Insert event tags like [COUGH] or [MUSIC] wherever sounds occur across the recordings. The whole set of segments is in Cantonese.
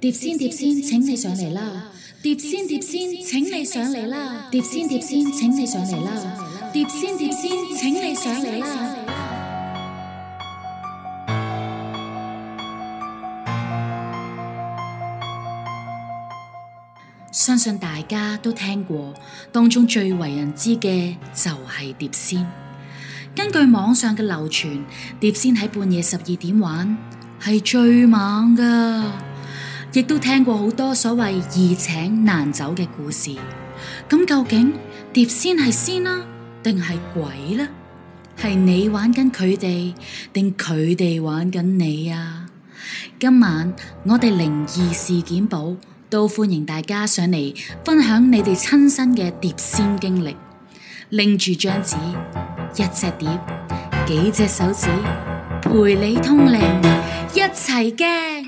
碟仙，碟仙，請你上嚟啦！碟仙，碟仙，請你上嚟啦！碟仙，碟仙，請你上嚟啦！碟仙，碟仙，請你上嚟啦！相信大家都聽過，當中最為人知嘅就係碟仙。根據網上嘅流傳，碟仙喺半夜十二點玩係最猛噶。亦都聽過好多所謂易請難走嘅故事，咁究竟碟仙係仙啦，定係鬼呢、啊？係你玩緊佢哋，定佢哋玩緊你啊？今晚我哋靈異事件簿都歡迎大家上嚟分享你哋親身嘅碟仙經歷，拎住張紙，一隻碟，幾隻手指，陪你通靈，一齊驚。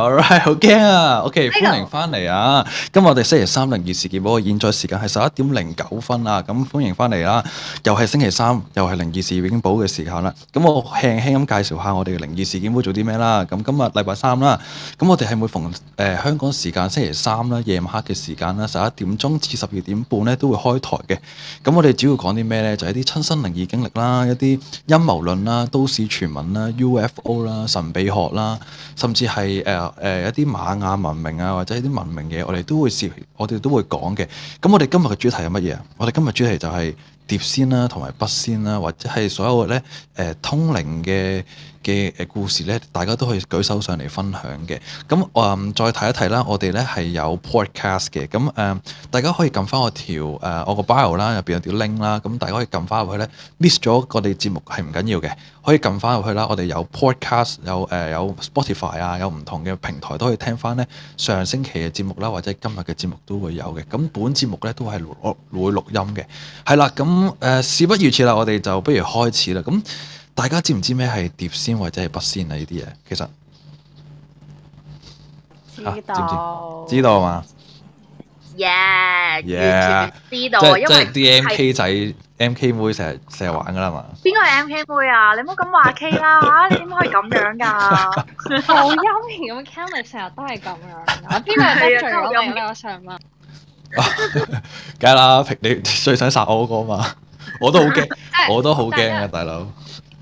好係，好驚啊！OK，, okay I know. 歡迎翻嚟啊！今日我哋星期三靈異事件簿嘅現在時間係十一點零九分啊！咁歡迎翻嚟啦，又係星期三，又係靈異事件簿嘅時間啦。咁我輕輕咁介紹下我哋嘅靈異事件簿做啲咩啦。咁今日禮拜三啦，咁我哋係每逢誒香港時間星期三啦，夜晚黑嘅時間啦，十一點鐘至十二點半咧都會開台嘅。咁我哋主要講啲咩呢？就係、是、一啲親身靈異經歷啦，一啲陰謀論啦，都市傳聞啦，UFO 啦，神秘學啦，甚至係誒。呃誒、呃、一啲瑪雅文明啊，或者一啲文明嘅，我哋都會涉，我哋都會講嘅。咁我哋今日嘅主題係乜嘢啊？我哋今日主題就係碟仙啦、啊，同埋筆仙啦、啊，或者係所有嘅咧誒、呃、通靈嘅嘅誒故事咧，大家都可以舉手上嚟分享嘅。咁我、嗯、再睇一睇啦。我哋咧係有 podcast 嘅。咁誒、呃，大家可以撳翻我條誒、呃、我個 bio 啦，入邊有條 link 啦。咁大家可以撳翻入去咧，miss 咗我哋節目係唔緊要嘅，可以撳翻入去啦。我哋有 podcast，有誒、呃、有 Spotify 啊，有唔同嘅平台都可以聽翻咧。上星期嘅節目啦，或者今日嘅節目都會有嘅。咁本節目咧都係我會錄音嘅。係啦，咁誒、呃、事不宜遲啦，我哋就不如開始啦。咁。.大家知唔知咩係碟仙或者係筆仙啊？呢啲嘢，其實，知道，知道啊嘛。Yeah、ah 嗯。Yeah。知道 an 啊，因為啲 M K 仔、M K 妹成日成日玩噶啦嘛。邊個係 M K 妹啊？你唔好咁話 K 啦吓！你點可以咁樣噶？好陰，咁 Ken 成日都係咁樣噶？邊個係得罪咗你咧？我梗係啦，你最想殺我嗰個嘛？我都好驚，我都好驚啊，大佬。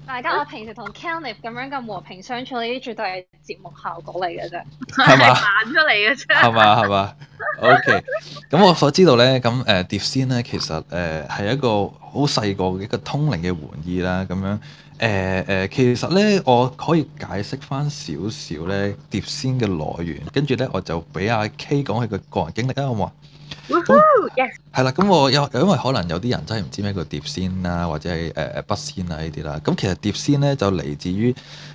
大家我平時同 Ken 咁樣咁和平相處，呢啲絕對係節目效果嚟嘅啫，係扮出嚟嘅啫，係嘛係嘛。O K，咁我所知道咧，咁誒碟仙咧，其實誒係、呃、一個好細個嘅一個通靈嘅玩意啦。咁樣誒誒、呃呃，其實咧我可以解釋翻少少咧碟仙嘅來源，跟住咧我就俾阿 K 講佢嘅個人經歷啊，好唔好？係啦，咁我又因為可能有啲人真係唔知咩叫碟仙啦，啊，或者係誒誒筆仙啊呢啲啦。咁其實碟仙咧就嚟自於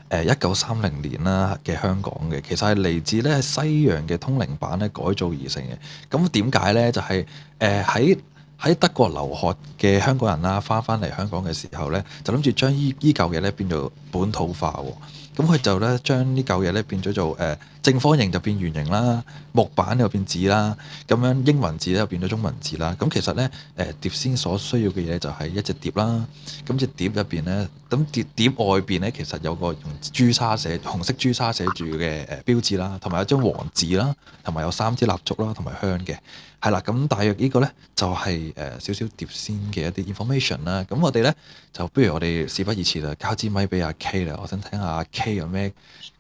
誒一九三零年啦嘅香港嘅，其實係嚟自咧西洋嘅通靈板咧改造而成嘅。咁點解咧？就係誒喺喺德國留學嘅香港人啦，啊，翻翻嚟香港嘅時候咧，就諗住將依依舊嘢咧變做本土化喎。咁佢就咧將呢舊嘢咧變咗做誒正方形就變圓形啦，木板又變紙啦，咁樣英文字咧又變咗中文字啦。咁其實咧誒碟仙所需要嘅嘢就係一隻碟啦，咁隻碟入邊咧，咁碟碟外邊咧其實有個用朱砂寫紅色朱砂寫住嘅誒標誌啦，同埋有張黃紙啦，同埋有三支蠟燭啦，同埋香嘅。係啦，咁大約個呢個咧就係誒少少碟仙嘅一啲 information 啦。咁我哋咧就不如我哋事不宜遲啦，交支咪俾阿 K 啦。我想聽下阿 K 有咩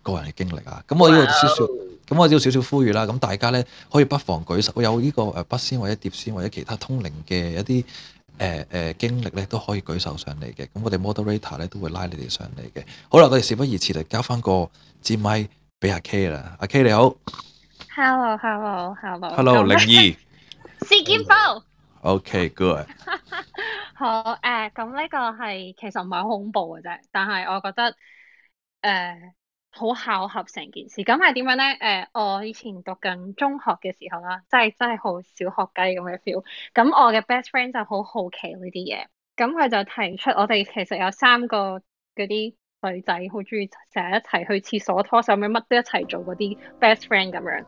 個人嘅經歷啊。咁我呢個少少，咁、oh. 我呢要少少呼籲啦。咁大家咧可以不妨舉手，有呢個誒筆仙或者碟仙或者其他通靈嘅一啲誒誒經歷咧，都可以舉手上嚟嘅。咁我哋 moderator 咧都會拉你哋上嚟嘅。好啦，我哋事不宜遲嚟交翻個支咪俾阿 K 啦。阿 K 你好，Hello，Hello，Hello，Hello 靈異。事件 OK, good. [LAUGHS] 好誒，咁、呃、呢個係其實唔係好恐怖嘅啫，但係我覺得誒好、呃、巧合成件事。咁係點樣咧？誒、呃，我以前讀緊中學嘅時候啦，即係真係好小學雞咁嘅 feel。咁我嘅 best friend 就好好奇呢啲嘢，咁佢就提出，我哋其實有三個嗰啲女仔，好中意成日一齊去廁所拖手，咁乜都一齊做嗰啲 best friend 咁樣。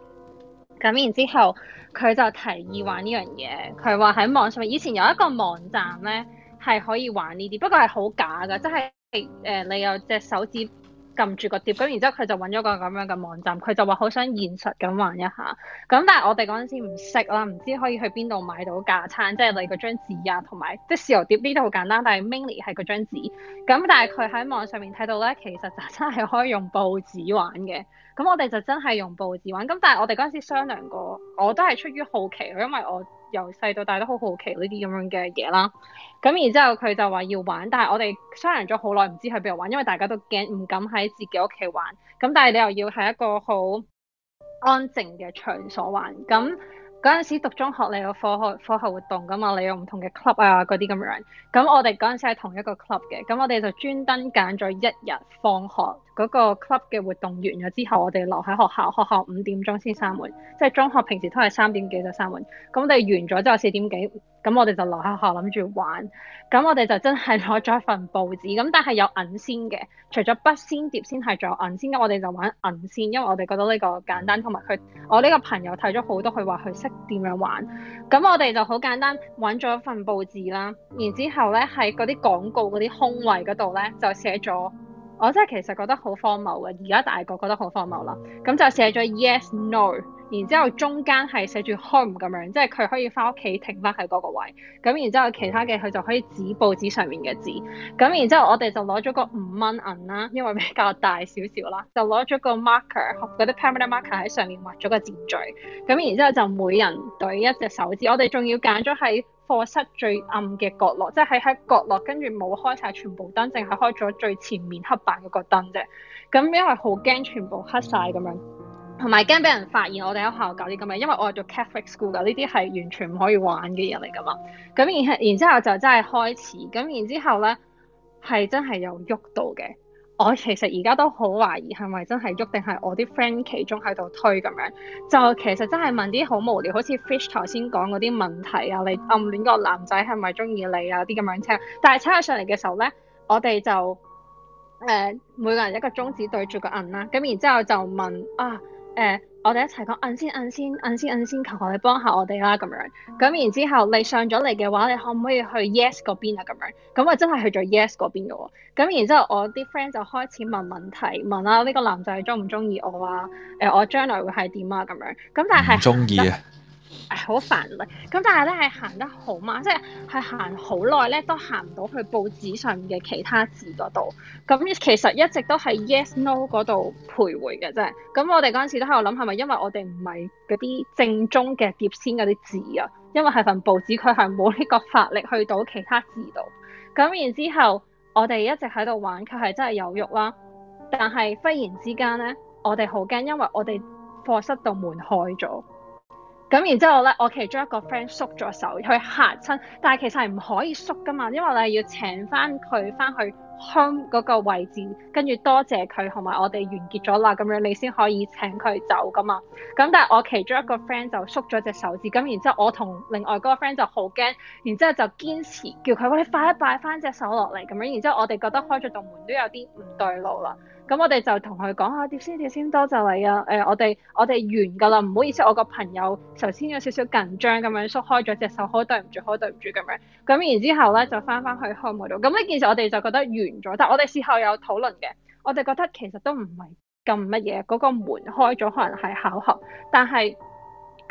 咁然之後，佢就提議玩呢樣嘢。佢話喺網上以前有一個網站咧，係可以玩呢啲，不過係好假㗎，即係呃、你有隻手指。撳住個碟，咁然之後佢就揾咗個咁樣嘅網站，佢就話好想現實咁玩一下，咁但係我哋嗰陣時唔識啦，唔知可以去邊度買到架撐，即係你嗰張紙啊，同埋即係豉油碟呢度好簡單，但係 mainly 係嗰張紙。咁但係佢喺網上面睇到咧，其實就真係可以用報紙玩嘅。咁我哋就真係用報紙玩。咁但係我哋嗰陣時商量過，我都係出於好奇，因為我，由細到大都好好奇呢啲咁樣嘅嘢啦，咁然之後佢就話要玩，但係我哋商量咗好耐，唔知去邊度玩，因為大家都驚唔敢喺自己屋企玩，咁但係你又要喺一個好安靜嘅場所玩，咁。嗰陣時讀中學，你有課外課外活動㗎嘛？你有唔同嘅 club 啊，嗰啲咁樣。咁我哋嗰陣時係同一個 club 嘅，咁我哋就專登揀咗一日放學嗰、嗰個 club 嘅活動完咗之後，我哋留喺學校。學校五點鐘先閂門，即係中學平時都係三點幾就閂門。咁我哋完咗之後四點幾。咁我哋就留喺學校諗住玩，咁我哋就真係攞咗一份報紙，咁但係有銀仙嘅，除咗筆仙碟仙係，仲有銀仙。咁我哋就玩銀仙，因為我哋覺得呢個簡單，同埋佢我呢個朋友睇咗好多，佢話佢識點樣玩，咁我哋就好簡單玩咗一份報紙啦，然之後咧喺嗰啲廣告嗰啲空位嗰度咧就寫咗，我真係其實覺得好荒謬嘅，而家大個覺得好荒謬啦，咁就寫咗 Yes No。然之後中間係寫住 home 咁樣，即係佢可以翻屋企停翻喺嗰個位。咁然之後其他嘅佢就可以指報紙上面嘅字。咁然之後我哋就攞咗個五蚊銀啦，因為比較大少少啦，就攞咗個 marker，嗰啲 permanent marker 喺上面畫咗個字序。咁然之後就每人攤一隻手指。我哋仲要揀咗喺課室最暗嘅角落，即係喺喺角落，跟住冇開晒全，全部燈，淨係開咗最前面黑板嗰個燈啫。咁因為好驚全部黑晒咁樣。同埋驚俾人發現，我哋喺學校搞啲咁嘅，因為我係做 Catholic school 噶，呢啲係完全唔可以玩嘅嘢嚟噶嘛。咁然然之後就真係開始，咁然之後咧，係真係有喐到嘅。我其實而家都好懷疑係咪真係喐，定係我啲 friend 其中喺度推咁樣。就其實真係問啲好無聊，好似 Fish 頭先講嗰啲問題啊，你暗戀個男仔係咪中意你啊，啲咁樣車。但係車咗上嚟嘅時候咧，我哋就誒、呃、每個人一個中指對住個銀啦。咁然之後就問啊～誒、呃，我哋一齊講，摁、嗯、先，摁、嗯、先，摁、嗯、先，摁、嗯、先，嗯、先求求你幫下我哋啦，咁樣。咁然之後，你上咗嚟嘅話，你可唔可以去 yes 嗰邊啊？咁樣。咁、yes、我真係去咗 yes 嗰邊嘅喎。咁然之後，我啲 friend 就開始問問題，問啦、啊、呢個男仔中唔中意我啊？誒、呃，我將來會係點啊？咁樣。咁但係唔中意啊。好煩啦。咁、哎、但係咧，係行得好慢，即係係行好耐咧，都行唔到去報紙上面嘅其他字嗰度。咁其實一直都喺 yes no 嗰度徘徊嘅啫。咁我哋嗰陣時都喺度諗，係咪因為我哋唔係嗰啲正宗嘅碟仙嗰啲字啊？因為係份報紙，佢係冇呢個法力去到其他字度。咁然之後，我哋一直喺度玩，佢係真係有喐啦。但係忽然之間咧，我哋好驚，因為我哋課室度門開咗。咁然之後咧，我其中一個 friend 縮咗手，去嚇親。但係其實係唔可以縮噶嘛，因為你要請翻佢翻去香嗰個位置，跟住多謝佢，同埋我哋完結咗啦，咁樣你先可以請佢走噶嘛。咁但係我其中一個 friend 就縮咗隻手指。咁然之後，我同另外嗰個 friend 就好驚。然之後就堅持叫佢，喂，你快一擺翻隻手落嚟咁樣。然之後我哋覺得開咗道門都有啲唔對路啦。咁我哋就同佢講下，碟仙碟仙多就嚟啊！誒、啊呃，我哋我哋完㗎啦，唔好意思，我個朋友頭先有少少緊張咁樣縮開咗隻手，好對唔住，好對唔住咁樣。咁然之後咧，就翻翻去開門度。咁呢件事我哋就覺得完咗，但我哋事後有討論嘅，我哋覺得其實都唔係咁乜嘢。嗰、那個門開咗可能係巧合，但係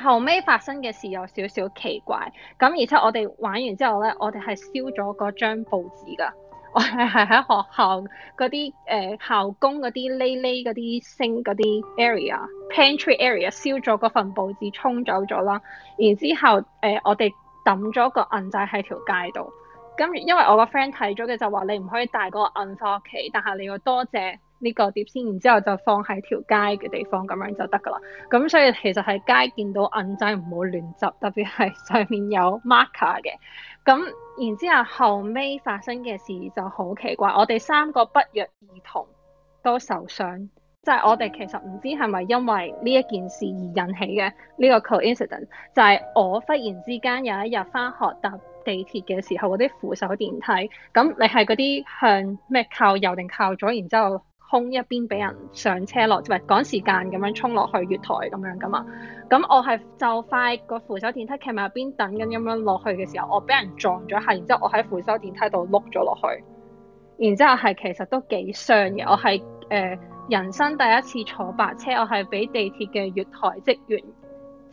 後尾發生嘅事有少少奇怪。咁而且我哋玩完之後咧，我哋係燒咗嗰張報紙㗎。我係喺學校嗰啲誒校工嗰啲瀝瀝嗰啲星嗰啲 area pantry area 燒咗嗰份報紙沖走咗啦，然之後誒、呃、我哋抌咗個銀仔喺條街度，跟住因為我個 friend 睇咗嘅就話你唔可以帶嗰個銀翻屋企，但係你要多謝呢個碟仙，然之後就放喺條街嘅地方咁樣就得噶啦。咁所以其實喺街見到銀仔唔好亂執，特別係上面有 marker 嘅咁。然之後後尾發生嘅事就好奇怪，我哋三個不約而同都受傷，就係、是、我哋其實唔知係咪因為呢一件事而引起嘅呢，這個 coincidence，就係、是、我忽然之間有一日翻學搭地鐵嘅時候嗰啲扶手電梯，咁你係嗰啲向咩靠右定靠左？然之後。衝一邊俾人上車落，即係趕時間咁樣衝落去月台咁樣㗎嘛。咁我係就快個扶手電梯企埋入邊等緊咁樣落去嘅時候，我俾人撞咗下，然之後我喺扶手電梯度碌咗落去，然之後係其實都幾傷嘅。我係誒、呃、人生第一次坐白車，我係俾地鐵嘅月台職員，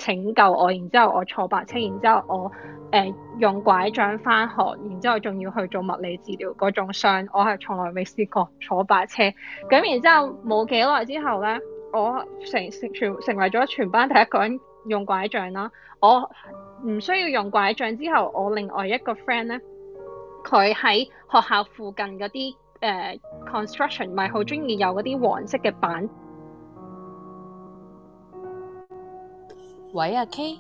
拯救我，然之後我坐白車，然之後我誒、呃、用拐杖翻學，然之後仲要去做物理治療嗰種傷，我係從來未試過坐白車。咁然之後冇幾耐之後咧，我成成全成為咗全班第一個人用拐杖啦。我唔需要用拐杖之後，我另外一個 friend 咧，佢喺學校附近嗰啲誒 construction 咪好中意有嗰啲黃色嘅板。喂阿、啊、K，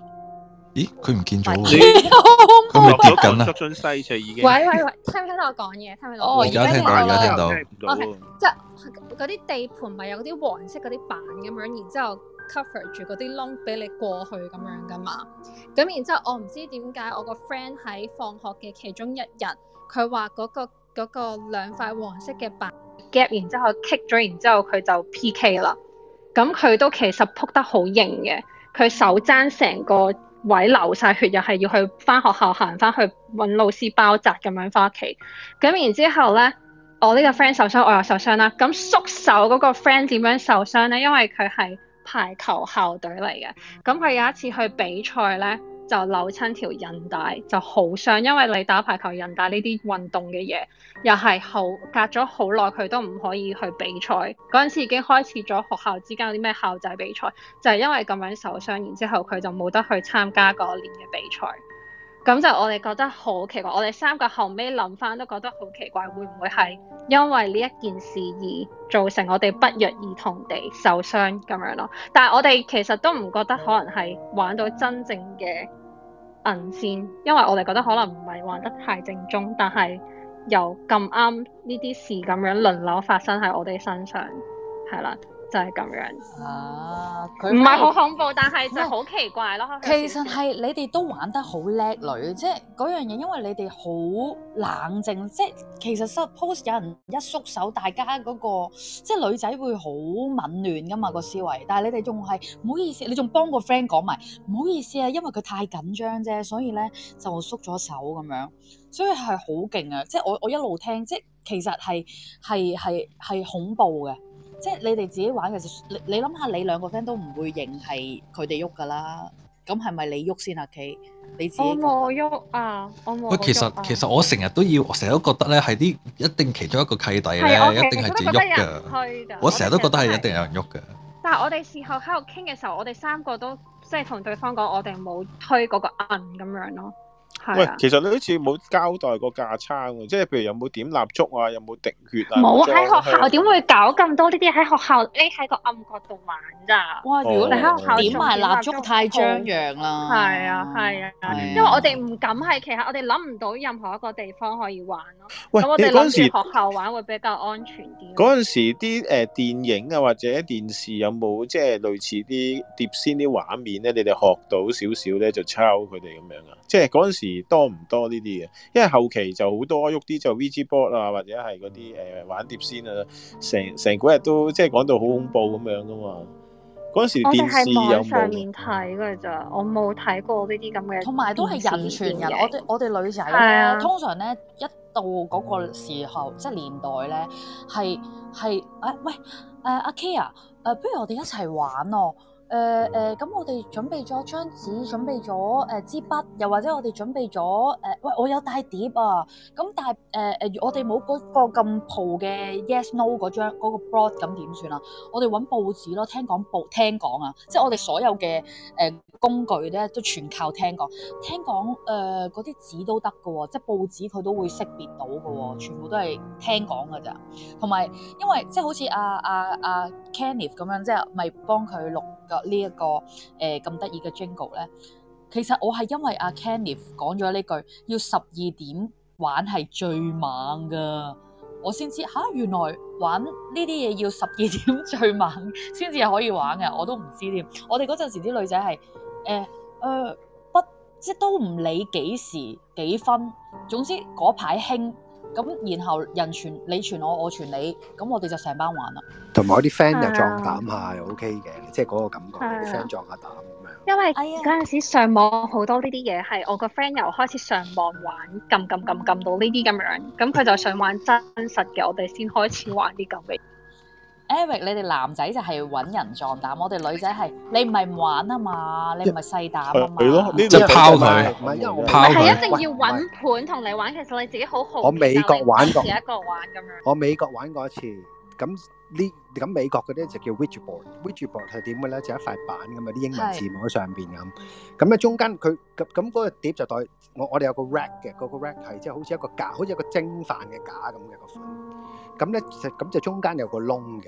咦佢唔見咗、啊？佢咪捉緊啦，捉緊細蛇已經。喂喂喂，聽唔聽到我講嘢？聽唔、哦、聽到？我而家聽到，而家 Okay, 聽到。Okay，即係嗰啲地盤咪有啲黃色嗰啲板咁樣，然之後 cover 住嗰啲窿俾你過去咁樣噶嘛？咁然之後我唔知點解我個 friend 喺放學嘅其中一日，佢話嗰個嗰、嗰個兩塊黃色嘅板夾，然之後 kick 咗，然之後佢就 PK 啦。咁佢都其實扑得好型嘅。佢手踭成個位流晒血，又係要去翻學校行翻去揾老師包紮咁樣翻屋企，咁然之後呢，我呢個 friend 受傷，我又受傷啦。咁縮手嗰個 friend 點樣受傷呢？因為佢係排球校隊嚟嘅，咁佢有一次去比賽呢。就扭親條韌帶就好傷，因為你打排球韌帶呢啲運動嘅嘢，又係好隔咗好耐，佢都唔可以去比賽。嗰陣時已經開始咗學校之間有啲咩校際比賽，就係因為咁樣受傷，然之後佢就冇得去參加嗰年嘅比賽。咁就我哋覺得好奇怪，我哋三個後尾諗翻都覺得好奇怪，會唔會係因為呢一件事而造成我哋不約而同地受傷咁樣咯？但係我哋其實都唔覺得可能係玩到真正嘅。銀線，因為我哋覺得可能唔係玩得太正宗，但係又咁啱呢啲事噉樣輪流發生喺我哋身上。係啦，就係、是、咁樣。啊，唔係好恐怖，是但係就好奇怪咯。是點點其實係你哋都玩得好叻女，即係嗰樣嘢，因為你哋好冷靜。即、就、係、是、其實 suppose 有人一縮手，大家嗰、那個即係、就是、女仔會好紊亂噶嘛、那個思維，但係你哋仲係唔好意思，你仲幫個 friend 講埋唔好意思啊，因為佢太緊張啫，所以咧就縮咗手咁樣。所以係好勁啊！即、就、係、是、我我一路聽，即係其實係係係係恐怖嘅。即係你哋自己玩嘅時候，你你諗下，你兩個 friend 都唔會認係佢哋喐噶啦，咁係咪你喐先啊？Kiki? 你自己我冇喐啊！我其實、啊、其實我成日都要，我成日都覺得咧，係啲一定其中一個契弟咧，okay, 一定係自己喐噶。我成日都覺得係一定有人喐噶。但係我哋事後喺度傾嘅時候，我哋三個都即係、就是、同對方講，我哋冇推嗰個摁咁樣咯。啊、喂，其實你好似冇交代過架撐喎，即係譬如有冇點蠟燭啊，有冇滴血啊？冇喺學校點會搞咁多呢啲？喺學校你喺個暗角度玩咋？哇！如果你喺學校、哦、點埋蠟燭太張揚啦。係啊，係啊，因為我哋唔敢係其實我哋諗唔到任何一個地方可以玩咯。喂，我哋嗰時學校玩會比較安全啲。嗰陣時啲誒、呃、電影啊或者電視有冇即係類似啲碟仙啲畫面咧？你哋學到少少咧就抄佢哋咁樣啊？即係嗰陣時。多唔多呢啲嘅？因為後期就好多喐啲就 VGboard 啊，或者係嗰啲誒玩碟仙啊，成成日都即係講到好恐怖咁樣噶嘛。嗰陣時電視有冇？我哋係網上面睇㗎咋，我冇睇過呢啲咁嘅。同埋都係人傳人。我哋我哋女仔咧，啊、通常咧一到嗰個時候即係、就是、年代咧，係係誒喂誒阿、啊、K 啊誒、啊，不如我哋一齊玩哦、啊！誒誒，咁、uh, uh，我哋準備咗張紙，準備咗誒、uh，支筆，又或者我哋準備咗誒，uh，喂，我有帶碟啊！咁、嗯、但係誒誒，uh, uh，我哋冇嗰個咁蒲嘅 yes no 嗰張嗰個 board，咁點算啊？我哋揾報紙咯，聽講報聽講啊，即係我哋所有嘅誒工具咧，都全靠聽講。聽講誒，嗰啲紙都得嘅喎，即係報紙佢都會識別到嘅喎，全部都係聽講嘅咋。同埋因為即係好似阿阿阿 Kenneth 咁樣，即係咪幫佢錄？呢一個誒咁得意嘅 Jingle 咧，其實我係因為阿 Kenny 講咗呢句要十二點玩係最猛噶，我先知嚇，原來玩呢啲嘢要十二點最猛先至係可以玩嘅，我都唔知添。我哋嗰陣時啲女仔係誒誒不即都唔理幾時幾分，總之嗰排興。咁然後人傳你傳我，我傳你，咁我哋就成班玩啦。同埋我啲 friend 又壯膽下，又、uh, OK 嘅，即係嗰個感覺，啲 friend、uh, 撞下膽咁樣。因為嗰陣時上網好多呢啲嘢，係我個 friend 由開始上網玩撳撳撳撳到呢啲咁樣，咁佢就想玩真實嘅，我哋先開始玩啲咁嘅。Eric，你哋男仔就係揾人撞膽，我哋女仔係你唔係唔玩啊嘛，你唔係細膽啊嘛。係咯，呢就拋佢，唔係因為我拋佢。唔係一定要揾盤同你玩，其實你自己好豪。我美國玩過一次，一個玩咁樣。我美國玩過一次，咁呢咁美國嗰啲就叫 Ouija board，Ouija board 係點嘅咧？就一塊板咁啊，啲英文字母喺上邊咁。咁啊中間佢咁咁嗰個碟就代我，我哋有個 rack 嘅嗰個 rack 係即係好似一個架，好似一個蒸飯嘅架咁嘅個款。咁咧，就咁就中間有個窿嘅。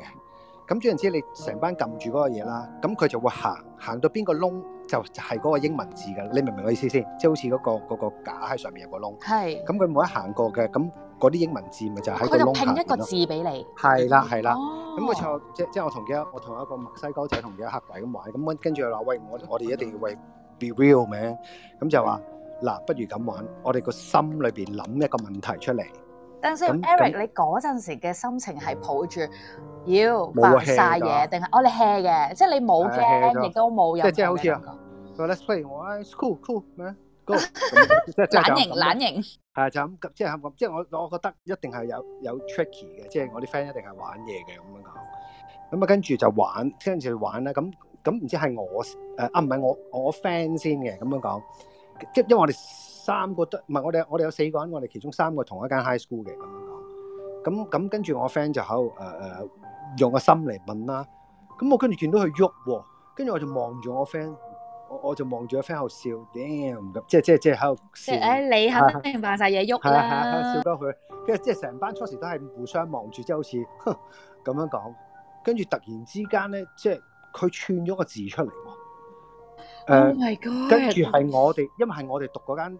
咁總言之，你成班撳住嗰個嘢啦，咁佢就會行行到邊個窿就就係嗰個英文字嘅。你明唔明我意思先？即係好似嗰個嗰個架喺上面有個窿。係。咁佢冇得行過嘅，咁嗰啲英文字咪就喺個窿下邊咯。佢就拼一個字俾你。係啦，係啦。咁好似我即即我同嘅我同一個墨西哥仔同嘅黑鬼咁玩。咁跟住佢話喂，我我哋一定要為 be real 咩？咁就話嗱，不如咁玩，我哋個心裏邊諗一個問題出嚟。等先，Eric，你嗰陣時嘅心情係抱住，要，發曬嘢，定係我哋 hea 嘅，即係你冇驚，亦都冇有。即係即係好似，Let's play，我喺 school，cool 咩？cool。懶型，懶型。係就咁，即係即係我我覺得一定係有有 tricky 嘅，即係我啲 friend 一定係玩嘢嘅咁樣講。咁啊，跟住就玩，跟住去玩喇。咁咁唔知係我誒啊？唔係我我 friend 先嘅咁樣講，即因為我哋。三個都唔係我哋。我哋有四個人，我哋其中三個同一間 high school 嘅，咁樣講。咁咁跟住我 friend 就喺度誒誒用個心嚟問啦、啊。咁我跟住見到佢喐、啊，跟住我就望住我 friend，我我就望住個 friend 喺度笑。Damn！即即即喺度笑。即哎、你係你後邊話曬嘢喐啦。笑鳩佢，跟住即係成班初時都係互相望住，即係好似哼咁樣講。跟住突然之間咧，即係佢串咗個字出嚟。誒、呃，跟住係我哋，因為係我哋讀嗰間。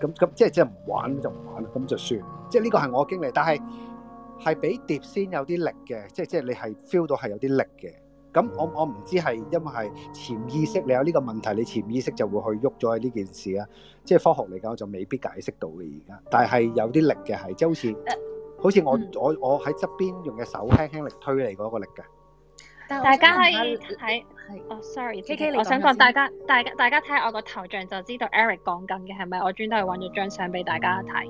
咁咁即係即係唔玩就唔玩啦，咁就算。即係呢個係我經歷，但係係俾碟仙有啲力嘅，即係即係你係 feel 到係有啲力嘅。咁我我唔知係因為係潛意識，你有呢個問題，你潛意識就會去喐咗喺呢件事啊。即係科學嚟講就未必解釋到嘅而家，但係有啲力嘅係，即係好似好似我我我喺側邊用嘅手輕輕力推你嗰個力嘅。大家可以睇，哦，sorry，KK，我想講大家，大家大家睇下我個頭像就知道 Eric 講緊嘅係咪？我專登係揾咗張相俾大家睇。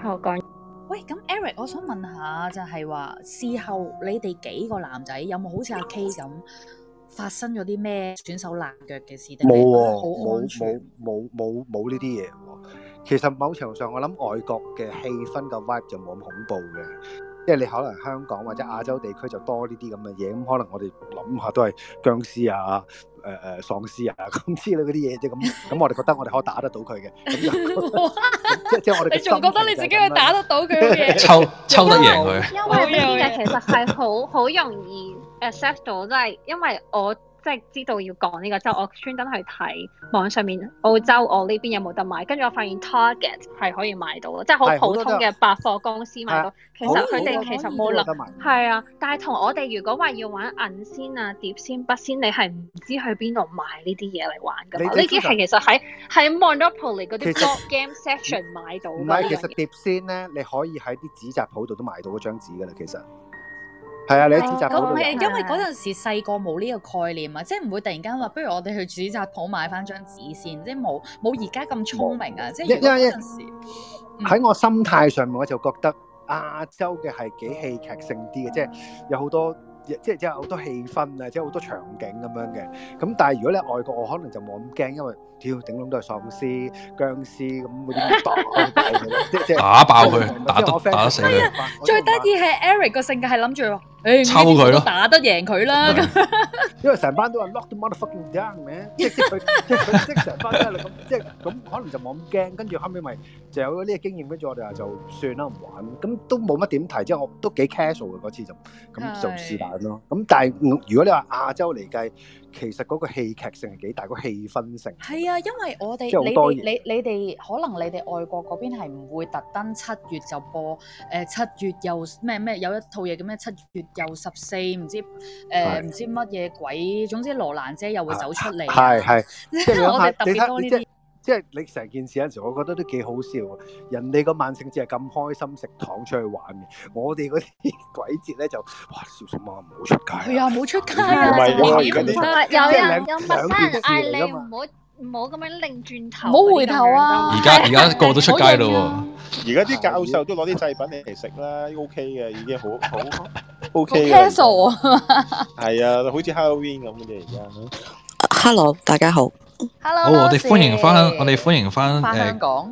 好講，喂，咁 Eric，我想問下，就係話事後你哋幾個男仔有冇好似阿 K 咁發生咗啲咩損手爛腳嘅事？冇喎，冇冇冇冇冇呢啲嘢。其實某程度上，我諗外國嘅氣氛嘅 vibe 就冇咁恐怖嘅。即係你可能香港或者亞洲地區就多呢啲咁嘅嘢，咁可能我哋諗下都係僵屍啊、誒誒喪屍啊咁之類啲嘢啫，咁咁我哋覺得我哋可以打得到佢嘅， [LAUGHS] 即係我哋。 [LAUGHS] 你仲覺得你自己會打得到佢嘅？抽抽得贏佢。因為，因為 [LAUGHS] 其實係好好容易 access 到，即係因為我。即係知道要講呢個，即係我專登去睇網上面澳洲我呢邊有冇得買，跟住我發現 Target 係可以買到咯，即係好普通嘅百貨公司買到。的其實佢哋其實冇諗。係啊的，但係同我哋如果話要玩銀仙啊、碟仙、啊、筆仙、啊，你係唔知去邊度買呢啲嘢嚟玩噶。呢啲係其實喺喺 Monopoly 嗰啲 board game section 買到。唔係，其實碟仙咧，你可以喺啲紙紮鋪度都買到嗰張紙噶啦，其實。係啊，你喺紙紮鋪。咁因為嗰陣時細個冇呢個概念啊，即係唔會突然間話，不如我哋去主宅紙紮鋪買翻張紙先，即係冇冇而家咁聰明啊！嗯、即係嗰陣時，喺為、嗯、我心態上面我就覺得亞洲嘅係幾戲劇性啲嘅，哦、即係有好多，即係即係好多氣氛啊，即係好多場景咁樣嘅。咁但係如果你喺外國，我可能就冇咁驚，因為。屌，整籠都係喪屍、殭屍咁，冇點打，即係打爆佢，打得打得死佢。最低嘅係 Eric 個性格係諗住，誒，抽佢咯，打得贏佢啦。因為成班都話 lock the motherfucking down 咩？即係佢，即係佢，即係成班都係你咁，即係咁，可能就冇咁驚。跟住後尾咪就有嗰啲經驗，跟住我哋話就算啦，唔玩。咁都冇乜點提，即係我都幾 casual 嘅嗰次就咁，就試彈咯。咁但係如果你話亞洲嚟計，其實嗰個戲劇性係幾大，個氣氛性係啊，因為我哋你你你你哋可能你哋外國嗰邊係唔會特登七月就播誒、呃、七月又咩咩，有一套嘢叫咩七月又十四，唔知誒唔、呃、是的 知乜嘢鬼，總之羅蘭姐又會走出嚟，係係，我哋特別多呢啲你睇。你即係你成件事嗰陣時，我覺得都幾好笑。人哋個萬聖節係咁開心食糖出去玩嘅，我哋嗰啲鬼節咧就哇小心啊，唔好出街。係啊，唔好出街啊！唔係，係咁，有人有人有人嗌你唔好唔好咁樣擰轉頭，唔好回頭啊！而家而家個個都出街咯。而家啲教授都攞啲祭品嚟食啦，OK 嘅，已經好好 OK。Pencil 啊，係啊，好似 Halloween 咁嘅啫。而家 Hello，大家好。Hello，好，我哋歡迎翻，我哋歡迎翻誒，啲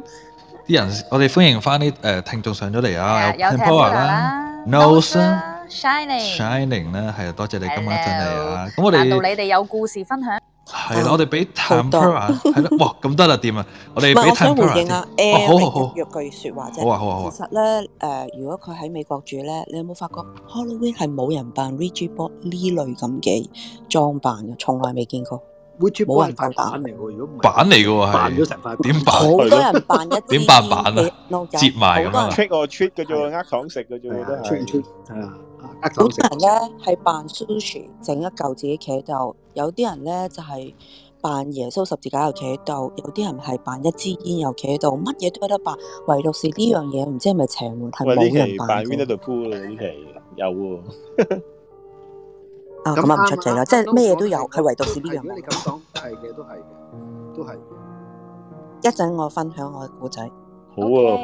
人，我哋歡迎翻啲誒聽眾上咗嚟啊，有 Tempura 啦，Nolson，Shining，Shining 咧，係多謝你今晚上嚟啊，咁我哋難道你哋有故事分享？係啦，我哋俾 Tempura 係咯，哇，咁得啦，掂啊，我哋唔係我想回應啊，誒，好好好，若句說話啫，好啊好啊好啊，其實咧誒，如果佢喺美國住咧，你有冇發覺 Halloween 係冇人扮 Ricky Bob 呢類咁嘅裝扮嘅，從來未見過。冇人扮板嚟喎，如果唔係扮咗食飯，點扮？好多人扮一支煙，折埋。好多人 trick or treat 嘅啫，呃糖食嘅啫，都係。係啊，呃糖。好多人咧係扮 sushi，整一嚿自己企喺度；有啲人咧就係扮耶穌十字架又企喺度；有啲人係扮一支煙又企喺度。乜嘢都有得扮。唯獨是呢樣嘢，唔知係咪邪門，係冇人扮。有。啊，咁啊唔出奇啦，即係咩嘢都有，係唯獨是呢樣嘢。如果你咁講，係嘅都係嘅，都係。一陣我分享我嘅故仔。好啊。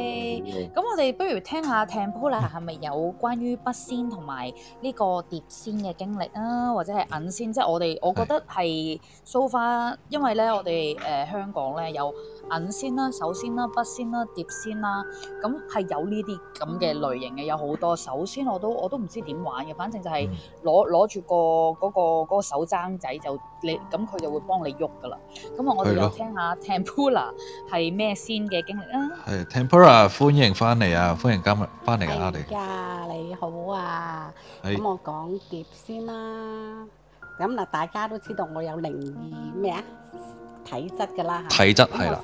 咁我哋不如聽下，聽 Puller 係咪有關於筆仙同埋呢個碟仙嘅經歷啊？或者係銀仙，即係我哋，我覺得係 so far，因為咧，我哋誒香港咧有。銀仙啦，首先啦，筆仙啦，碟仙啦，咁係有呢啲咁嘅類型嘅，有好多。首先我都我都唔知點玩嘅，反正就係攞攞住個嗰個嗰個手踭仔，就你咁，佢就會幫你喐噶啦。咁啊，我哋嚟聽下 Tempura 係咩仙嘅經歷啊。係 Tempura，歡迎翻嚟啊！歡迎今日翻嚟啊，阿你。家你好啊！咁我講碟仙啦。咁嗱，大家都知道我有靈異咩啊？體質嘅啦嚇，體質係啦，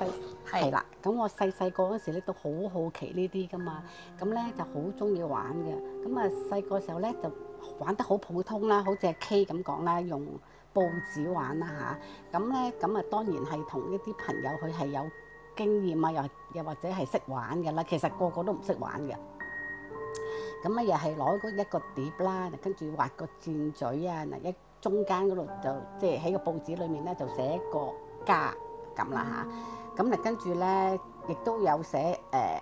係啦。咁我細細個嗰時咧都好好奇呢啲噶嘛，咁咧就好中意玩嘅。咁啊細個時候咧就玩得好普通啦，好似係 K 咁講啦，用報紙玩啦吓，咁咧咁啊當然係同一啲朋友佢係有經驗啊，又又或者係識玩嘅啦。其實個個都唔識玩嘅。咁啊又係攞一個碟啦，跟住畫個箭嘴啊嗱，一、嗯、中間嗰度就即係喺個報紙裏面咧就寫一個。加咁啦吓，咁咧跟住咧亦都有寫誒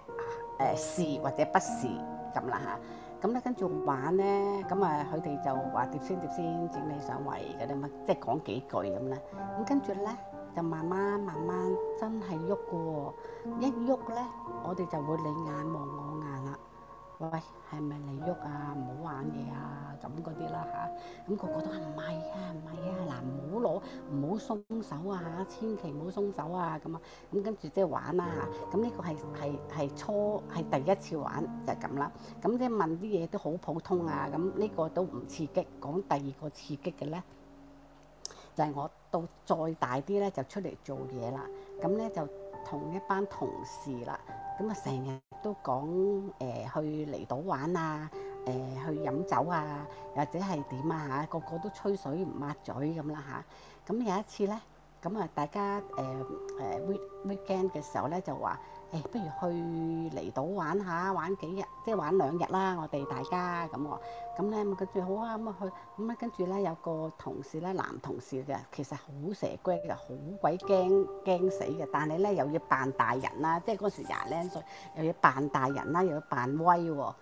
誒是或者不是咁啦吓，咁咧跟住玩咧，咁啊佢哋就話碟仙碟仙，整理上圍嗰啲乜，即係講幾句咁啦。咁跟住咧就慢慢慢慢真係喐噶，一喐咧，我哋就會你眼望我眼啦。喂，係咪你喐啊？唔好玩嘢啊，咁嗰啲啦吓，咁、啊嗯、個個都話唔係啊，唔係啊，嗱唔好攞，唔好鬆手啊嚇，千祈唔好鬆手啊咁、嗯、啊，咁跟住即係玩啦嚇，咁、呢、呢個係係係初係第一次玩就係咁啦，咁即係問啲嘢都好普通啊，咁、嗯、呢、呢個都唔刺激，講第二個刺激嘅咧，就係、係、我到再大啲咧就出嚟做嘢啦，咁、嗯、咧、嗯、就同一班同事啦。咁啊，成日都講誒、呃、去離島玩啊，誒、呃、去飲酒啊，或者係點啊嚇，個個都吹水唔抹嘴咁啦嚇。咁、啊、有一次咧，咁啊大家誒誒 week weekend 嘅時候咧，就話。誒，不如去離島玩下，玩幾日，即係玩兩日啦。我哋大家咁喎，咁咧咁最好啊，咁、嗯、啊去，咁咧跟住咧有個同事咧，男同事嘅，其實好蛇龜嘅，好鬼驚驚死嘅，但係咧又要扮大人啦，即係嗰時廿零歲，又要扮大人啦，又要扮威喎、啊。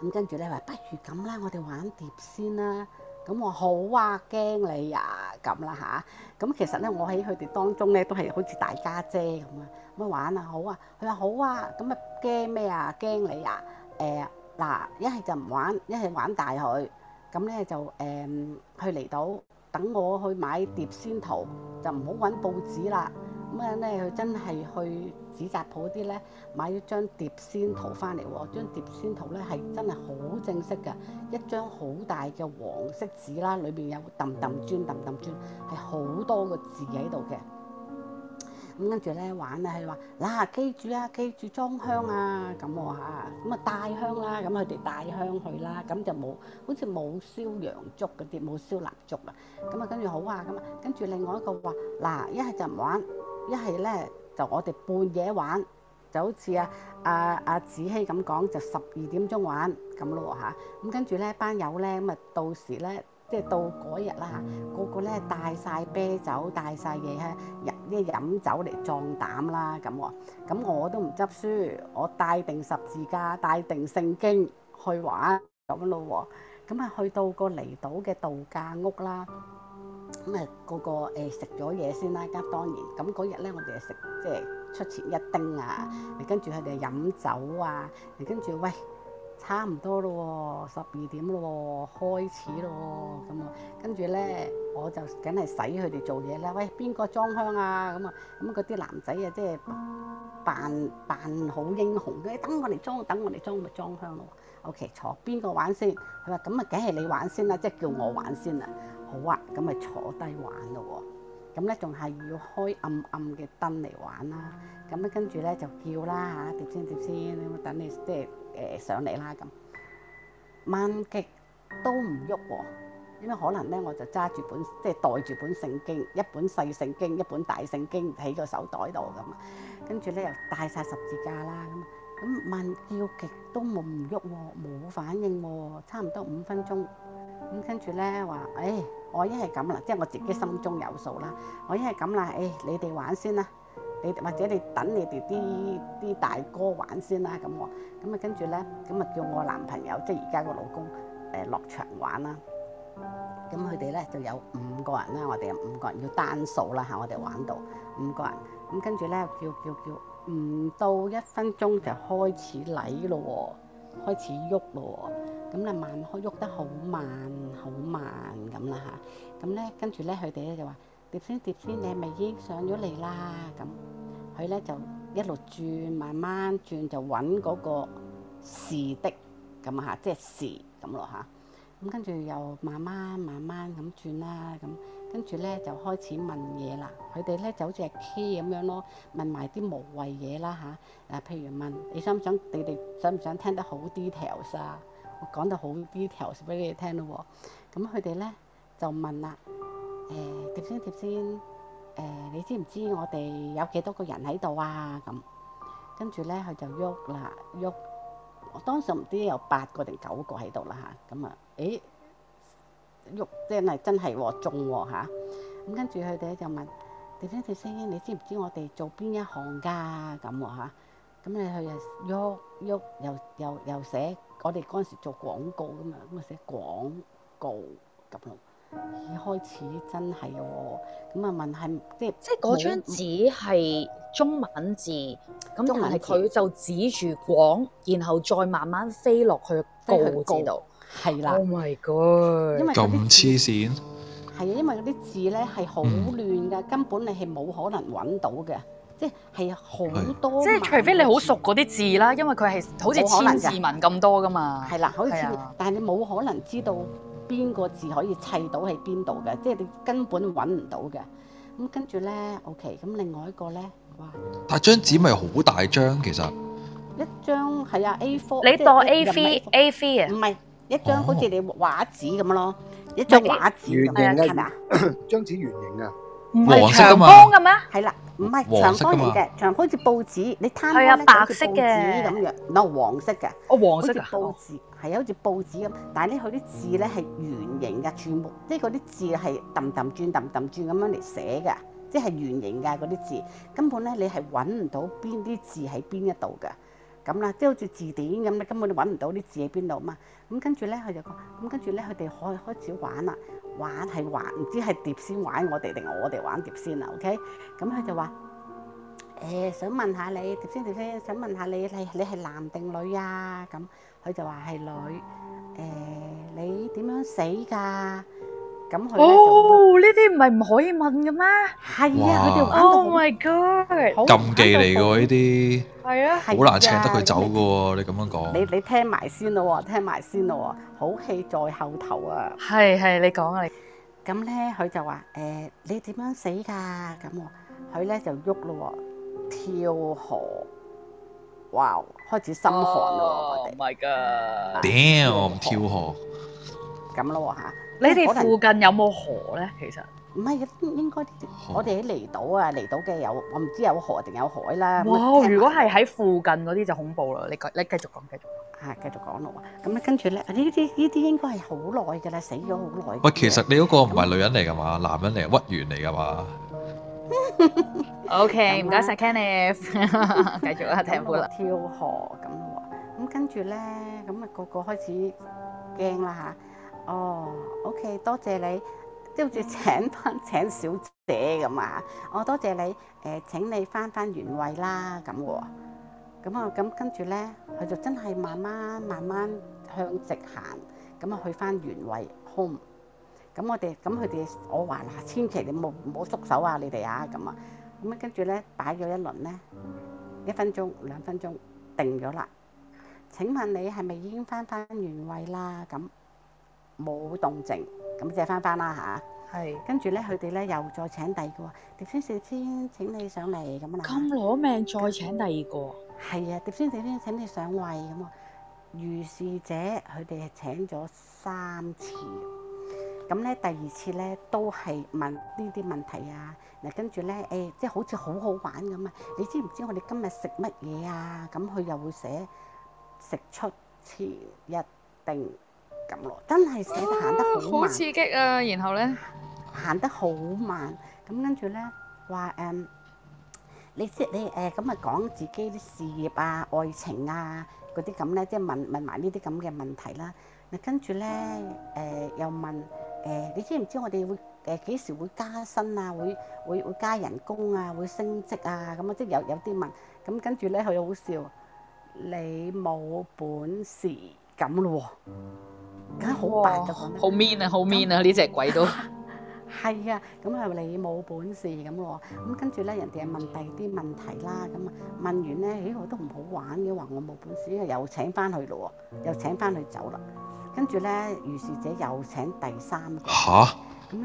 咁跟住咧話，呢不如咁啦，我哋玩碟仙啦。咁我好啊，驚你啊，咁啦吓，咁、啊、其實咧，我喺佢哋當中咧，都係好似大家姐咁啊，乜玩啊好啊，佢話好啊，咁啊驚咩啊，驚你啊，誒嗱一係就唔玩，一係玩大佢，咁咧就誒去嚟到等我去買碟仙圖，就唔好揾報紙啦。咁樣咧，佢真係去。紙紮鋪啲咧，買咗張碟仙圖翻嚟喎，張碟仙圖咧係真係好正式嘅，一張好大嘅黃色紙啦，裏邊有揼揼磚揼揼磚，係好多個字喺度嘅。咁跟住咧玩啊，佢話嗱記住啦，記住裝香啊，咁喎嚇，咁啊帶香啦，咁佢哋帶香去啦，咁就冇，好似冇燒洋燭嗰啲，冇燒蠟燭啊。咁啊跟住好啊，咁啊跟住另外一個話嗱，一係就唔玩，一係咧。就我哋半夜玩，就好似啊啊啊子希咁講，就十二點鐘玩咁咯吓，咁跟住咧班友咧，咁啊到時咧，即係到嗰日啦，個個咧帶晒啤酒，帶晒嘢咧，飲即係飲酒嚟壯膽啦咁喎。咁我都唔執輸，我帶定十字架，帶定聖經去玩咁咯喎。咁啊去到個離島嘅度假屋啦。咁啊，個個誒食咗嘢先啦，咁當然，咁嗰日咧我哋食即係出前一丁啊，誒、嗯、跟住佢哋飲酒啊，誒跟住喂，差唔多咯喎，十二點咯喎，開始咯喎，咁啊，跟住咧我就梗係使佢哋做嘢啦，喂，邊個裝香啊，咁啊，咁嗰啲男仔啊即係扮扮好英雄，嘅、欸。等我哋裝，等我哋裝咪裝香咯，O K 坐邊個玩先？佢話，咁啊，梗係你玩先啦，即係叫我玩先啦。好啊，咁咪坐低玩咯喎，哦，咁咧仲係要開暗暗嘅燈嚟玩啦，咁跟住咧就叫啦嚇，啊，碟仙碟仙咁，等你即係誒上嚟啦咁，問極都唔喐喎，因為可能咧我就揸住本即係袋住本聖經，一本細聖經，一本大聖經喺個手袋度咁，跟住咧又帶晒十字架啦咁，咁問叫極都冇唔喐喎，冇反應喎，哦，差唔多五分鐘，咁跟住咧話誒。我已經係咁啦，即係我自己心中有數啦。我已經係咁啦，誒、哎，你哋玩先啦，你或者你等你哋啲啲大哥玩先啦咁喎。咁啊跟住咧，咁啊叫我男朋友，即係而家個老公，誒、呃、落場玩啦。咁佢哋咧就有五個人啦，我哋五,五個人要單數啦嚇，我哋玩到五個人。咁跟住咧叫叫叫，唔到一分鐘就開始禮羅。開始喐咯，咁啦慢開喐得好慢，好慢咁啦吓，咁咧跟住咧佢哋咧就話：碟仙碟仙，你係咪已經上咗嚟啦？咁佢咧就一路轉，慢慢轉就揾嗰個是的，咁吓，即係是咁咯吓，咁跟住又慢慢慢慢咁轉啦咁。跟住咧就開始問嘢啦，佢哋咧就好似係 key 咁樣咯，問埋啲無謂嘢啦吓，誒、啊，譬如問你想唔想，你哋想唔想聽得好 details 啊？我講到好 details 俾你哋聽咯喎。咁佢哋咧就問啦，誒點先點先碟仙碟仙？誒、呃，你知唔知我哋有幾多個人喺度啊？咁跟住咧佢就喐啦喐。我當時唔知有八個定九個喺度啦吓，咁啊，誒。喐，真係真係喎，中喎嚇。咁跟住佢哋就問，點解條聲音，你知唔知我哋做邊一行㗎？咁喎嚇。咁你去又喐喐，又又又寫。我哋嗰陣時做廣告㗎嘛，咁啊寫廣告咁咯。開始真係喎。咁啊問係即係即係嗰張紙係中文字，中文字，佢就指住廣，然後再慢慢飛落去告字度。係啦，Oh my god，因為咁黐線，係啊，因為嗰啲字咧係好亂㗎，根本你係冇可能揾到嘅，即係好多，即係除非你好熟嗰啲字啦，因為佢係好似千字文咁多噶嘛，係啦，好似，但係你冇可能知道邊個字可以砌到喺邊度嘅，即係你根本揾唔到嘅。咁跟住咧，OK，咁另外一個咧，哇，但係張紙咪好大張其實，一張係啊 A4，你當 A3，A3 啊，唔係。一張好似你畫紙咁咯，一張畫紙咁啊，係咪啊？張紙圓形啊，黃色嘅咩？係啦，唔係長方形嘅，長方形好似報紙，你攤開咧好似報紙咁樣，no，黃色嘅，哦黃色報紙啊，好似報紙係好似報紙咁，但係咧，佢啲字咧係圓形嘅轉木，即係嗰啲字係揼揼轉揼揼轉咁樣嚟寫㗎，即係圓形嘅嗰啲字，根本咧你係揾唔到邊啲字喺邊一度㗎咁啦，即係好似字典咁咧，根本你揾唔到啲字喺邊度嘛。咁跟住咧，佢就講，咁跟住咧，佢哋開開始玩啦，玩係玩，唔知係碟仙玩我哋定我哋玩碟仙啦，OK？咁佢就話，誒想問下你碟仙碟仙，想問下你係你係男定女啊？咁佢就話係女，誒你點樣死㗎？哦，呢啲唔係唔可以問嘅咩？係啊，佢哋 Oh my god，好禁忌嚟嘅喎呢啲，係啊，好難請得佢走嘅喎。你咁樣講，你你聽埋先咯，聽埋先咯，好戲在後頭啊！係係，你講啊你。咁咧，佢就話誒，你點樣死噶？咁，佢咧就喐咯，跳河，哇，開始心寒咯！Oh my god，damn，跳河，咁咯吓。你哋附近有冇河咧？其實唔係，應該我哋喺離島啊，離島嘅有，我唔知有河定有海啦。哇！如果係喺附近嗰啲就恐怖啦。你繼你繼續講，繼續係繼續講咯喎。咁咧跟住咧，呢啲呢啲應該係好耐嘅啦，死咗好耐。喂，其實你嗰個唔係女人嚟㗎嘛，男人嚟，屈原嚟㗎嘛。OK，唔該曬 Canif，繼續啦，聽唔到啦。跳河咁咯喎，咁跟住咧，咁啊個個開始驚啦嚇。哦、oh，OK，多謝你，即好似請翻請小姐咁啊！我、哦、多謝你誒、呃，請你翻翻原位啦咁喎。咁啊、哦，咁跟住咧，佢就真係慢慢慢慢向直行，咁啊去翻原位 home。咁我哋咁佢哋，我話嗱，千祈你唔好縮手啊！你哋啊咁啊，咁啊跟住咧擺咗一輪咧，一分鐘兩分鐘定咗啦。請問你係咪已經翻翻原位啦？咁。冇動靜，咁借翻翻啦吓，係、啊。是跟住咧，佢哋咧又再請第二個，碟仙碟仙請你上嚟咁啊啦。咁攞命再請第二個。係啊，碟仙碟仙請你上位咁啊。如是者佢哋係請咗三次。咁咧，第二次咧都係問呢啲問題啊。嗱、啊，跟住咧，誒、欸，即係好似好好玩咁啊。你知唔知我哋今日食乜嘢啊？咁佢又會寫食出前一定。咁咯，真係寫得行得好，哦、好刺激啊！然後咧行得好慢，咁跟住咧話誒，你即你誒咁啊，講、呃、自己啲事業啊、愛情啊嗰啲咁咧，即係問問埋呢啲咁嘅問題啦。嗱，跟住咧誒又問誒、呃，你知唔知我哋會誒幾、呃、時會加薪啊？會會會加人工啊？會升職啊？咁啊，即係有有啲問咁，跟住咧佢又好笑，你冇本事咁咯咁好白噶，好 mean 啊，好 mean 啊！呢隻鬼都係啊，咁啊你冇本事咁喎，咁跟住咧人哋係問第二啲問題啦，咁問完咧，咦我都唔好玩嘅話，我冇本事，又請翻去咯喎，又請翻去走啦，跟住咧於是者又請第三吓，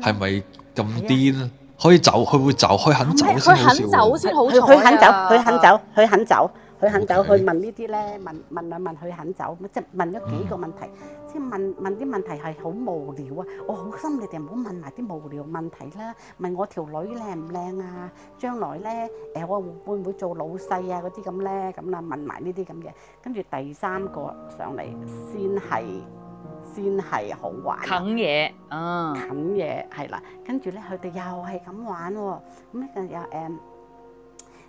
係咪咁癲？可以走，佢會走，佢肯走先好，佢肯走，佢肯走，佢肯走。佢肯走，去問呢啲咧，問問嚟問去肯走，即係問咗幾個問題，嗯、即係問問啲問題係好無聊啊！我好心你哋唔好問埋啲無聊問題啦，問我條女靚唔靚啊？將來咧，誒、哎、我會唔會做老細啊呢？嗰啲咁咧，咁啦問埋呢啲咁嘅，跟住第三個上嚟先係先係好玩，啃嘢，嗯，啃嘢係啦，跟住咧佢哋又係咁玩喎，咁又誒。嗯。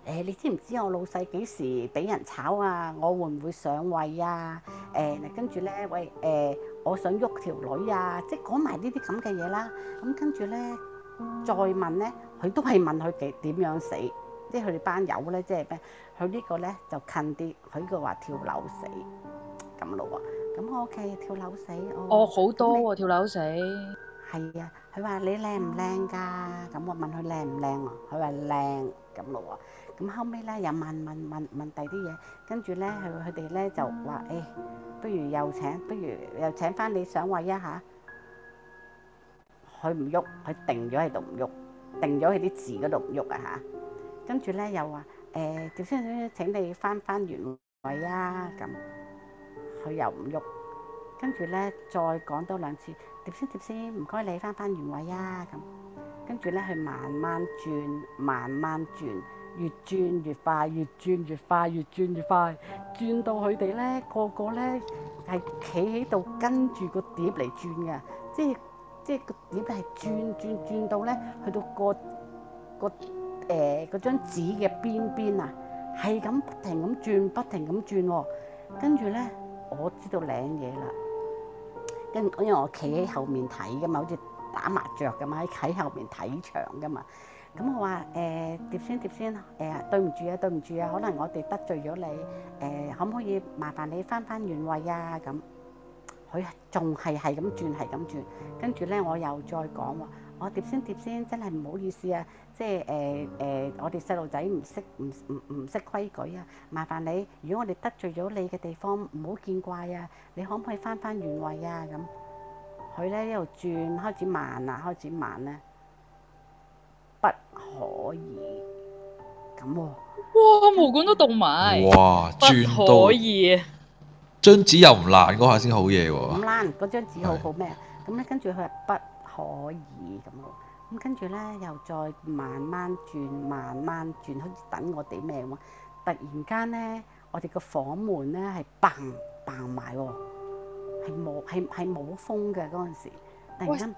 誒，你知唔知我老細幾時俾人炒啊？我會唔會上位啊？誒，嗱，跟住咧，喂，誒，我想喐條女啊，即係講埋呢啲咁嘅嘢啦。咁跟住咧，再問咧，佢都係問佢幾點樣死，即係佢哋班友咧，即係咩？佢呢個咧就近啲，佢呢個話跳樓死咁咯喎。咁 OK，跳樓死哦。哦，好多喎，跳樓死。係啊，佢話你靚唔靚㗎？咁我問佢靚唔靚喎？佢話靚，咁咯喎。咁後尾咧又問問問問第啲嘢，跟住咧佢佢哋咧就話誒、嗯哎，不如又請，不如又請翻你上位一、啊、下。佢唔喐，佢定咗喺度唔喐，定咗喺啲字嗰度唔喐啊嚇。跟住咧又話誒，碟仙碟仙，請你翻翻原位啊咁。佢又唔喐，跟住咧再講多兩次，碟仙碟仙，唔該你翻翻原位啊咁。跟住咧佢慢慢轉，慢慢轉。越轉越快，越轉越快，越轉越快，轉到佢哋咧個個咧係企喺度跟住個碟嚟轉㗎，即係即係個碟係轉轉轉到咧去到、那個個誒嗰張紙嘅邊邊啊，係咁不停咁轉，不停咁轉喎，跟住咧我知道領嘢啦，跟跟住我企喺後面睇㗎嘛，好似打麻雀咁嘛，喺喺後面睇場嘅嘛。咁我話誒，碟仙碟仙，誒對唔住啊，對唔住啊，可能我哋得罪咗你，誒可唔可以麻煩你返返原位啊？咁佢仲係係咁轉，係咁轉，跟住咧我又再講喎，我碟仙碟仙，真係唔好意思啊，即係誒誒，我哋細路仔唔識唔唔唔識規矩啊，麻煩你，如果我哋得罪咗你嘅地方，唔好見怪啊，你可唔可以返返原位啊？咁佢咧又轉開始慢啦，開始慢咧。不可以咁喎！哦、哇，毛管都凍埋！哇，轉可以轉到，張紙又唔爛嗰下先好嘢喎、哦！唔爛嗰張紙好好咩？咁咧是跟住佢係不可以咁咯，咁、哦、跟住咧又再慢慢轉，慢慢轉，好似等我哋命咁。突然間咧，我哋個房門咧係嘭嘭埋喎，係冇係係冇風嘅嗰陣時。突然間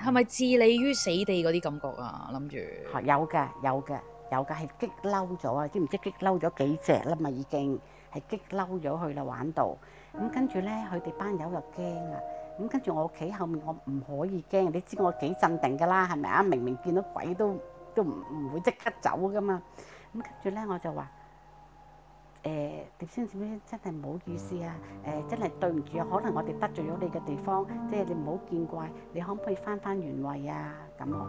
係咪置你於死地嗰啲感覺啊？諗住喂，有嘅，有嘅，有嘅，係激嬲咗啊！知唔知激嬲咗幾隻啦嘛，已經係激嬲咗去啦玩到。咁、嗯、跟住咧，佢哋班友又驚啦。咁、嗯、跟住我屋企後面，我唔可以驚。你知我幾鎮定㗎啦？係咪啊？明明見到鬼都都唔唔會即刻走㗎嘛。咁、嗯、跟住咧，我就話。誒碟仙，碟仙，真係唔好意思啊！誒，真係對唔住，可能我哋得罪咗你嘅地方，即係你唔好見怪，你可唔可以翻翻原位啊？咁，我，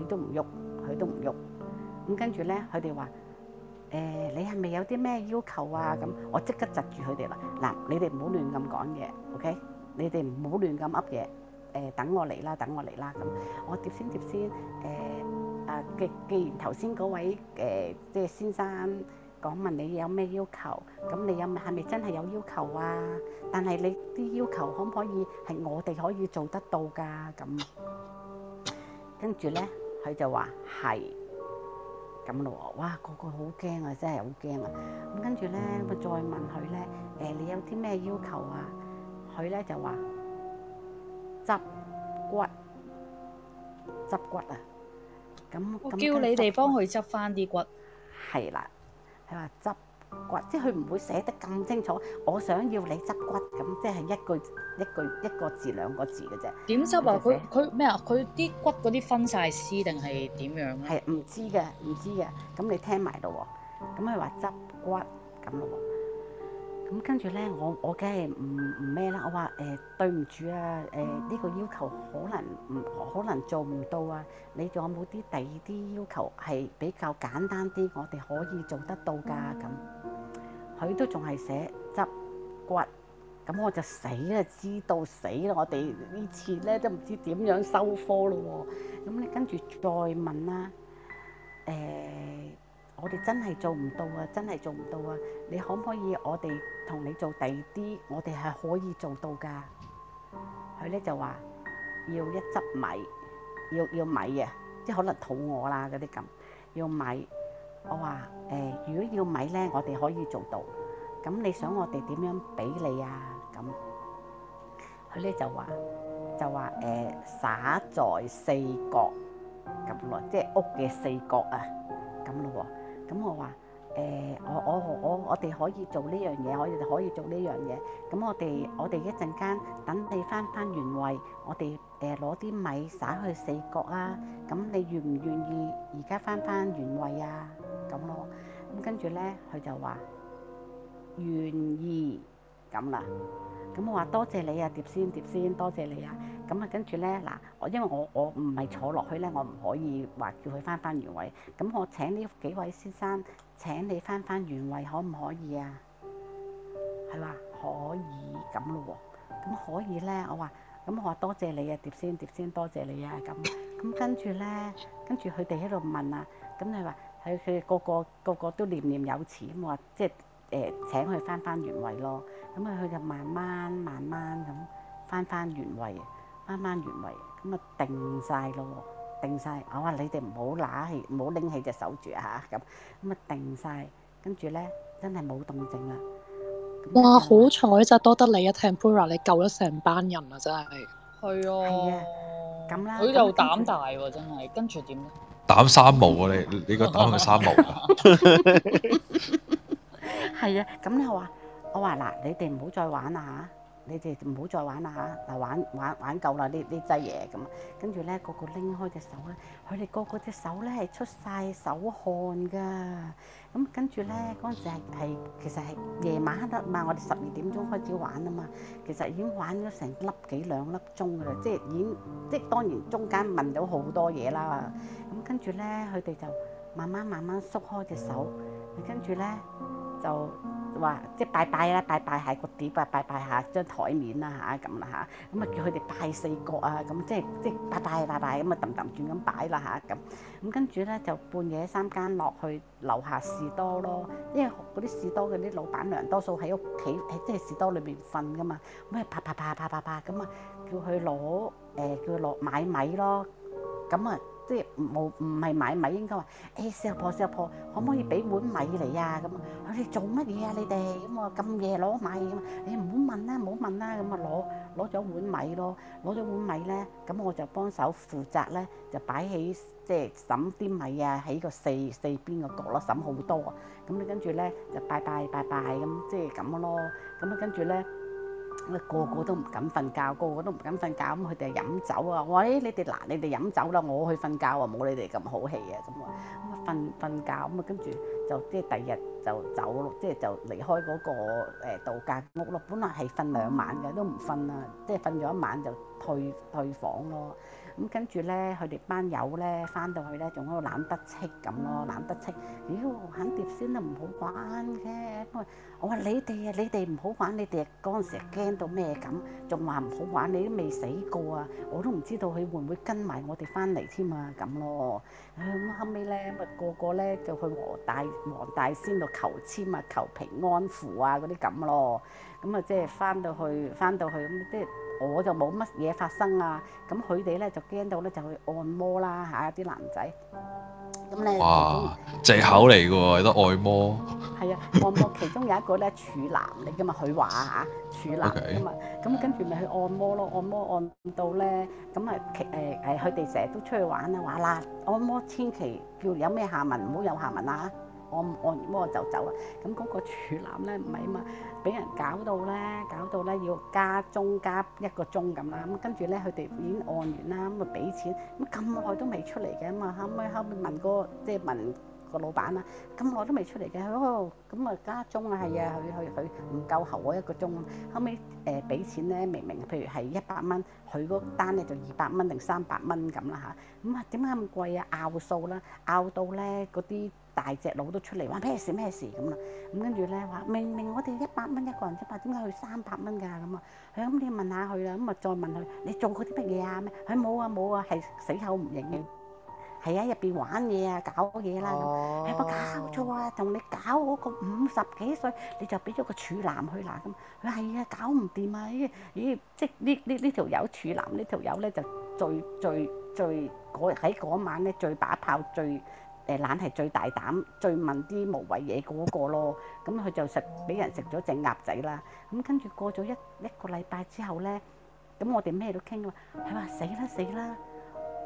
佢都唔喐，佢都唔喐。咁跟住咧，佢哋話：誒，你係咪有啲咩要求啊？咁，我即刻窒住佢哋啦！嗱，你哋唔好亂咁講嘢，OK？你哋唔好亂咁噏嘢。誒，等我嚟啦，等我嚟啦。咁，我碟仙，碟仙。誒啊！既既然頭先嗰位誒即係先生。講問你有咩要求？咁你有係咪真係有要求啊？但係你啲要求可唔可以係我哋可以做得到㗎？咁跟住咧，佢就話係咁咯喎！哇，個個好驚啊，真係好驚啊！咁跟住咧，我再問佢咧，誒，你有啲咩要求啊？佢咧就話執骨執骨啊！咁我叫你哋幫佢執翻啲骨係啦。佢話執骨，即係佢唔會寫得咁清楚。我想要你執骨，咁即係一句一句，一句一個字兩個字嘅啫。點執啊？佢佢咩啊？佢啲骨嗰啲分晒絲定係點樣啊？係唔知嘅，唔知嘅。咁你聽埋咯喎。咁佢話執骨咁咯喎。咁跟住咧，我我梗係唔唔咩啦，我話誒、欸、對唔住啊，誒、欸、呢、這個要求可能唔可能做唔到啊？你仲有冇啲第二啲要求係比較簡單啲，我哋可以做得到噶咁、啊？佢、嗯、都仲係寫執骨，咁我就死啦，知道死啦！我哋呢次咧都唔知點樣收科咯喎、啊，咁、嗯、你跟住再問啦、啊，誒、欸。我哋真係做唔到啊！真係做唔到啊！你可唔可以我哋同你做第二啲？我哋係可以做到㗎。佢咧就話要一執米，要要米啊！即係可能肚餓啦嗰啲咁，要米。我話誒、呃，如果要米咧，我哋可以做到。咁你想我哋點樣俾你啊？咁佢咧就話就話誒，灑、呃、在四角咁囉，即係屋嘅四角啊，咁咯喎。咁我話誒、欸，我我我我哋可以做呢樣嘢，可以可以做呢樣嘢。咁我哋我哋一陣間等你翻翻原位，我哋誒攞啲米撒去四角啊。咁你願唔願意而家翻翻原位啊？咁咯。咁跟住咧，佢就話願意咁啦。咁我話多謝你啊，碟仙碟仙，多謝你啊。咁啊跟住咧，嗱，我因為我我唔係坐落去咧，我唔可以話叫佢翻翻原位。咁我請呢幾位先生請你翻翻原位，可唔可以啊？佢話可以咁咯喎。咁可以咧，我話咁我話多謝你啊，碟仙碟仙，多謝你啊。咁咁跟住咧，跟住佢哋喺度問啊。咁你話佢佢個個個個都念念有詞。我話即係。誒請佢翻翻原位咯，咁啊佢就慢慢慢慢咁翻翻原位，翻翻原位，咁啊定曬咯，定曬。我話你哋唔好揦起，唔好拎起隻手住嚇咁，咁啊定曬，跟住咧真係冇動靜啦。哇！好彩就多得你啊，Tempera，你救咗成班人啊，真係。係啊，係啊，咁啦。佢就膽大喎，真係。跟住點咧？膽三毛啊，你你個膽係三毛。係啊！咁咧我話，我話嗱，你哋唔好再玩啦嚇，你哋唔好再玩啦嚇，嗱玩玩玩夠啦呢呢劑嘢咁。跟住咧，個個拎開隻手咧，佢哋個個隻手咧係出晒手汗㗎。咁跟住咧，嗰陣時係其實係夜晚黑啦嘛，我哋十二點鐘開始玩啊嘛，其實已經玩咗成粒幾兩粒鐘㗎啦，即係已經即係當然中間問到好多嘢啦。咁跟住咧，佢哋就慢慢慢慢縮開隻手，跟住咧。就話即拜拜啦，拜拜係個碟拜拜下,拜拜下張台面啦嚇咁啦嚇，咁啊叫佢哋拜四角啊，咁即即拜拜拜拜咁啊揼揼轉咁擺啦嚇咁，咁跟住咧就半夜三更落去樓下士多咯，因為嗰啲士多嗰啲老闆娘多數喺屋企誒即士多裏邊瞓噶嘛，咁啊啪啪啪啪啪啪咁啊叫佢攞誒叫佢落買米咯，咁啊。即係冇唔係買米，應該話誒、欸，四阿婆四阿婆，可唔可以俾碗米嚟啊？咁啊，你做乜嘢啊？你哋咁啊，咁夜攞米啊？你唔好問啦，唔好問啦，咁啊攞攞咗碗米咯，攞咗碗米咧，咁我就幫手負責咧，就擺起即係審啲米啊，喺個四四邊個角落審好多。咁你跟住咧就拜拜拜拜咁，即係咁樣咯。咁啊跟住咧。個個都唔敢瞓覺，個個都唔敢瞓覺，咁佢哋飲酒啊！喂，你哋嗱，你哋飲酒啦，我去瞓覺啊，冇你哋咁好氣啊！咁啊，瞓瞓覺，咁啊跟住就即係第二日就走咯，即係就離開嗰個度假屋咯。本來係瞓兩晚嘅，都唔瞓啊，即係瞓咗一晚就退退房咯。咁跟住咧，佢哋班友咧翻到去咧，仲喺度懶得戚咁咯，懶得戚。妖玩碟仙都唔好玩嘅，我話你哋啊，你哋唔好玩，你哋嗰陣時啊驚到咩咁，仲話唔好玩，你都未死過啊，我都唔知道佢會唔會跟埋我哋翻嚟添啊咁咯。咁後尾咧，咪個個咧就去黃大黃大仙度求籤啊，求平安符啊嗰啲咁咯。咁啊，即係翻到去，翻到去咁即係。我就冇乜嘢發生啊，咁佢哋咧就驚到咧就去按摩啦嚇，啲、啊、男仔，咁咧哇藉口嚟嘅喎，你都按摩。係啊，按摩其中有一個咧處男嚟噶嘛，佢話吓，處男嚟噶嘛，咁 Okay.、嗯、跟住咪去按摩咯，按摩按到咧，咁啊其誒誒佢哋成日都出去玩啊玩啦，按摩千祈叫有咩下文，唔好有下文啊。我按完摩就走啦。咁嗰個柱籃咧唔係啊嘛，俾人搞到咧，搞到咧要加鐘加一個鐘咁啦。咁跟住咧，佢哋已經按完啦，咁啊俾錢咁咁耐都未出嚟嘅啊嘛。後尾後尾問個即係問個老闆啦，咁耐都未出嚟嘅。佢話咁啊加鐘啊，係啊，佢佢佢唔夠候我一個鐘。後尾誒俾錢咧，明明譬如係一百蚊，佢嗰單咧就二百蚊定三百蚊咁啦嚇。咁啊點解咁貴啊？拗數啦，拗到咧嗰啲。大隻佬都出嚟話咩事咩事咁啦，咁跟住咧話明明我哋一百蚊一個人啫嘛，點解佢三百蚊㗎咁啊？佢咁你問下佢啦，咁啊再問佢，你做過啲乜嘢啊？佢，冇啊冇啊，係死口唔認嘅。係啊，入邊玩嘢啊，搞嘢啦咁。係咪搞錯啊？同你搞嗰個五十幾歲，你就俾咗個處男去啦咁。佢係啊，搞唔掂啊！咦咦，即係呢呢呢條友處男，呢條友咧就最最最喺嗰晚咧最把炮最。誒懶係最大膽，最問啲無謂嘢嗰個咯，咁、嗯、佢就食俾人食咗隻鴨仔啦。咁、嗯、跟住過咗一一個禮拜之後咧，咁、嗯、我哋咩都傾啊，佢話死啦死啦，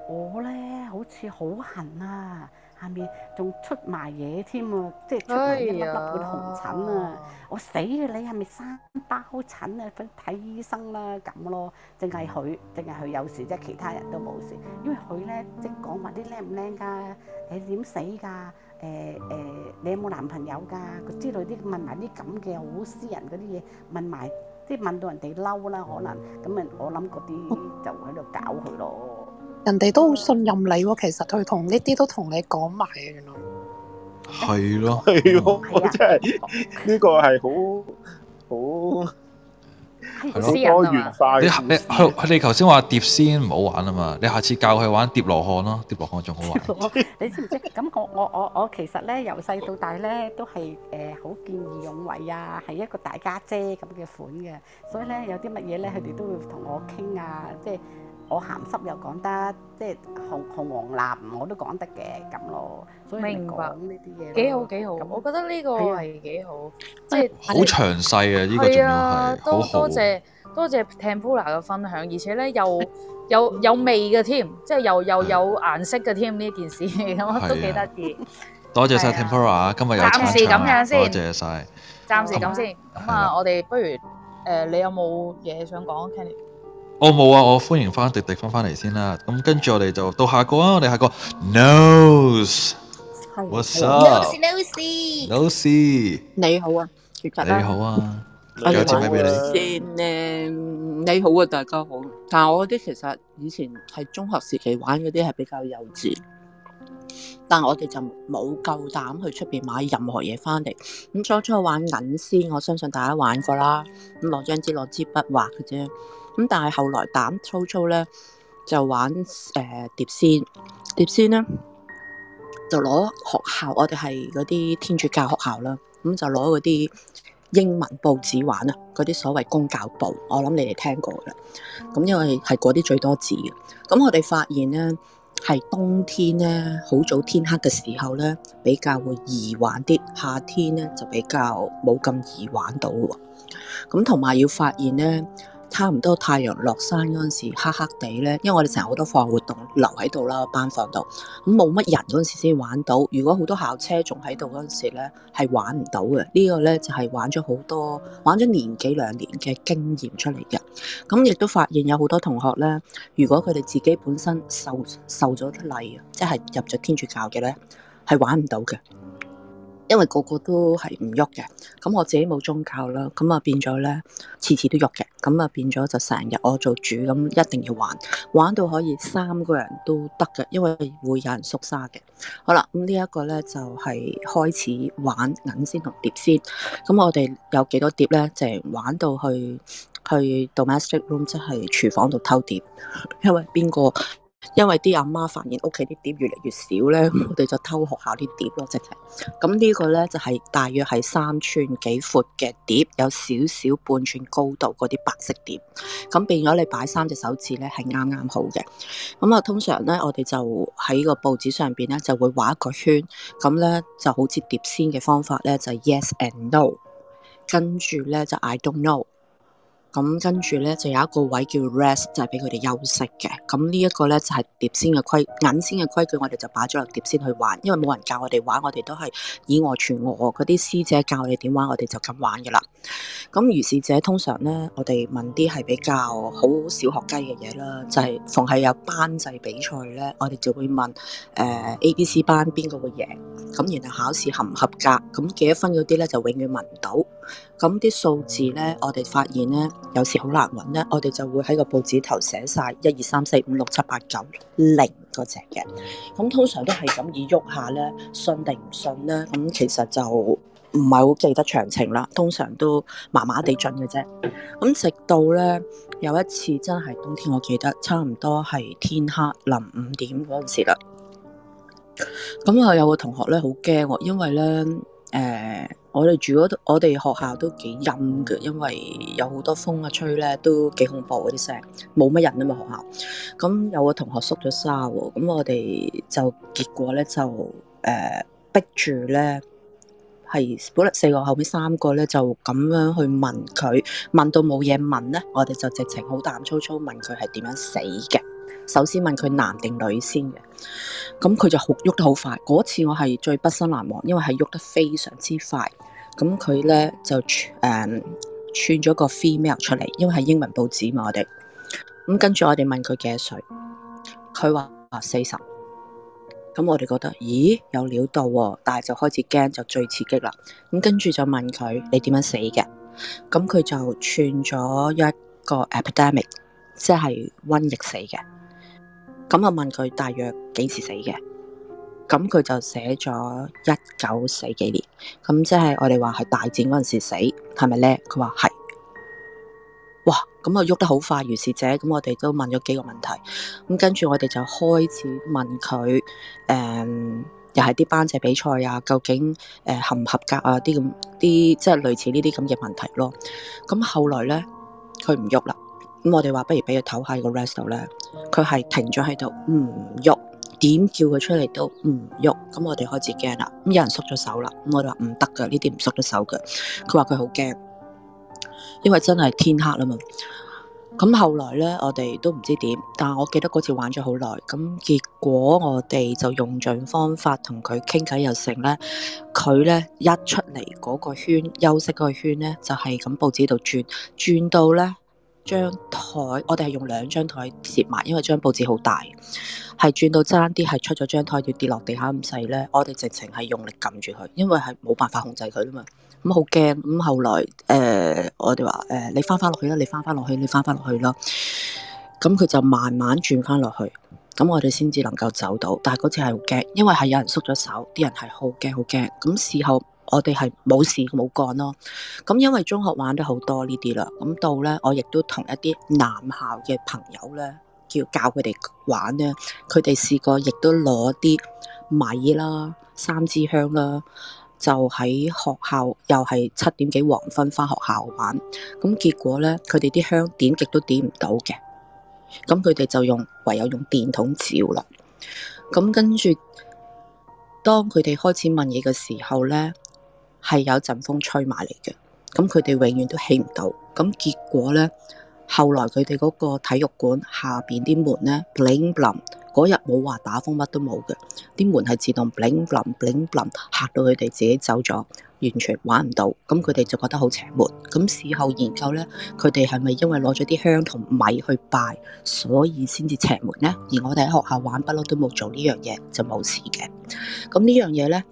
我咧好似好痕啊！下面仲出埋嘢添啊！即係出埋一粒粒嗰啲紅疹啊！哎、呀我死啊！你係咪生包疹啊？去睇醫生啦、啊、咁咯。淨係佢，淨係佢有事，即係其他人都冇事。因為佢咧、嗯、即係講話啲靚唔靚噶？誒點死㗎？誒、呃、誒、呃，你有冇男朋友㗎？佢知道啲問埋啲咁嘅好私人嗰啲嘢，問埋即係問到人哋嬲啦，可能咁啊！我諗嗰啲就喺度搞佢咯。 [LAUGHS] 人哋都好信任你喎，其實佢同呢啲都同你講埋嘅，原來係咯，係咯、嗯，我真係呢的個係的的好好係咯，多元化。你佢佢哋頭先話碟仙唔好玩啊嘛，你下次教佢玩疊羅漢咯，疊羅漢仲好玩。你知唔知？咁我我我我其實咧，由細到大咧，都係誒好見義勇為啊，係一個大家姐咁嘅款嘅，所以咧有啲乜嘢咧，佢哋都會同我傾啊，即係。我鹹濕又講得，即係紅紅黃藍我都講得嘅咁咯。明白。咁呢啲嘢幾好幾好，我覺得呢個係幾好，即係好詳細嘅呢個重要係。好多謝多謝 Tempura 嘅分享，而且咧又有有味嘅添，即係又又有顏色嘅添呢一件事，我都記得住。多謝曬 Tempura，今日有眼彩。暫時咁樣先，多謝曬。暫時咁先，咁啊，我哋不如誒，你有冇嘢想講，Kenny？我冇、哦、啊！我歡迎翻迪迪翻翻嚟先啦。咁、嗯、跟住我哋就到下個啊。我哋下個 nose，what's 的 up？老師，老師，你好啊，你好啊，有接翻俾你先。Um, 你好啊，大家好。但係我啲其實以前係中學時期玩嗰啲係比較幼稚，但係我哋就冇夠膽去出邊買任何嘢翻嚟。咁初初玩銀仙，我相信大家玩過啦。咁攞張紙，攞支筆畫嘅啫。咁但係後來膽粗粗咧，就玩誒碟仙，碟仙咧，就攞學校我哋係嗰啲天主教學校啦，咁就攞嗰啲英文報紙玩啊，嗰啲所謂公教報，我諗你哋聽過噶啦。咁因為係嗰啲最多字嘅。咁我哋發現咧，係冬天咧，好早天黑嘅時候咧，比較會易玩啲；夏天咧就比較冇咁易玩到喎。咁同埋要發現咧。差唔多太陽落山嗰陣時，黑黑地咧，因為我哋成日好多課外活動留喺度啦，班房度，咁冇乜人嗰陣時先玩到。如果好多校車仲喺度嗰陣時咧，係玩唔到嘅。呢個咧就係玩咗好多，玩咗年幾兩年嘅經驗出嚟嘅。咁亦都發現有好多同學咧，如果佢哋自己本身受受咗洗禮，即係入咗天主教嘅咧，係玩唔到嘅。因為個個都係唔喐嘅，咁我自己冇宗教啦，咁啊變咗咧，次次都喐嘅，咁啊變咗就成日我做主，咁一定要玩，玩到可以三個人都得嘅，因為會有人縮沙嘅。好啦，咁呢一個咧就係、是、開始玩銀仙同碟仙，咁我哋有幾多碟咧？就係、是、玩到去去 domestic room，即係廚房度偷碟，因為邊個？因為啲阿媽發現屋企啲碟越嚟越少咧，我哋就偷學校啲碟咯，即係。咁呢個咧就係大約係三寸幾闊嘅碟，有少少半寸高度嗰啲白色碟。咁變咗你擺三隻手指咧係啱啱好嘅。咁啊，通常咧我哋就喺個報紙上邊咧就會畫一個圈。咁咧就好似碟仙嘅方法咧就係 yes and no，跟住咧就 I don't know。咁跟住呢，就有一個位叫 rest，就係俾佢哋休息嘅。咁呢一個呢，就係、是、碟仙嘅規，銀仙嘅規矩，我哋就擺咗落碟仙去玩。因為冇人教我哋玩，我哋都係以我傳我。嗰啲師姐教我哋點玩，我哋就咁玩噶啦。咁、嗯、如是者，通常呢，我哋問啲係比較好小學雞嘅嘢啦，就係、是、逢係有班制比賽呢，我哋就會問誒、呃、A B C 班邊個會贏。咁然後考試合唔合格，咁幾多分嗰啲呢，就永遠問唔到。咁啲數字呢，我哋發現呢，有時好難揾呢。我哋就會喺個報紙頭寫晒一二三四五六七八九零嗰隻嘅。咁通常都係咁以喐下呢，信定唔信呢？咁其實就唔係好記得詳情啦。通常都麻麻地進嘅啫。咁直到呢，有一次真係冬天，我記得差唔多係天黑臨五點嗰陣時啦。咁啊有個同學呢，好驚、哦，因為呢。誒、呃。我哋住嗰度，我哋學校都幾陰嘅，因為有好多風啊吹咧，都幾恐怖嗰啲聲，冇乜人啊嘛學校。咁有個同學縮咗沙喎，咁、嗯、我哋就結果咧就誒、呃、逼住咧係本來四個後邊三個咧就咁樣去問佢，問到冇嘢問咧，我哋就直情好膽粗粗問佢係點樣死嘅。首先問佢男定女先嘅，咁佢就好喐得好快。嗰次我係最畢生難忘，因為係喐得非常之快。咁佢咧就誒串咗個 female 出嚟，因為係英文報紙嘛。我哋咁跟住我哋問佢幾多歲，佢話啊四十。咁我哋覺得咦有料到喎、啊，但係就開始驚就最刺激啦。咁跟住就問佢你點樣死嘅？咁佢就串咗一個 epidemic，即係瘟疫死嘅。咁啊，問佢大約幾時死嘅？咁佢就寫咗一九四幾年，咁即係我哋話係大戰嗰陣時死，係咪呢？佢話係。哇，咁啊，喐得好快，如是者。咁我哋都問咗幾個問題，咁跟住我哋就開始問佢，誒、嗯，又係啲班仔比賽啊，究竟誒、呃、合唔合格啊？啲咁啲即係類似呢啲咁嘅問題咯。咁後來呢，佢唔喐啦。咁、嗯、我哋話不如俾佢唞下個 rest 咧，佢係停咗喺度唔喐，點叫佢出嚟都唔喐。咁、嗯、我哋開始驚啦，咁、嗯、有人縮咗手啦。咁、嗯、我哋話唔得噶，呢啲唔縮咗手噶。佢話佢好驚，因為真係天黑啦嘛。咁、嗯、後來咧，我哋都唔知點，但係我記得嗰次玩咗好耐。咁、嗯、結果我哋就用盡方法同佢傾偈又成咧，佢咧一出嚟嗰個圈休息嗰個圈咧，就係咁報紙度轉，轉到咧。張台，我哋係用兩張台接埋，因為張報紙好大，係轉到爭啲係出咗張台要跌落地下咁細咧，我哋直情係用力撳住佢，因為係冇辦法控制佢啦嘛。咁好驚，咁、嗯、後來誒、呃，我哋話誒，你翻翻落去啦，你翻翻落去，你翻翻落去啦。咁佢、嗯、就慢慢轉翻落去，咁、嗯、我哋先至能夠走到。但係嗰次係好驚，因為係有人縮咗手，啲人係好驚好驚。咁事後。嗯我哋係冇事冇幹咯，咁因為中學玩得好多呢啲啦，咁到呢，我亦都同一啲男校嘅朋友呢，叫教佢哋玩呢，佢哋試過亦都攞啲米啦、三支香啦，就喺學校又係七點幾黃昏返學校玩，咁結果呢，佢哋啲香點極都點唔到嘅，咁佢哋就用唯有用電筒照啦，咁跟住當佢哋開始問嘢嘅時候呢。係有陣風吹埋嚟嘅，咁佢哋永遠都起唔到，咁結果呢，後來佢哋嗰個體育館下邊啲門呢，bling bling，嗰日冇話打風，乜都冇嘅，啲門係自動 bling bling，bling bling，嚇到佢哋自己走咗，完全玩唔到，咁佢哋就覺得好邪門，咁事後研究呢，佢哋係咪因為攞咗啲香同米去拜，所以先至邪門呢？而我哋喺學校玩，不嬲都冇做呢樣嘢，就冇事嘅，咁呢樣嘢呢？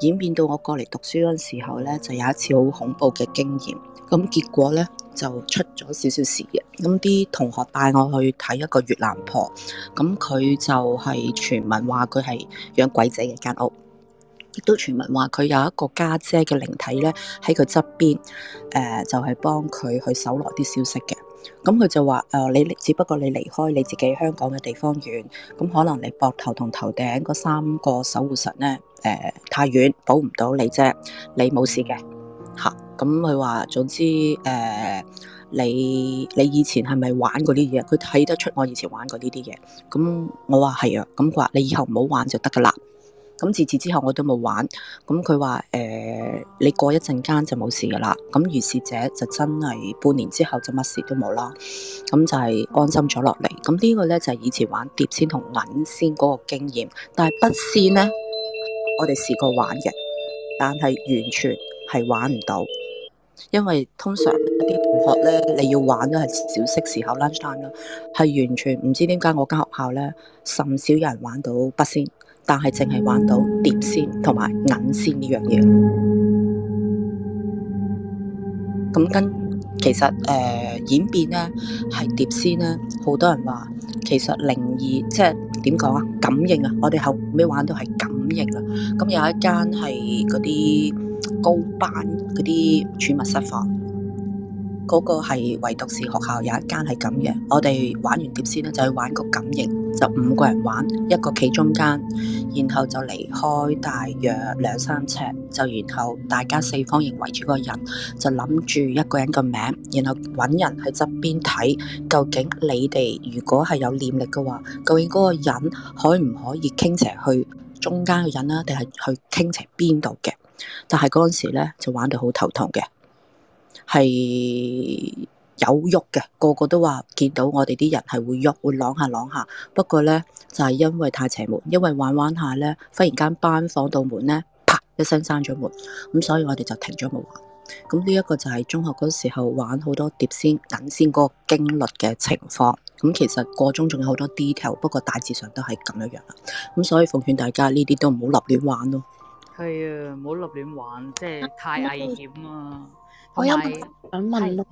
演變到我過嚟讀書嗰陣時候呢，就有一次好恐怖嘅經驗。咁結果呢，就出咗少少事嘅。咁啲同學帶我去睇一個越南婆，咁佢就係傳聞話佢係養鬼仔嘅間屋，亦都傳聞話佢有一個家姐嘅靈體呢喺佢側邊。誒、呃，就係、是、幫佢去搜羅啲消息嘅。咁佢就話：誒、呃，你只不過你離開你自己香港嘅地方遠，咁可能你膊頭同頭頂嗰三個守護神呢。」誒、呃，太遠保唔到你啫，你冇事嘅吓。咁佢話，總之誒、呃，你你以前係咪玩過啲嘢？佢睇得出我以前玩過呢啲嘢。咁、嗯、我話係啊，咁佢話你以後唔好玩就得噶啦。咁、嗯、自此之後我都冇玩。咁佢話誒，你過一陣間就冇事噶啦。咁、嗯、如是者就真係半年之後就乜事都冇啦。咁、嗯嗯、就係安心咗落嚟。咁、嗯、呢、呢個呢，就係、是、以前玩碟仙同銀仙嗰個經驗，但係筆仙呢。」我哋試過玩嘅，但係完全係玩唔到，因為通常一啲同學咧，你要玩都係小息時候 lunch time 啦，係完全唔知點解我間學校咧甚少有人玩到筆仙，但係淨係玩到碟仙同埋銀仙呢樣嘢，咁跟。其實誒、呃、演變咧係碟仙咧，好多人話其實靈異即係點講啊，感應啊，我哋後尾玩到係感應啊。咁有一間係嗰啲高班嗰啲儲物室房。嗰個係唯獨是學校有一間係咁嘅，我哋玩完碟仙呢，就去玩個感應，就五個人玩，一個企中間，然後就離開，大約兩三尺，就然後大家四方形圍住個人，就諗住一個人嘅名，然後揾人喺側邊睇，究竟你哋如果係有念力嘅話，究竟嗰個人可唔可以傾斜去中間嘅人呢？定係去傾斜邊度嘅？但係嗰陣時呢就玩到好頭痛嘅。係有喐嘅，個個都話見到我哋啲人係會喐，會啷下啷下。不過呢，就係因為太邪門，因為玩玩下呢，忽然間班房度門呢，啪一聲閂咗門，咁所以我哋就停咗冇玩。咁呢一個就係中學嗰時候玩好多碟仙引仙嗰個經歷嘅情況。咁其實個中仲有好多 detail，不過大致上都係咁樣樣啦。咁所以奉勸大家呢啲都唔好立亂玩咯。係啊，唔好立亂玩，即係太危險啊！我有問想問咯，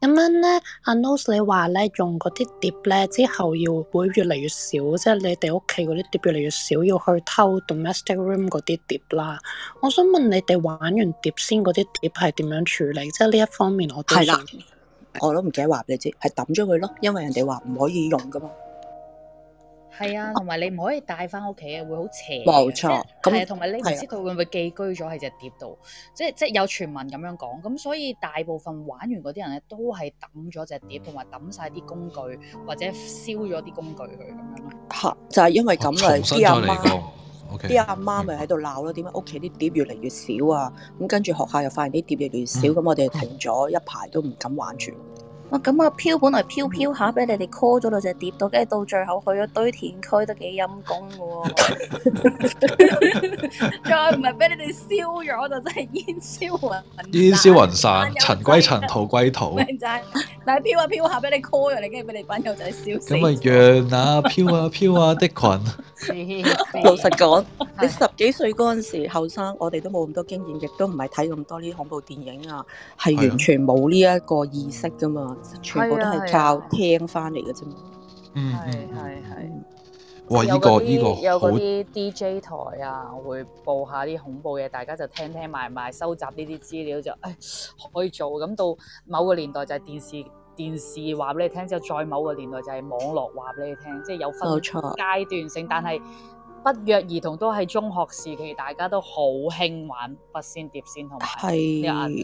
咁樣咧，阿 Nose 你話咧用嗰啲碟咧之後要會越嚟越少，即係你哋屋企嗰啲碟越嚟越少，要去偷 domestic room 嗰啲碟啦。我想問你哋玩完碟先嗰啲碟係點樣處理？即係呢一方面我，我係啦，我都唔記得話俾你知，係抌咗佢咯，因為人哋話唔可以用噶嘛。係啊，同埋你唔可以帶翻屋企啊，會好邪嘅。冇錯，係啊，同埋你唔知佢會唔會寄居咗喺隻碟度，啊，即係即係有傳聞咁樣講。咁所以大部分玩完嗰啲人咧，都係抌咗隻碟，同埋抌晒啲工具，或者燒咗啲工具佢咁樣咯。嚇、啊！就係、是、因為咁啊。啲阿 [LAUGHS] 媽，媽，啲阿 Okay. 媽咪喺度鬧咯。點解屋企啲碟越嚟越少啊？咁跟住學校又發現啲碟越嚟越少，咁、嗯嗯、我哋停咗一排都唔敢玩住。哇！咁阿、啊、飄本來飄飄下俾你哋 call 咗落隻碟到跟住到最後去咗堆填區都幾陰功嘅喎，再唔係俾你哋燒咗就真係煙消雲煙消雲散，塵歸塵土歸土。仔，陳陳陶陶但係飄啊飄下俾你 call，跟住俾你班友仔燒死。咁咪 [LAUGHS] 讓啊飄啊飄啊的群。 [LAUGHS] 老實講，你十幾歲嗰陣時後生，我哋都冇咁多經驗，亦都唔係睇咁多呢恐怖電影啊，係完全冇呢一個意識噶嘛。 [LAUGHS] 嗯 [LAUGHS] 全部都係靠聽翻嚟嘅啫，嗯，係係係。喂，呢個呢個有嗰啲 DJ 台啊， [MUSIC] 我會播下啲恐怖嘢，大家就聽聽埋埋，收集呢啲資料就誒、哎、可以做。咁到某個年代就係電視，電視話俾你聽之後，再某個年代就係網絡話俾你聽，即係有分階段性，錯但係。不約而同都喺中學時期，大家都好興玩筆仙碟仙同埋，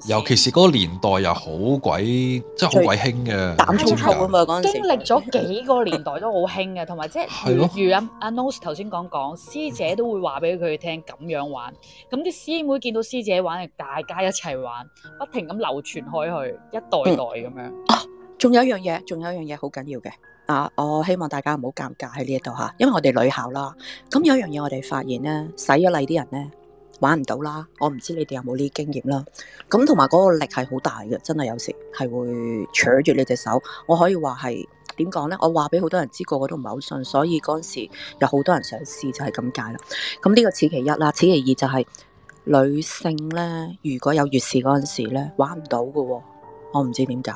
尤其是嗰個年代又好鬼，即係好鬼興嘅膽粗粗會唔會嗰陣時？經歷咗幾個年代都好興嘅，同埋即係如阿阿 Nose 頭先講講，師姐都會話俾佢聽咁樣玩，咁啲師妹見到師姐玩，大家一齊玩，不停咁流傳開去，一代代咁樣。仲有一樣嘢，仲有一樣嘢好緊要嘅。啊！我希望大家唔好尷尬喺呢一度吓，因為我哋女校啦。咁有一樣嘢我哋發現咧，洗咗禮啲人咧玩唔到啦。我唔知你哋有冇呢啲經驗啦。咁同埋嗰個力係好大嘅，真係有時係會扯住你隻手。我可以話係點講咧？我話俾好多人知，個個都唔係好信。所以嗰陣時有好多人想試，就係咁解啦。咁呢個此其一啦，此其二就係、是、女性咧，如果有月事嗰陣時咧，玩唔到噶。我唔知點解。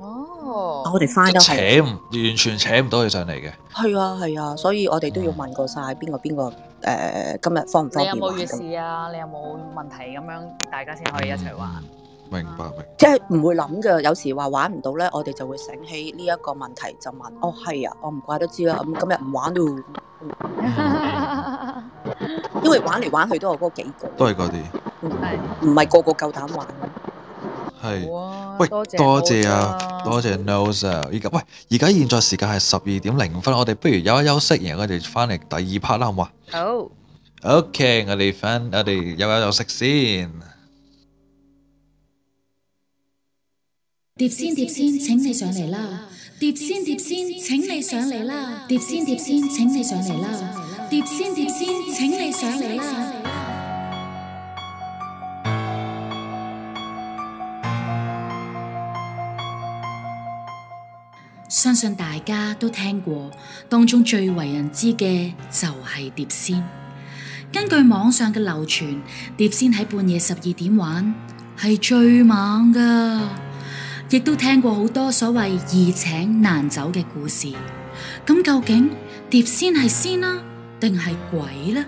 哦，我哋翻都扯，完全扯唔到佢上嚟嘅。係啊係啊，所以我哋都要問過晒邊個邊個誒，今日方唔方便？你有冇意思啊？你有冇問題咁樣？大家先可以一齊玩。明白明白。即係唔會諗嘅，有時話玩唔到咧，我哋就會醒起呢一個問題，就問：哦係啊，我唔怪得知啦。咁今日唔玩咯，因為玩嚟玩去都有嗰幾個，都係嗰啲，唔係唔係個個夠膽玩。係，喂，多謝啊，多謝 Nose，而家，喂，而家現在時間係十二點零五分，我哋不如休一休息，然後我哋翻嚟第二 part 啦，好唔好？好。OK，我哋翻，我哋休一休息先。碟仙碟仙，請你上嚟啦！碟仙碟仙，請你上嚟啦！碟仙碟仙，請你上嚟啦！碟仙碟仙，請你上嚟啦！相信大家都聽過，當中最為人知嘅就係碟仙。根據網上嘅流傳，碟仙喺半夜十二點玩係最猛噶，亦都聽過好多所謂易請難走嘅故事。咁究竟碟仙係仙啦定係鬼咧、啊？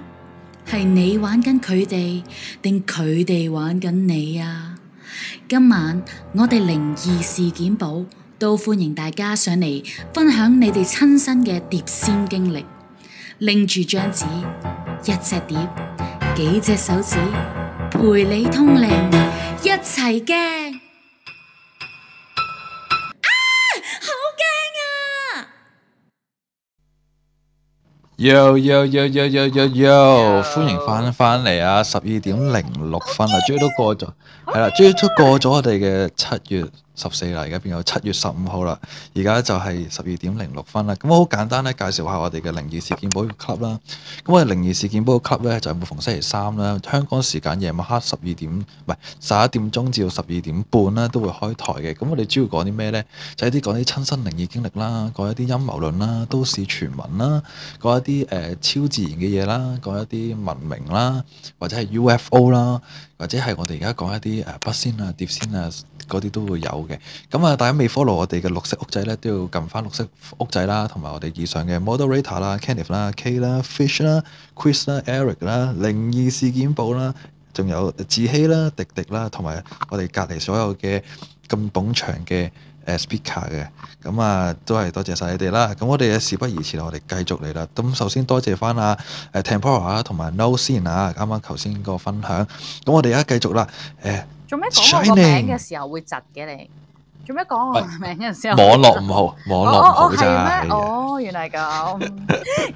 係你玩緊佢哋，定佢哋玩緊你啊？今晚我哋靈異事件簿。都歡迎大家上嚟分享你哋親身嘅碟仙經歷，拎住張紙，一隻碟，幾隻手指，陪你通靈，一齊驚啊！好驚啊！Yo yo yo yo yo yo yo，歡迎翻翻嚟啊！十二點零六分啊！終於都過咗，係啦、啊，終於都過咗我哋嘅七月十四啦，而家變咗七月十五號啦。而家就係十二點零六分啦。咁我好簡單咧，介紹下我哋嘅靈異事件簿 club 啦。咁我哋靈異事件簿 club 咧，就係、每逢星期三啦，香港時間夜晚黑十二點，唔係十一點鐘至到十二點半咧，都會開台嘅。咁我哋主要講啲咩咧？就係啲講啲親身靈異經歷啦，講一啲陰謀論啦，都市傳聞啦，講一啲誒、呃、超自然嘅嘢啦，講一啲文明啦，或者係 UFO 啦。或者係我哋而家講一啲誒筆仙啊、碟仙啊嗰啲、啊、都會有嘅。咁、嗯、啊，大家未 follow 我哋嘅綠色屋仔咧，都要撳翻綠色屋仔啦，同埋我哋以上嘅 Moderator 啦、Kenneth 啦、K 啦、Fish 啦、Chris 啦、Eric 啦、靈異事件簿啦，仲有志希啦、迪迪啦，同埋我哋隔離所有嘅咁捧場嘅。誒 speaker 嘅，咁啊、呃嗯、都係多謝晒你哋啦。咁我哋事不宜遲，我哋繼續嚟啦。咁首先多謝翻啊誒 Temporal 同埋 No Scene 啊，啱啱頭先個分享。咁、嗯嗯、我哋而家繼續啦。誒，做咩講我個名嘅時候會窒嘅你？做咩講我個名嘅時候？網絡唔好，網絡好㗎？哦。哦哦，係咩？的哦，原來咁。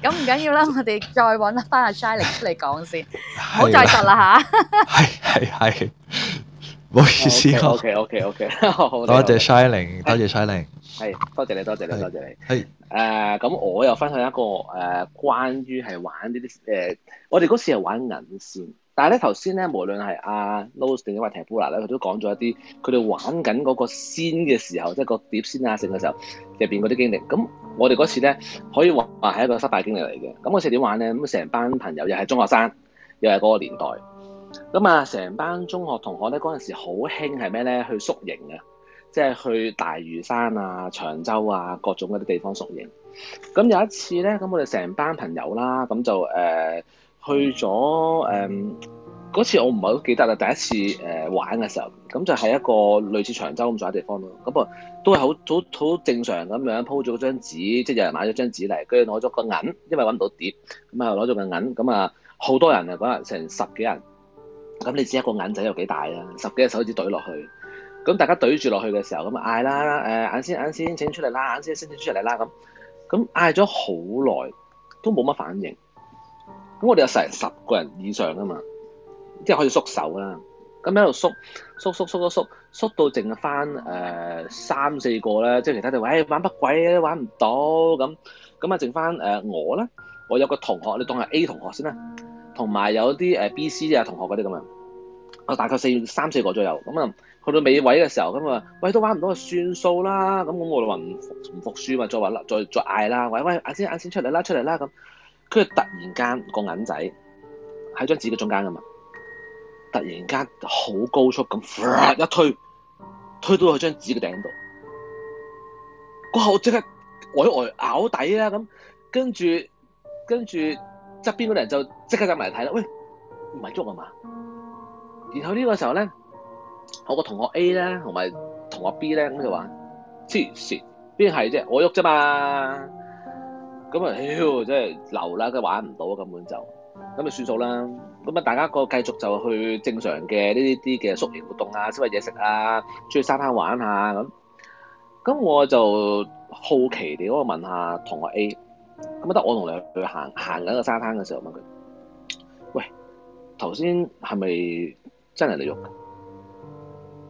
咁唔 [LAUGHS] 緊要啦，我哋再揾一翻阿 Shining 出嚟講先，好再窒啦嚇。係係係。 [LAUGHS] 唔好意思，O K O K O K，多謝 Shining，是多謝 Shining，係，多謝是你，多謝你，多謝你，係、呃，誒，咁我又分享一個誒、呃，關於係玩呢啲誒，我哋嗰次係玩銀線，但係咧頭先咧，無論係阿 l o s e 定或者 Tebula 咧，佢都講咗一啲，佢哋玩緊嗰個仙嘅時候，即、就、係、是、個碟仙啊聖嘅時候，入邊嗰啲經歷，咁我哋嗰次咧可以話係一個失敗經歷嚟嘅，咁我哋點玩咧？咁成班朋友又係中學生，又係嗰個年代。咁啊，成班中學同學咧，嗰陣時好興係咩咧？去宿營啊，即係去大嶼山啊、長洲啊各種嗰啲地方宿營。咁有一次咧，咁我哋成班朋友啦，咁就誒、呃、去咗誒嗰次我唔係好記得啦。第一次誒、呃、玩嘅時候，咁就係一個類似長洲咁上下嘅地方咯。咁啊都係好好好正常咁樣鋪咗張紙，即係有人買咗張紙嚟，跟住攞咗個銀，因為揾唔到碟，咁啊攞咗個銀，咁啊好多人啊，嗰日成十幾人。咁你知一個碟仔有幾大啦，十幾隻手指懟落去，咁大家懟住落去嘅時候，咁嗌啦，誒、呃、碟仙碟仙，請出嚟啦，碟仙先請,請出嚟啦，咁咁嗌咗好耐，都冇乜反應。咁我哋有成十,十個人以上噶嘛，即係可以縮手啦，咁喺度縮縮縮縮咗縮,縮,縮,縮,縮，縮到剩翻誒、呃、三四個咧，即係其他啲話，誒玩乜鬼啊，玩唔到咁，咁啊剩翻誒、呃、我啦。我有個同學，你當係 A 同學先啦，同埋有啲誒 BC 嘅同學嗰啲咁樣。我大概四三四個左右，咁啊，去到尾位嘅時候，咁啊，喂，都玩唔到啊，算數啦。咁咁我哋話唔唔服輸嘛，再話啦，再再嗌啦，喂喂，銀仙銀仙出嚟啦，出嚟啦咁。佢就突然間個銀仔喺張紙嘅中間㗎嘛，突然間好高速咁、呃，一推推到去張紙嘅頂度。嗰下我即刻外外咬底啦，咁跟住跟住側邊嗰人就即刻撳埋嚟睇啦，喂，唔係喐啊嘛。然後呢個時候咧，我個同學 A 咧，同埋同學 B 咧，咁就話黐線，邊係啫？我喐啫嘛，咁啊，屌，真係流啦，都玩唔到，根本就咁咪算數啦。咁啊，大家個繼續就去正常嘅呢啲啲嘅宿營活動啊，食埋嘢食啊，出去、啊、沙灘玩下咁。咁我就好奇地嗰個問下同學 A，咁得我同你去行行緊個沙灘嘅時候問佢，喂，頭先係咪？真係你喐嘅，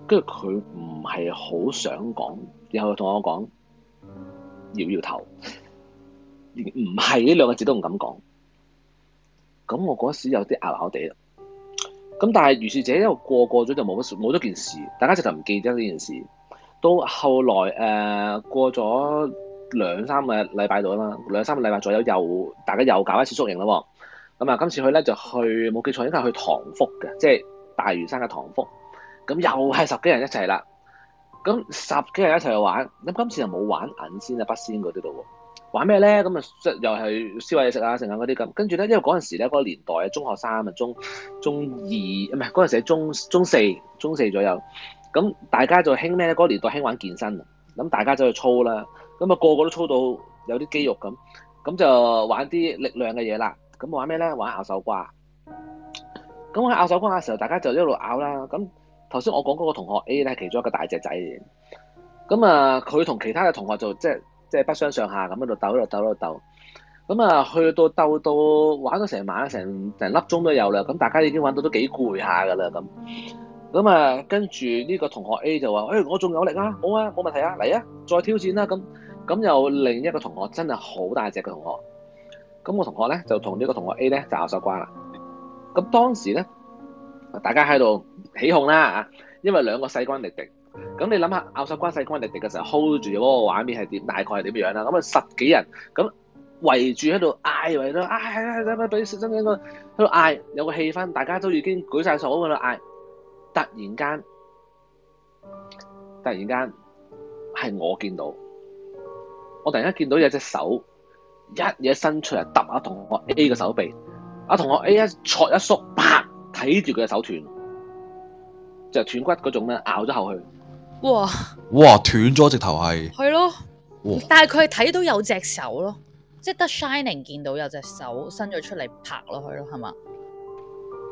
跟住佢唔係好想講，然後同我講搖搖頭，唔係呢兩個字都唔敢講。咁我嗰時有啲拗拗地啦。咁但係如是者一路過過咗就冇咗冇咗件事，大家直頭唔記得呢件事。到後來誒、呃、過咗兩三個禮拜度啦，兩三個禮拜左右又大家又搞一次宿營啦。咁、嗯、啊今次去咧就去冇記錯應該係去塘福嘅，即係。大嶼山嘅唐福，咁又係十幾人一齊啦，咁十幾人一齊去玩，咁今次又冇玩銀仙啊、筆仙嗰啲度喎，玩咩咧？咁啊，又係燒下嘢食啊、剩下嗰啲咁。跟住咧，因為嗰陣時咧，嗰、嗰個年代中學生啊，中中二唔係嗰陣時喺中中四、中四左右，咁大家就興咩咧？嗰、嗰個、年代興玩健身啊，咁大家就去操啦，咁、那、啊個個都操到有啲肌肉咁，咁就玩啲力量嘅嘢啦，咁玩咩咧？玩咬手瓜。咁喺拗手瓜嘅時候，大家就一路拗啦。咁頭先我講嗰個同學 A 咧，其中一個大隻仔。咁啊，佢同其他嘅同學就即係即係不相上下咁喺度鬥，喺度鬥，喺度鬥。咁啊，去到鬥到玩咗成晚，成成粒鐘都有啦。咁大家已經玩到都幾攰下噶啦咁。咁啊，跟住呢個同學 A 就話：誒、欸，我仲有力啊，冇啊，冇問題啊，嚟啊，再挑戰啦，啊！咁咁又另一個同學真係好大隻嘅同學。咁個同學咧就同呢個同學 A 咧就拗手瓜啦。咁當時咧，大家喺度起哄啦啊！因為兩個勢均力敵，咁你諗下拗手關勢均力敵嘅時候 hold 住嗰個畫面係點？大概係點樣啦？咁啊，十幾人咁圍住喺度嗌，圍度嗌，係係，俾少真嘅喺度嗌，有個氣氛，大家都已經舉晒手喺度嗌。突然間，突然間係我見到，我突然間見到有隻手一嘢伸出嚟揼下同我 A 嘅手臂。阿同學 A.S. 戳一縮，啪睇住佢嘅手斷，就斷骨嗰種咧，咬咗口去。哇！哇！斷咗直頭係。係咯。哇！但係佢係睇到有隻手咯，即係得 Shining 見到有隻手伸咗出嚟拍落去咯，係嘛？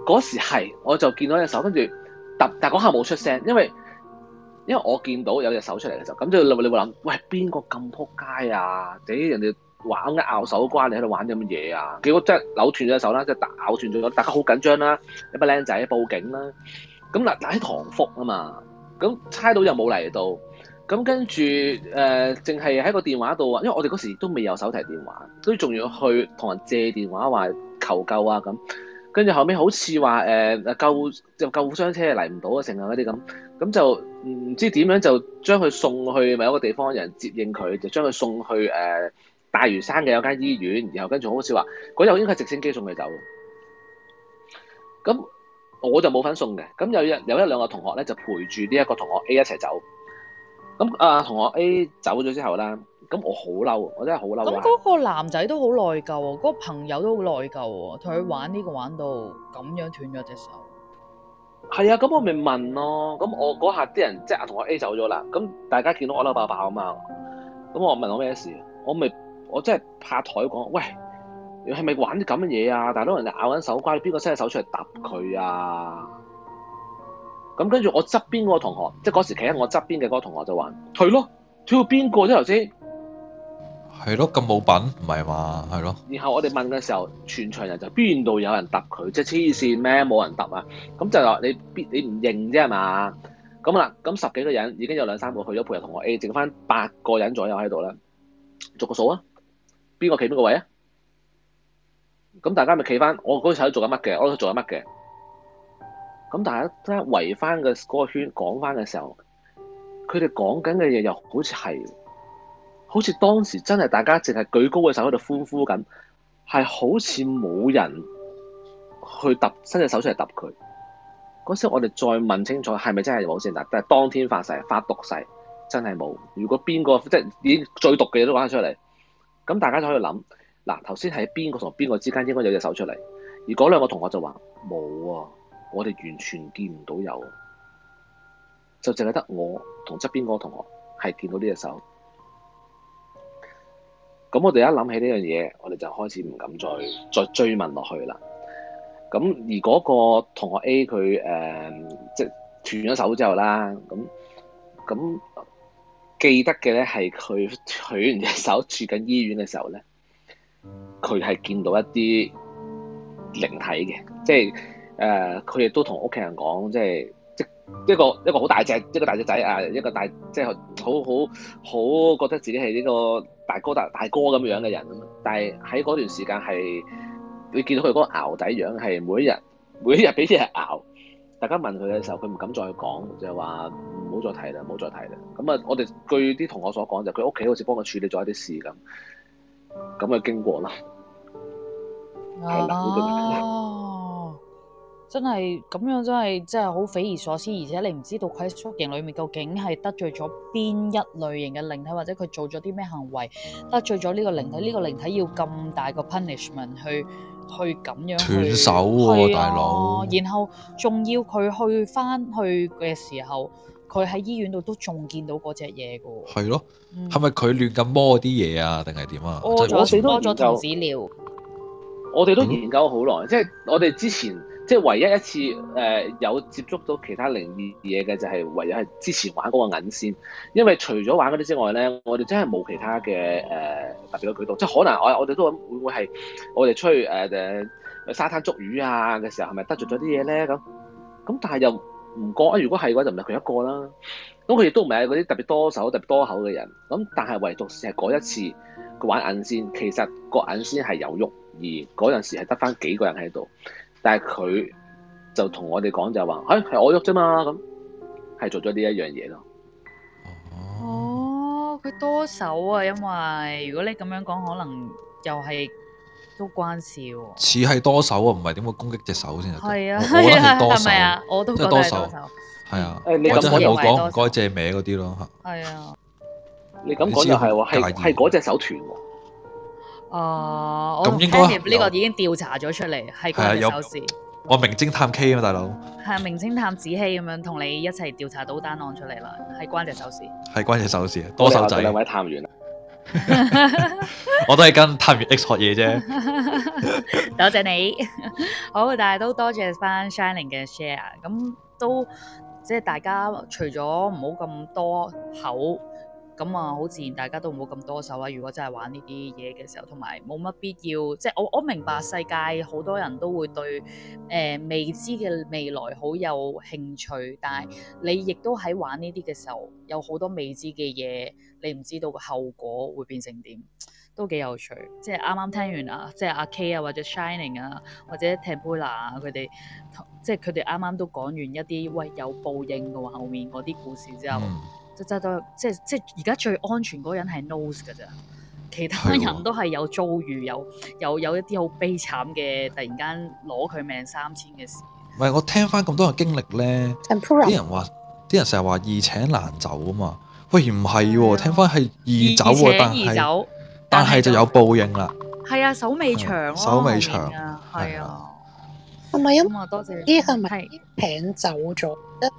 嗰時係，我就見到隻手，跟住突，但係嗰下冇出聲，因為因為我見到有隻手出嚟嘅時候，咁就你你會諗，喂，邊個咁扑街啊？啲人哋。玩嘅拗手瓜，你喺度玩啲乜嘢啊？結果真係扭斷咗手啦，即係拗斷咗。大家好緊張啦，有班僆仔報警啦。咁嗱，喺唐福啊嘛，咁猜到又冇嚟到，咁跟住誒，淨係喺個電話度啊。因為我哋嗰時都未有手提電話，都仲要去同人借電話話求救啊。咁跟住後尾好似話誒救又救傷車嚟唔到啊，成啊嗰啲咁咁就唔、嗯、知點樣就將佢送去某一個地方，有人接應佢，就將佢送去誒。呃大嶼山嘅有間醫院，然後跟住好搞笑話，嗰日應該係直升機送佢走。咁我就冇份送嘅。咁有日有一兩個同學咧就陪住呢一個同學 A 一齊走。咁啊同學 A 走咗之後咧，咁我好嬲，我真係好嬲。咁嗰個男仔都好內疚啊、哦，嗰、嗰個朋友都好內疚啊、哦，同佢玩呢個玩到咁樣斷咗隻手。係啊，咁我咪問咯。咁我嗰下啲人即係同學 A 走咗啦。咁大家見到我嬲爆爆啊嘛。咁我問我咩事，我咪。我真係拍台講，喂，你係咪玩啲咁嘅嘢啊？大佬，人哋咬緊手瓜，你邊個伸隻手出嚟揼佢啊？咁跟住我側邊嗰個同學，即係嗰時企喺我側邊嘅嗰個同學就話：退咯，退到邊個啫？頭先係咯，咁冇品，唔係嘛？係咯。然後我哋問嘅時候，全場人就邊度有人揼佢？即係黐線咩？冇人揼啊！咁就話你邊你唔認啫嘛？咁啦，咁十幾個人已經有兩三個去咗陪同學 A，剩翻八個人左右喺度啦，逐個數啊！邊個企邊個位啊？咁大家咪企翻？我嗰時喺度做緊乜嘅？我喺度做緊乜嘅？咁大家圍翻個圈講翻嘅時候，佢哋講緊嘅嘢，又好似係，好似當時真係大家淨係舉高嘅手喺度歡呼緊，係好似冇人去揼，伸隻手出嚟揼佢。嗰時我哋再問清楚係咪真係冇先揼？但係當天發誓發毒誓，真係冇。如果邊個即係已最毒嘅嘢都講得出嚟。咁大家就可以諗，嗱，頭先喺邊個同邊個之間應該有隻手出嚟？而嗰兩個同學就話冇啊，我哋完全見唔到有啊。就淨係得我同側邊嗰個同學係見到呢隻手。咁我哋一諗起呢樣嘢，我哋就開始唔敢再再追問落去啦。咁而嗰個同學 A 佢誒、嗯、即斷咗手之後啦，咁咁。記得嘅咧，係佢取完隻手住緊醫院嘅時候咧，佢係見到一啲靈體嘅，即係誒佢亦都同屋企人講，即係即一個一個好大隻一個大隻仔啊，一個大即係好好好覺得自己係呢個大哥大大哥咁樣嘅人，但係喺嗰段時間係你見到佢嗰個牛仔樣係每一日每一日俾啲人咬。大家問佢嘅時候，佢唔敢再講，就係話唔好再提啦，唔好再提啦。咁啊，我哋據啲同學所講，就佢屋企好似幫佢處理咗一啲事咁，咁嘅經過啦。係啦。哦，真係咁樣，真係真係好匪夷所思。而且你唔知道，佢喺宿營裡面究竟係得罪咗邊一類型嘅靈體，或者佢做咗啲咩行為得罪咗呢個靈體？呢個靈體要咁大個 punishment 去？去咁樣去斷手喎、啊，啊、大佬哥。然後仲要佢去返去嘅時候，佢喺醫院度都仲見到嗰隻嘢噶。係咯，係咪佢亂咁摸啲嘢啊？定係點啊？哦、我我哋都研究，我哋都研究好耐，嗯、即係我哋之前。即係唯一一次誒、呃、有接觸到其他靈異嘢嘅，就係唯有係之前玩嗰個銀線，因為除咗玩嗰啲之外咧，我哋真係冇其他嘅誒、呃、特別嘅舉動。即係可能我會會我哋都諗會唔會係我哋出去誒誒、呃、沙灘捉魚啊嘅時候，係咪得罪咗啲嘢咧？咁咁但係又唔過、啊，如果係嘅話，就唔係佢一個啦。咁佢亦都唔係嗰啲特別多手、特別多口嘅人。咁但係唯獨係嗰一次佢玩銀線，其實個銀線係有喐，而嗰陣時係得翻幾個人喺度。但係佢就同我哋講就話，哎，係我喐啫嘛，咁係做咗呢一樣嘢咯。哦，佢多手啊，因為如果你咁樣講，可能又係都關事喎、啊。似係多手啊，唔係點會攻擊隻手先？係啊，係咪啊？我都覺得多手，係手、嗯、啊。誒、欸，你咁講，唔該借歪嗰啲咯，吓。係啊，你咁講就係話係係嗰隻手斷、啊。哦，uh, 嗯、我呢個已經調查咗出嚟，係佢隻手事。我名偵探 K 啊，大佬。係名偵探子希咁樣同你一齊調查到單案出嚟啦，係關隻手事，係關隻手勢，多手仔你兩位探員啊！ [LAUGHS] [LAUGHS] [LAUGHS] 我都係跟探員 X 學嘢啫，多謝你。 [LAUGHS] 好，但係都多謝翻 Shining 嘅 share，咁都即係大家除咗唔好咁多口。咁啊，好自然，大家都唔好咁多手啊！如果真係玩呢啲嘢嘅時候，同埋冇乜必要。即係我我明白世界好多人都會對誒、呃、未知嘅未來好有興趣，但係你亦都喺玩呢啲嘅時候，有好多未知嘅嘢，你唔知道個後果會變成點，都幾有趣。即係啱啱聽完啊，即係阿 K 啊，或者 Shining 啊，或者 Templea 啊，佢哋即係佢哋啱啱都講完一啲，喂有報應嘅喎，後面嗰啲故事之後。嗯即即都即即而家最安全嗰人係 nose 噶咋，其他人都係有遭遇，有有有一啲好悲慘嘅突然間攞佢命三千嘅事。唔係，我聽翻咁多嘅經歷咧，啲 Emperor? 人話，啲人成日話易請難走啊嘛。喂，唔係喎，嗯、聽翻係易走啊，易易走但係是但係就有報應啦。係啊、嗯，手尾長咯，手尾長啊，係啊，係咪？啊，咁啊，多謝、謝你。啲係咪餅走咗？ [LAUGHS]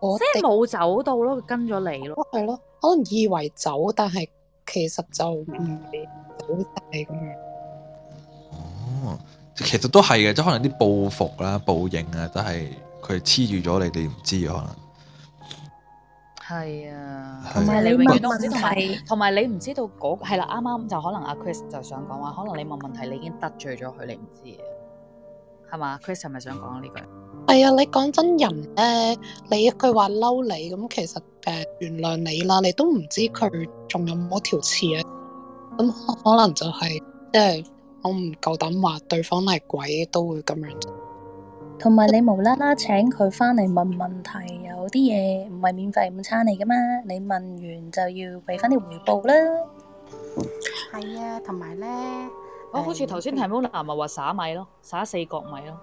我即係冇走到咯，佢跟咗你咯。係咯，可能以為走，但係其實就唔、嗯、走大咁。哦，其實都係嘅，即可能啲報復啦、啊、報應啊，都係佢黐住咗你，哋。唔知可能。係啊，同埋、啊、你永遠都唔知，同埋同埋你唔知道嗰個係啦。啱啱、那個啊、就可能阿、啊、Chris 就想講話，可能你問問題，你已經得罪咗佢，你唔知嘅。係嘛？Chris 係咪想講呢句？係啊、哎，你講真人咧，你一句話嬲你咁，其實誒、呃、原諒你啦，你都唔知佢仲有冇條刺啊。咁可能就係、是，即、就、係、是、我唔夠膽話對方係鬼都會咁樣。同埋你無啦啦請佢翻嚟問問題，有啲嘢唔係免費午餐嚟噶嘛？你問完就要俾翻啲回報啦。係啊，同埋咧，我、嗯、好似頭先提到嗱咪話撒米咯，撒四角米咯。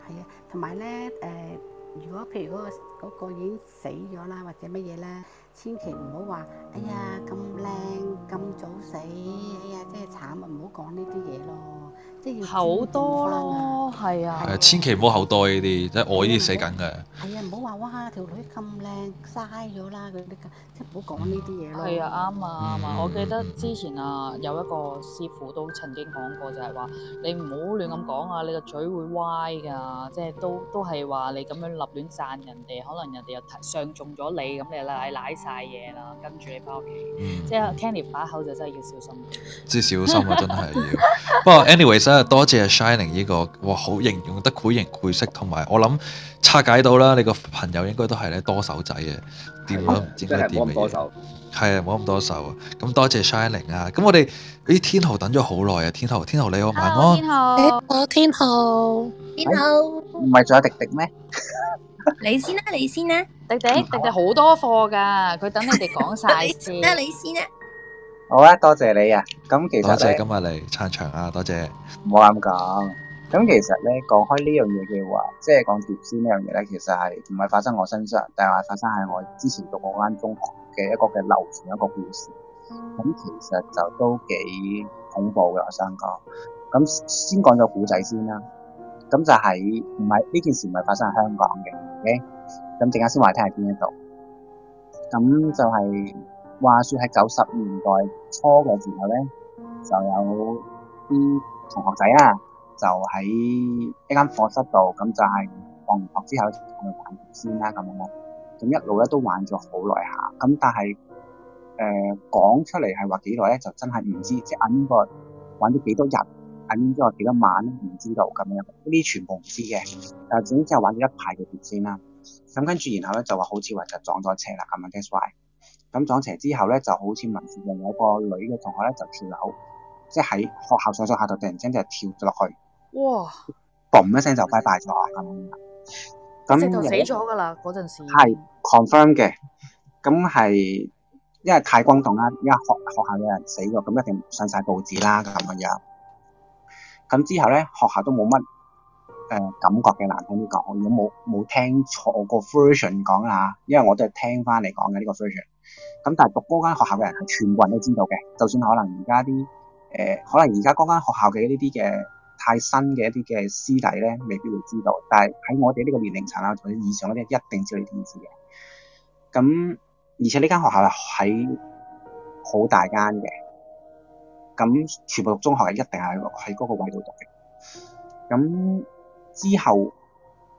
係啊。同埋咧，誒、呃，如果譬如嗰個嗰個已經死咗啦，或者乜嘢咧，千祈唔好話，哎呀，咁靚，咁早死，嗯、哎呀，真係慘啊，唔好講呢啲嘢咯。口多咯，係啊，千祈唔好口多呢啲，即係我呢啲死緊嘅。係啊，唔好話，哇，條女咁靚，嘥咗啦佢，即係唔好講呢啲嘢咯。係啊，啱啊，啱啊！我記得之前啊，有一個師傅都曾經講過，就係話你唔好亂咁講啊，你個嘴會歪㗎，即係都都係話你咁樣立亂讚人哋，可能人哋又上中咗你，咁你賴賴曬嘢啦，跟住你翻屋企，即係 Kenny 把口就真係要小心。要小心啊，真係要。不過 anyways。多謝 Shining 呢，這個哇，好形容，得繪形繪色，同埋我諗拆解到啦，你個朋友，應該都係咧多手仔嘅，點樣點樣點嘅嘢？係啊，冇咁多手。多啊。咁多謝 Shining 啊！咁我哋啲天豪等咗好耐啊！天豪，天豪你好，晚安。天豪，你天豪，天豪。唔係仲有迪迪咩？你先啦，你先啦，啊。迪迪，迪迪好多貨噶，佢等你哋講晒先。那，你先啦。好啊，多謝你啊！咁其實多謝今日嚟撐場啊，多謝。唔好咁講，咁其實咧講開呢樣嘢嘅話，即係講碟仙呢樣嘢咧，其實係唔係發生我身上，但係發生喺我之前讀嗰間中學嘅一個嘅流傳一個故事。咁其實就都幾恐怖嘅，我想講。咁先講咗古仔先啦。咁就係，唔係，呢件事唔係發生喺香港嘅，OK？咁陣間先話睇下邊一度。咁就係、是。話說喺九十年代初嘅時候咧，就有啲同學仔啊，就喺一間課室度，咁就係放完學之後就去玩碟仙啦，咁樣，咁一路咧都玩咗好耐下，咁但係誒講出嚟，係話幾耐咧，就真係唔知，即係玩咗玩咗幾多日，玩咗幾多晚唔知道咁樣，呢啲全部唔知嘅，但係總之係玩咗一排嘅碟仙啦，咁跟住然後咧就話好似話就撞咗車啦，咁樣 g u e 咁撞邪之後咧，就好似聞住有個女嘅同學咧，就跳樓，即係喺學校上上下下突然之間就跳咗落去，哇！嘣一聲就拜拜咗咁，咁人、嗯、樣死咗噶啦嗰陣時係 confirm 嘅，咁係、 [LAUGHS] 嗯、因為太轟動啦，而家學學校嘅人死咗，咁一定上晒報紙啦咁樣。咁之後咧，學校都冇乜誒感覺嘅，難聽啲講，如果冇冇聽錯個 version 講啦，因為我都係聽翻你講嘅呢個 version。咁但係讀嗰間學校嘅人係全部人都知道嘅，就算可能而家啲誒，可能而家嗰間學校嘅呢啲嘅太新嘅一啲嘅師弟咧，未必會知道。但係喺我哋呢個年齡層啊，或者以上嗰啲一定知道呢啲嘢。咁而且呢間學校係好大間嘅，咁全部讀中學係一定係喺嗰個位度讀嘅。咁之後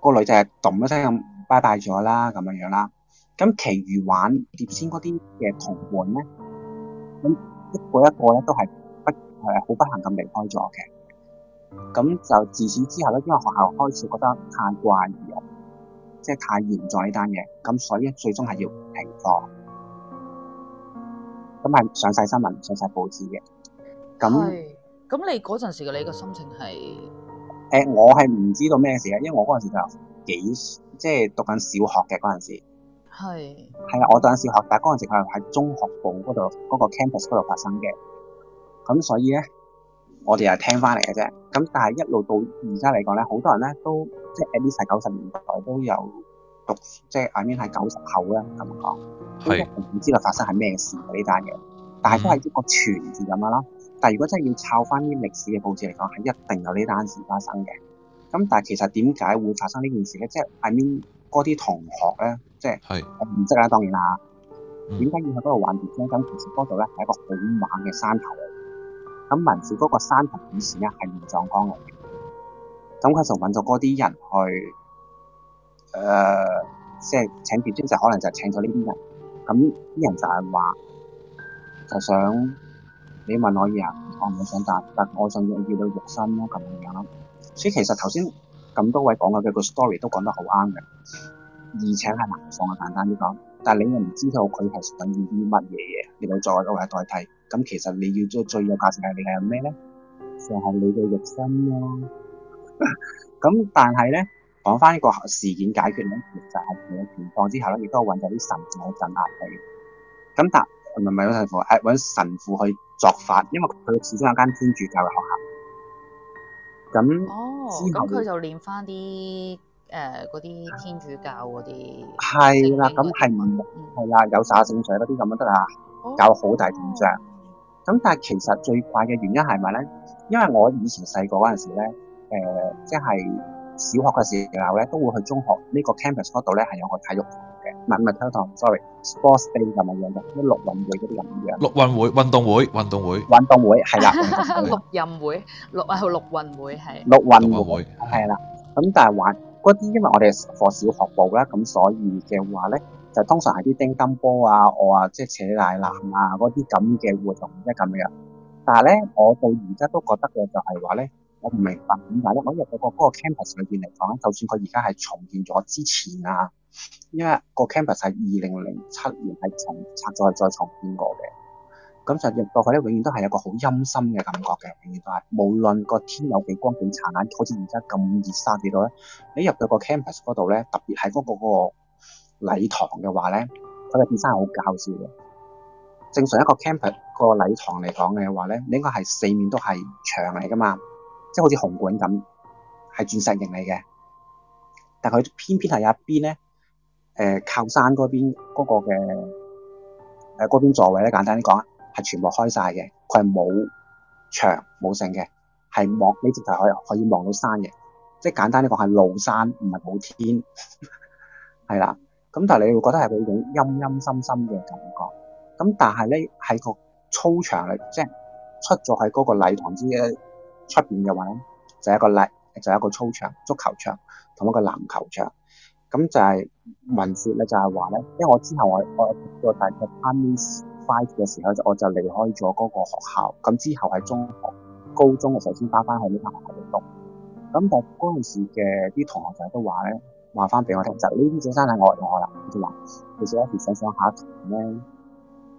個女仔，係咚一聲咁拜拜咗啦，咁樣樣啦。咁，其餘玩碟仙嗰啲嘅同伴咧，咁一個一個咧都係不係好、呃、不幸咁離開咗嘅。咁就自此之後咧，因為學校開始覺得太掛住，即係太嚴重呢單嘢，咁所以最終係要停課。咁係上晒新聞，上晒報紙嘅。咁咁，咁你嗰陣時嘅你嘅心情係誒、呃，我係唔知道咩事呀，因為我嗰陣時就幾即係讀緊小學嘅嗰陣時。係係啊！我當時學，但係嗰陣時係喺中學部嗰度，嗰、嗰個 campus 嗰度發生嘅。咁所以咧，我哋係聽翻嚟嘅啫。咁但係一路到而家嚟講咧，好多人咧都即係 at least 係九十年代都有讀，即係 I mean 係九十後咧咁講，都一唔知道發生係咩事嘅呢單嘢。但係都係一個傳言咁樣咯。但係如果真係要抄翻啲歷史嘅報紙嚟講，係一定有呢單事發生嘅。咁但係其實點解會發生呢件事咧？即係 I mean 嗰啲同學咧。即係唔色啦，嗯、當然啦。點解、嗯、要去嗰度玩碟？其實咁，其實嗰度咧係一個好猛嘅山頭，咁文氏嗰個山頭以前咧係亂葬崗嚟嘅。咁佢就搵咗嗰啲人去，誒，即係請碟仙，就是，可能就請咗呢啲人。咁啲人就係話，就想你問我嘢，我唔想答。但我想要叫到肉身咯，咁樣。所以其實頭先咁多位講嘅嘅個 story 都講得好啱嘅。而且係難放嘅。簡單啲講，但係你又唔知道佢係屬於啲乜嘢，嘢你冇作為作為代替，咁其實你要即最有價值係你係咩咧？就係你嘅肉身咯、啊。咁 [LAUGHS] 但係咧，講翻呢個事件解決咧，其實係佢放之後咧，亦都揾咗啲神父去鎮壓佢。咁但唔係唔係神父，係揾神父去作法，因為佢始終有間天主教嘅學校。咁哦，咁佢後、哦、就練翻啲。誒，嗰啲天主教嗰啲係啦，咁係唔係啦？有晒聖水嗰啲咁樣得啦，搞好大件事。咁但係其實最怪嘅原因係咪咧？因為我以前細個嗰陣時咧，誒，即係小學嘅時候咧，都會去中學呢個 campus 嗰度咧，係有個體育嘅，唔係體育堂，sorry，sports day 咁樣嘅，啲陸運會嗰啲咁樣。陸運會運動會運動會運動會係啦，陸運會陸啊陸運會係陸運會係啦。咁但係玩。嗰啲，因為我哋課小學部啦，咁所以嘅話咧，就通常係啲叮噹波啊、我啊，即係扯大纜啊嗰啲咁嘅活動啫咁樣。但係咧，我到而家都覺得嘅就係話咧，我唔明白點解咧。我入到個嗰個 campus 裏邊嚟講，就算佢而家係重建咗之前啊，因為個 campus 係二零零七年係重拆咗，係再重建過嘅。咁就入到去咧，永遠都係有一個好陰森嘅感覺嘅，永遠都係。無論個天有幾光幾燦爛，好似而家咁熱曬幾多咧，你入到個 campus 嗰度咧，特別係嗰個嗰個禮堂嘅話咧，佢嘅件衫係好搞笑嘅。正常一個 campus 個禮堂嚟講嘅話咧，你應該係四面都係牆嚟噶嘛，即係好似紅館咁，係鑽石型嚟嘅。但佢偏偏係一邊咧，誒靠山嗰邊嗰個嘅誒嗰邊座位咧，簡單啲講啊～係全部開晒嘅，佢係冇牆冇剩嘅，係望呢直頭可以可以望到山嘅，即係簡單啲講係露山，唔係冇天，係 [LAUGHS] 啦。咁但係你會覺得係佢種陰陰森森嘅感覺。咁但係咧喺個操場咧，即係出咗喺嗰個禮堂之一出邊嘅話咧，就有、是、一個禮就有、是、一個操場、足球場同一個籃球場。咁就係文説咧，就係話咧，因為我之後我我做大概啱啱。快嘅時候就我就離開咗嗰個學校，咁之後喺中學、高中我首先翻返去呢間學校度讀，咁但係嗰時嘅啲同學仔都話咧，話翻俾我聽就，是、我我就想想呢啲學生係外來啦，佢就話其實一時想上下堂咧，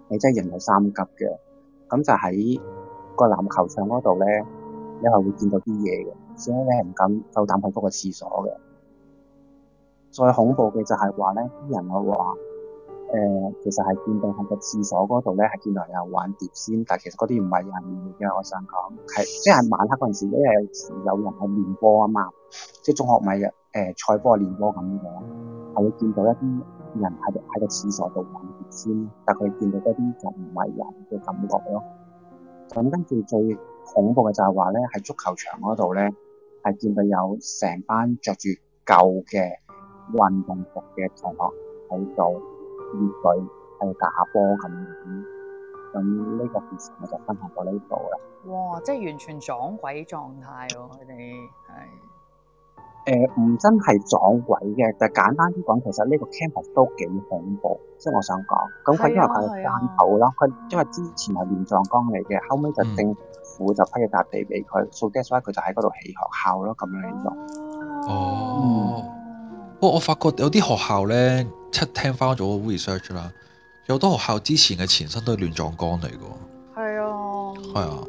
你真係人有三急嘅，咁就喺個籃球場嗰度咧，你係會見到啲嘢嘅，所以你係唔敢夠膽去嗰個廁所嘅。最恐怖嘅就係話咧，啲人會話。誒、呃，其實係見到喺個廁所嗰度咧，係見到有玩碟仙。但係其實嗰啲唔係人嚟嘅。我想講係即係晚黑嗰陣時，因為有人係練波啊嘛，即係中學咪誒賽波練波咁樣，係會見到一啲人喺度喺個廁所度玩碟仙，但係佢見到嗰啲就唔係人嘅感覺咯。咁跟住最恐怖嘅就係話咧，喺足球場嗰度咧係見到有成班着住舊嘅運動服嘅同學喺度。佢係打波咁，咁呢個故事我就分享到呢度啦。哇，即係完全撞鬼狀態哦！佢哋係誒，唔、呃、真係撞鬼嘅，但簡單啲講，其實呢個 campus 都幾恐怖。即係我想講，咁佢因為佢係爛口啦，佢、啊啊、因為之前係亂葬崗嚟嘅，後尾就政府就批咗笪地俾佢，所以佢就喺嗰度起學校咯咁樣樣。哦，不過、我、嗯、我發覺有啲學校咧。聽翻咗個 research 啦，有多學校之前嘅前身都係亂葬崗嚟嘅。係啊，係啊，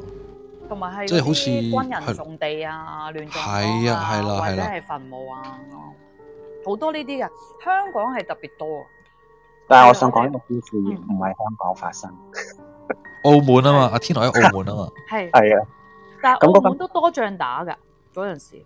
同埋係即係好似軍人種地啊，亂葬崗啊，啊啊啊或者係墳墓啊，好、啊啊、多呢啲嘅。香港係特別多。但係我想講呢個故事唔係香港發生， [LAUGHS] 澳門啊嘛，阿天來喺澳門啊嘛，係係 [LAUGHS] 啊，啊但係澳門都多仗打嘅嗰陣時。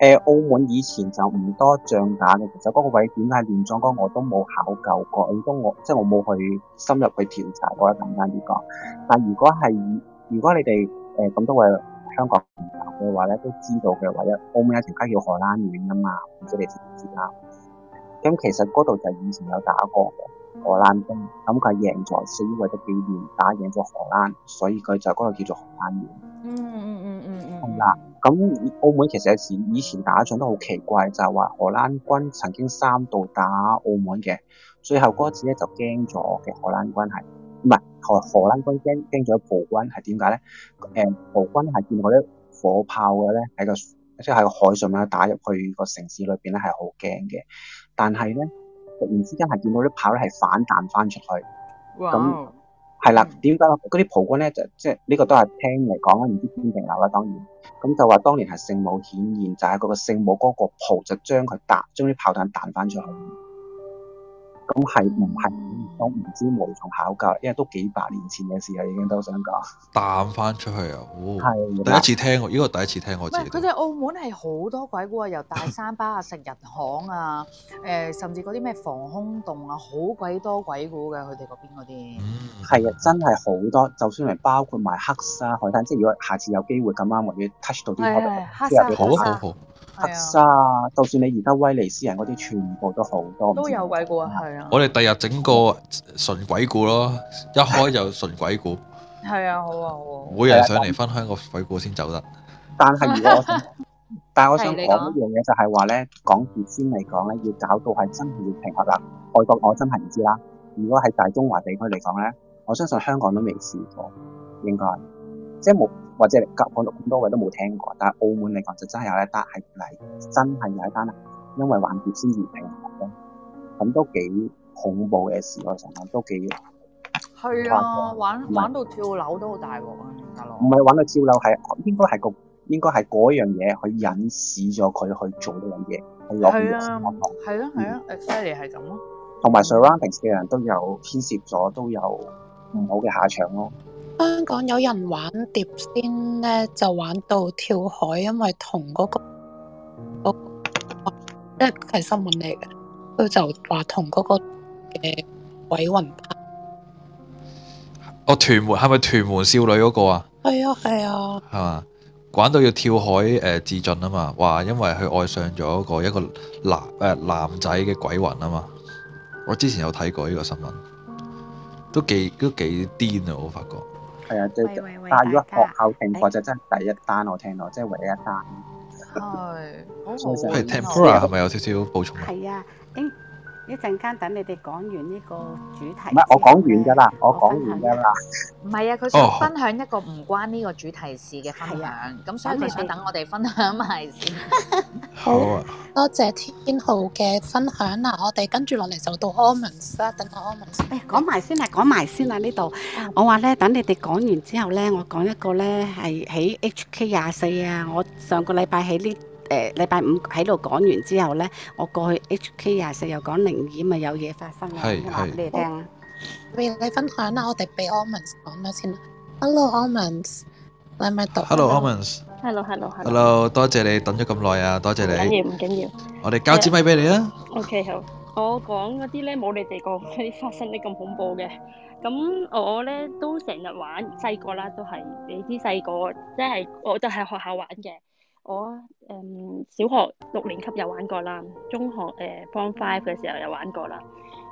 誒澳門以前就唔多仗打嘅。其實嗰個位點解亂葬崗，我都冇考究過，亦都我即係我冇去深入去調查過一咁簡呢啲，但如果係如果你哋誒，咁多位香港嘅話咧，都知道嘅話，一澳門有條街叫荷蘭園啊嘛，唔知你知唔知啦。咁其實嗰度就以前有打過荷蘭兵，咁佢係贏咗四或者幾年打贏咗荷蘭，所以佢就嗰度叫做荷蘭園。嗯嗯嗯嗯嗯，係、嗯、啦。咁、嗯嗯嗯、澳門其實有次以前打仗都好奇怪，就係、係、話荷蘭軍曾經三度打澳門嘅，最後嗰一次咧就驚咗嘅荷蘭軍係，唔係荷荷蘭軍驚驚咗葡軍係點解咧？誒，葡、呃、軍係見到啲火炮嘅咧喺個即係喺個海上咧打入去個城市裏邊咧係好驚嘅，但係咧突然之間係見到啲炮咧係反彈翻出去，咁哇。嗯係啦，點解嗰啲葡軍咧就即係呢個都係聽嚟講啦，唔知邊條流啦，當然咁就話當年係聖母顯現，就係、是、嗰個聖母嗰個袍就將佢彈，將啲炮彈彈翻出去，咁係唔係？我唔知無從考究，因為都幾百年前嘅事啊，已經都想講彈翻出去啊！係、哦、的第一次聽喎，呢個第一次聽，是我知佢哋澳門係好多鬼故啊，由大三巴食啊、石日巷啊、誒，甚至嗰啲咩防空洞啊，好鬼多鬼故嘅、啊。佢哋嗰邊嗰啲，嗯，係啊，真係好多。嗯、就算係包括埋黑沙海灘，即係如果下次有機會咁啱或者 touch 到啲，係好好好。好的黑沙，就、啊、算你而家威尼斯人嗰啲，全部都好多都有鬼故、嗯、啊，係啊！我哋第日整個純鬼故咯，一開就純鬼故。係啊，好啊，我、啊。每人上嚟分香港鬼故先走得。啊、但係我，但係我想講一樣嘢就係話咧，講極先嚟講咧，要搞到係真係要平衡啦。外國我真係唔知啦，如果喺大中華地區嚟講咧，我相信香港都未試過。應該，即係冇。或者你隔港都咁多位都冇聽過，但係澳門嚟講就真係有一單係嚟，真係有一單啦。因為玩碟仙至嚟咁，都幾恐怖嘅事咯，成日都幾。係啊，嗯、玩玩到跳樓都好大鑊啊！唔係玩到跳樓係應該係個應該係嗰樣嘢去引使咗佢去做呢樣嘢，去落越嚟越惡。係咯，係啊，e、嗯啊啊啊、xactly 係咁咯。同埋 surrounding 嘅人都有牽涉咗，都有唔好嘅下場咯。香港有人玩碟仙呢，就玩到跳海，因為同嗰、嗰個，即、嗰、係、個、新聞嚟嘅，佢就話同嗰個嘅鬼魂，哦，屯門係咪屯門少女嗰個啊？係啊，係啊，係嘛，玩到要跳海誒、呃、自盡啊嘛，話因為佢愛上咗、嗰個一個男誒、呃、男仔嘅鬼魂啊嘛，我之前有睇過呢個新聞，都幾都幾癲啊，我發覺。係啊，即但係如果學校停課家就真係第、哎、第一單。我聽到即係唯一一單。係，好。係 Tempura 係咪有少少補充啊？係、哎、啊。一陣間等你哋講完呢個主題。唔係我講完噶啦，我講完噶啦。唔係啊，佢想分享一個唔關呢個主題事嘅分享。係啊，咁所以想等我哋分享埋先。好。多謝天昊嘅分享啦！我哋跟住落嚟就到柯文沙，等我柯文沙。誒，講埋先啦，講埋先啦，呢度。我話咧，等你哋講完之後咧，我講一個咧係喺 HK 廿四啊，我上個禮拜喺呢。誒禮拜五喺度講完之後咧，我過去 HK 廿四又講靈異咪有嘢發生啦，我話嚟聽，歡迎你分享啦，我哋俾 Almonds 講多先啦。Hello Almonds，你咪讀。Hello Almonds。Hello Hello Hello。Hello，多謝你等咗咁耐啊，多謝你。唔緊要，唔緊要。我哋交支咪俾你啊。OK 好，我講嗰啲咧冇你哋講嗰啲發生啲咁恐怖嘅，咁我咧都成日玩，細個啦都係你知細個，即係我都喺學校玩嘅。我誒、oh, um, 小學六年級有玩過啦，中學誒 Form Five 嘅時候有玩過啦。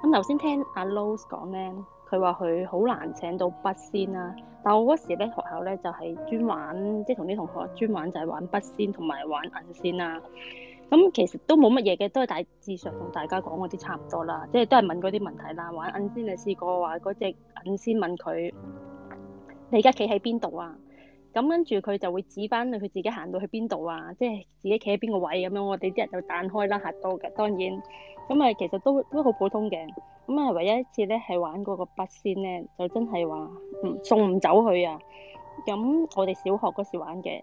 咁頭先聽阿 Louis 講咧，佢話佢好難請到筆仙啦、啊。但我嗰時咧學校咧就係、是、專玩，即係同啲同學專玩就係玩筆仙同埋玩銀仙啦、啊。咁其實都冇乜嘢嘅，都係大致上同大家講嗰啲差唔多啦。即係都係問嗰啲問題啦，玩銀仙就試過話嗰隻銀仙問佢：你而家企喺邊度啊？咁跟住佢就會指翻佢自己行到去邊度啊！即係自己企喺邊個位咁樣、啊，我哋啲人就彈開啦，嚇到嘅當然咁啊，其實都都好普通嘅。咁啊，唯一一次咧係玩嗰個筆仙咧，就真係話唔送唔走佢啊！咁我哋小學嗰時玩嘅誒、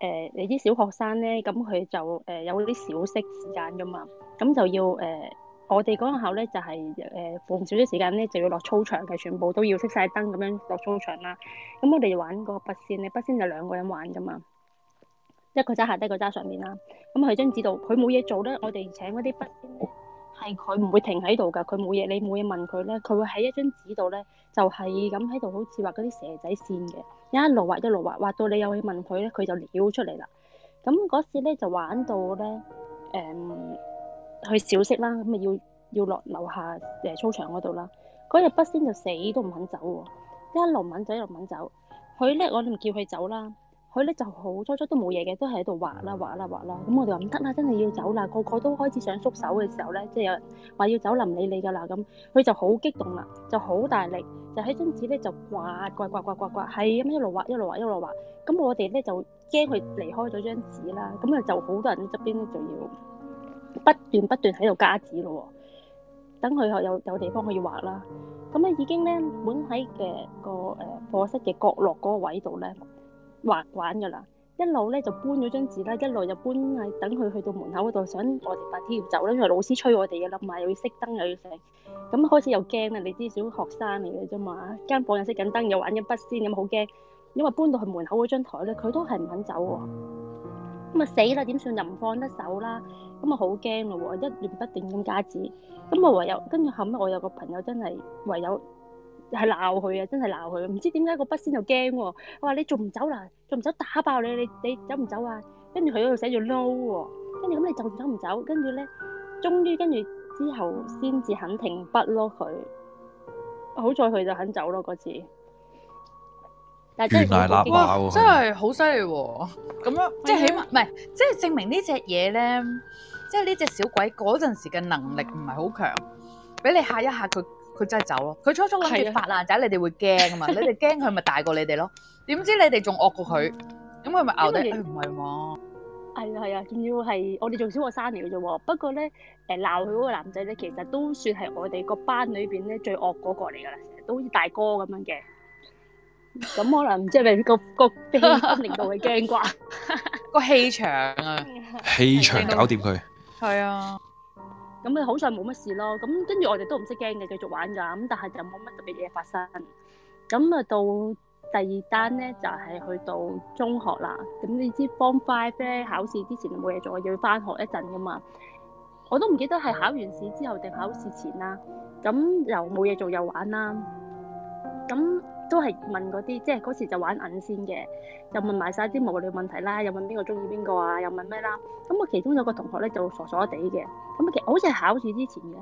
呃，你啲小學生咧，咁佢就誒、呃、有啲小息時間噶嘛，咁就要誒。呃我哋嗰個校咧就係誒放少少時間咧，就要落操場嘅，全部都要熄晒燈咁樣落操場啦。咁、嗯、我哋玩個筆仙，你筆仙就兩個人玩噶嘛，一個揸下低，一個揸上面啦。咁、嗯、佢張紙度，佢冇嘢做咧。我哋請嗰啲筆仙咧，係佢唔會停喺度噶，佢冇嘢，你冇嘢問佢咧，佢會喺一張紙度咧，就係咁喺度好似畫嗰啲蛇仔線嘅，一路畫一路畫，畫到你有嘢問佢咧，佢就撩出嚟啦。咁、嗯、嗰時咧就玩到咧，誒、嗯。嗯去小息啦，咁啊要要落樓下誒操場嗰度啦。嗰日筆仙就死都唔肯走喎、啊，一路搵走，一路搵走。佢咧我哋唔叫佢走啦，佢咧就好初初都冇嘢嘅，都係喺度畫啦畫啦畫啦。咁我哋話唔得啦，啦嗯、真係要走啦，個個，個都開始想縮手嘅時候咧，即係有話要走，唔理你噶啦咁。佢、嗯、就好激動啦，就好大力，就喺張紙咧就刮刮刮刮刮，刮，刮，刮，畫，係咁一路畫一路畫一路畫。咁、嗯、我哋咧就驚佢離開咗張紙啦，咁、嗯、啊、嗯、就好多人側邊咧就要。嗯嗯嗯嗯嗯嗯嗯嗯不斷不斷喺度加紙咯、哦，等佢有有有地方可以畫啦。咁咧已經咧，本喺嘅個誒課室嘅角落嗰個位度咧畫玩噶啦。一路咧就搬咗張紙啦，一路就搬係等佢去到門口嗰度，想我哋白天要走啦，因為老師催我哋嘅啦嘛，又要熄燈又要成。咁開始又驚啦，你知小學生嚟嘅啫嘛，間房又熄緊燈，又玩緊筆仙，咁好驚。因為搬到去門口嗰張台咧，佢都係唔肯走喎、啊。咁啊死啦！點算又唔放得手啦？咁啊好驚咯喎！一連不斷咁加紙，咁啊唯有跟住後尾我有個朋友真係唯有係鬧佢啊！真係鬧佢，唔知點解個筆仙又驚喎。我話你仲唔走啦？仲唔走打爆你？你你走唔走啊？跟住佢喺度寫住 no 喎，跟住咁你就走唔走？跟住咧，終於跟住之後先至肯停筆咯。佢好彩佢就肯走咯嗰次。但真係，真係好犀利喎！咁樣即係起碼唔係，即係證明呢隻嘢咧，即係呢隻小鬼嗰陣時嘅能力唔係好強，俾你嚇一嚇佢，佢真係走咯。佢初初諗住發爛仔，你哋會驚啊嘛！你哋驚佢咪大過你哋咯？點知你哋仲惡過佢，咁佢咪咬你？唔係喎，係啊係啊，仲要係我哋仲小過三年嘅啫喎。不過咧，誒鬧佢嗰個男仔咧，其實都算係我哋個班裏邊咧最惡嗰個嚟㗎啦，成日都好似大哥咁樣嘅。咁可能唔知係咪個個氣場令到佢驚啩，個氣場啊，氣場搞掂佢，係啊，咁啊好彩冇乜事咯。咁跟住我哋都唔識驚嘅，繼續玩噶。咁但係就冇乜特別嘢發生。咁啊到第二單咧就係去到中學啦。咁你知 Form Five 咧考試之前冇嘢做，要翻學一陣噶嘛？我都唔記得係考完試之後定考試前啦。咁又冇嘢做又玩啦。咁。都係問嗰啲，即係嗰時就玩銀先嘅，又問埋晒啲無聊問題啦，又問邊個中意邊個啊，又問咩啦。咁啊，其中有個同學咧就傻傻地嘅，咁其實，好似係考試之前嘅，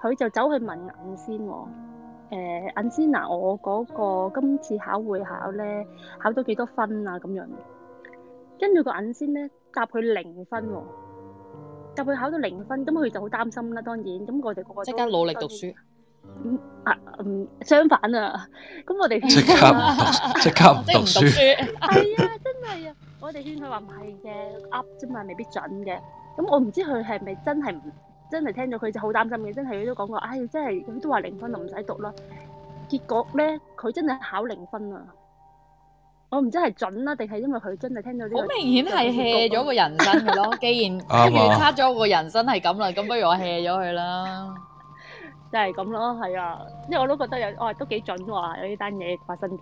佢就走去問銀先喎。誒、欸，銀先嗱、啊，我嗰個今次考會考咧，考到幾多分啊？咁樣。跟住個銀先咧答佢零分喎、啊，答佢考到零分，咁佢就好擔心啦。當然，咁我哋個個即刻努力讀書。唔啊，唔相反啊，咁我哋即刻唔讀，即刻唔讀書。係啊，真係啊，我哋勸佢話唔係嘅，噏啫嘛，未必準嘅。咁我唔知佢係咪真係唔真係聽咗，佢就好擔心嘅，真係佢都講過，唉，真係咁都話零分就唔使讀啦。結果咧，佢真係考零分啊！我唔知係準啦，定係因為佢真係聽到呢個，好明顯係卸咗個人生。係咯，既然差咗個人生係咁啦，咁不如我卸咗佢啦。就係咁咯，係啊，因為我都覺得有，哇，都幾準喎，啊，有呢單嘢發生。呢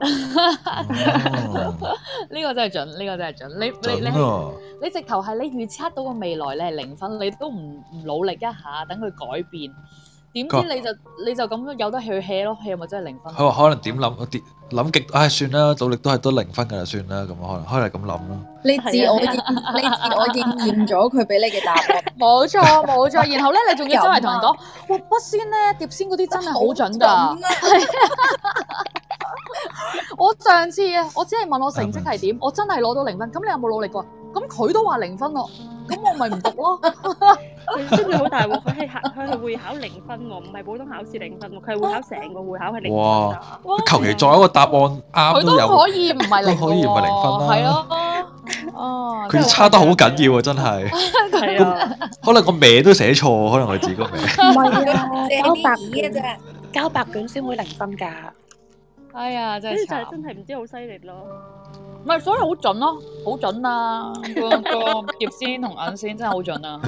[LAUGHS] [LAUGHS] 個真係準，呢、呢個真係準。你準了你你，你直頭係你預測到個未來，你係零分，你都唔唔努力一下，等佢改變。點知你就說你就咁有得去 hea 咯 hea 咪真係零分？佢話可能點諗？跌諗極唉，算啦，努力都係得零分噶啦，算啦，咁可能可能咁諗咯。你自我認 [LAUGHS] 你自我認 [LAUGHS] 自我驗咗佢俾你嘅答案，冇錯冇錯。然後咧，你仲要真係同人講、啊、哇筆仙咧，碟仙嗰啲真係好準噶。我，準啊、 [LAUGHS] [LAUGHS] 我上次啊，我只係問我成績係點， [LAUGHS] 我真係攞到零分。咁你有冇努力過？咁佢都話零分咯，咁我咪唔讀咯。機會好大喎，佢係考佢係會考零分喎，唔係普通考試零分喎，佢係會考成個會考係零分。哇！求其再一個答案啱，佢都可以唔係零分。可以唔係零分咯，係咯，哦，佢差得好緊要啊，啊啊真係。係啊她，可能個名都寫錯，可能係自己個名。唔係啊，交白卷嘅啫，交白卷先會零分噶。哎呀，真係真係唔知好犀利咯，唔係，所以好準咯，好準啊，個碟仙同眼仙真係好準啊。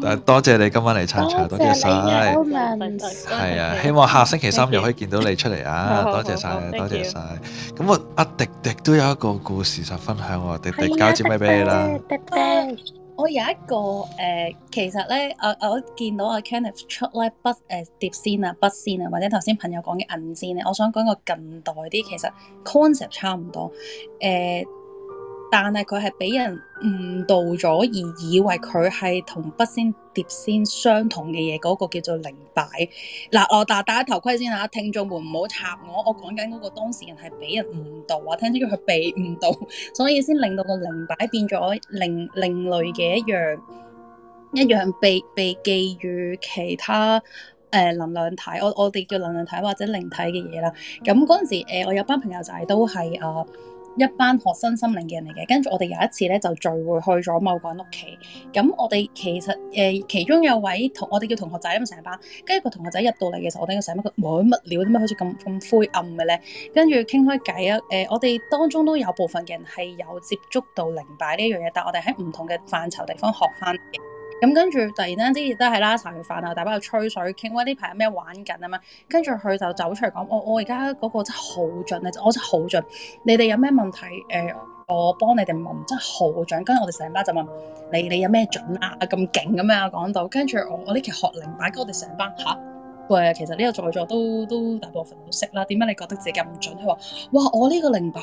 誒，多謝你今晚嚟撐場，多謝晒，係啊，希望下星期三又可以見到你出嚟啊，多謝晒，多謝晒。咁啊，阿迪迪都有一個故事想分享，迪迪交支咪俾你啦。我有一個誒、呃，其實呢，我我見到阿 Kenneth 出呢筆碟仙啊、筆仙啊、呃，或者頭先朋友講嘅銀仙咧，我想講個近代啲，其實 concept 差唔多誒。呃但係佢係俾人誤導咗，而以為佢係同筆仙、碟仙相同嘅嘢，嗰個叫做靈擺。嗱，我戴戴下頭盔先吓，聽眾們唔好插我，我講緊嗰個當事人係俾人誤導啊，聽清楚佢被誤導，所以先令到個靈擺變咗另另類嘅一樣，一樣被被寄予其他誒能量體，我我哋叫能量體或者靈體嘅嘢啦。咁嗰陣時，誒我有班朋友仔都係啊。一班學生心靈嘅人嚟嘅，跟住我哋有一次咧就聚會去咗某個人屋企，咁我哋其實誒、呃、其中有位同我哋叫同學仔，因為成班，跟住個同學仔入到嚟嘅時候，我哋應該成班個，冇、哎、乜料點解好似咁咁灰暗嘅咧，跟住傾開偈啊，誒、呃、我哋當中都有部分嘅人係有接觸到靈擺呢樣嘢，但係我哋喺唔同嘅範疇地方學翻。咁、嗯、跟住突然之間啲亦都係啦，茶餘飯後大班又吹水傾，喂呢排有咩玩緊啊嘛？跟住佢就走出嚟講，我我而家嗰個真係好準啊！我真係好準，你哋有咩問題？誒、呃，我幫你哋問，真係好準。跟住我哋成班就問，你你有咩準啊？咁勁咁樣講到，跟住我我呢期學靈擺，跟住我哋成班嚇、啊，喂，其實呢個在座都都大部分都識啦。點解你覺得自己咁準？佢話：哇，我呢個靈擺。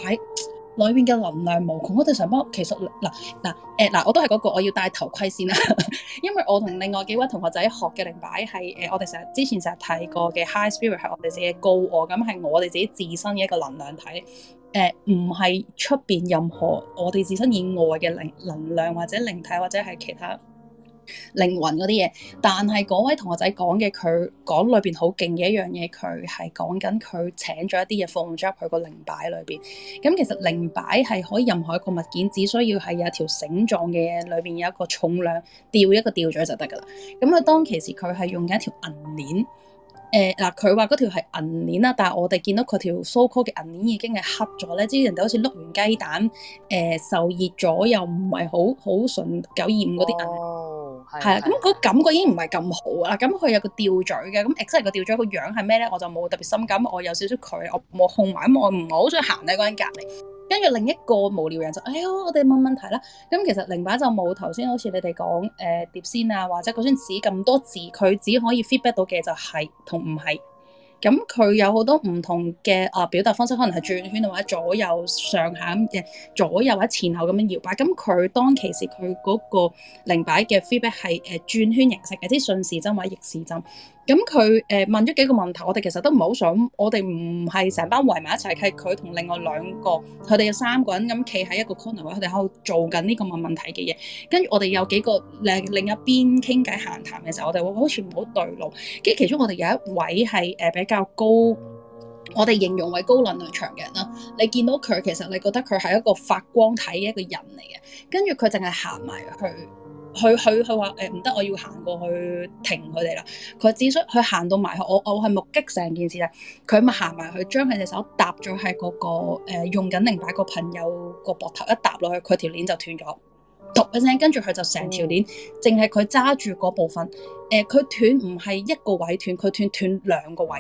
內面嘅能量無窮，我哋想講其實嗱嗱誒嗱，我都係嗰、嗰個我要戴頭盔先啦， [LAUGHS] 因為我同另外幾位同學仔學嘅靈擺係誒、呃，我哋成日之前成日睇過嘅 high spirit 係我哋自己嘅「高我」，咁係我哋自己自身嘅一個能量體，誒唔係出邊任何我哋自身以外嘅靈能量或者靈體或者係其他。靈魂嗰啲嘢，但係嗰位同學仔講嘅，佢講裏邊好勁嘅一樣嘢，佢係講緊佢請咗一啲嘢放入咗佢個靈擺裏邊。咁其實靈擺係可以任何一個物件，只需要係有條繩狀嘅，裏邊有一個重量吊一個吊咗就得噶啦。咁佢當其時佢係用緊一條銀鏈，誒、呃、嗱，佢話嗰條係銀鏈啦，但係我哋見到佢條 so called 嘅銀鏈已經係黑咗咧，即係人哋好似碌完雞蛋，誒、呃、受熱咗又唔係好好純九二五嗰啲銀。係啊，咁嗰、那個、感覺已經唔係咁好啦，咁佢有個吊墜嘅，咁、那、exactly 個吊墜個樣係咩咧？我就冇特別深感，我有少少佢，我冇控埋，咁我唔係好想行喺嗰人隔籬。跟住另一個無聊人就，哎呀，我哋問問題啦。咁其實靈擺就冇頭先好似你哋講誒碟仙啊，或者嗰張紙咁多字，佢只可以 feedback 到嘅就係同唔係。咁佢有好多唔同嘅啊表達方式，可能係轉圈或者左右上下咁嘅左右或者前後咁樣搖擺。咁佢當其時佢嗰個靈擺嘅 feedback 係誒、呃、轉圈形式嘅，即係順時針或者逆時針。咁佢誒問咗幾個問題，我哋其實都唔好想，我哋唔係成班圍埋一齊，係佢同另外兩個佢哋有三個人咁企喺一個 corner，佢哋喺度做緊呢個問問題嘅嘢。跟住我哋有幾個誒另一邊傾偈閒談嘅時候，我哋會好似唔好對路。跟住其中我哋有一位係誒比較高，我哋形容為高能量場嘅人啦。你見到佢其實你覺得佢係一個發光體嘅一個人嚟嘅，跟住佢淨係行埋去。佢佢佢話誒唔得，我要行過去停佢哋啦。佢指出佢行到埋去，我我係目擊成件事啊！佢咪行埋去，將佢隻手搭咗喺嗰個、呃、用緊靈擺個朋友個膊頭一搭落去，佢條鏈就斷咗，突一聲，跟住佢就成條鏈淨係佢揸住嗰部分誒，佢、呃、斷唔係一個位斷，佢斷斷兩個位，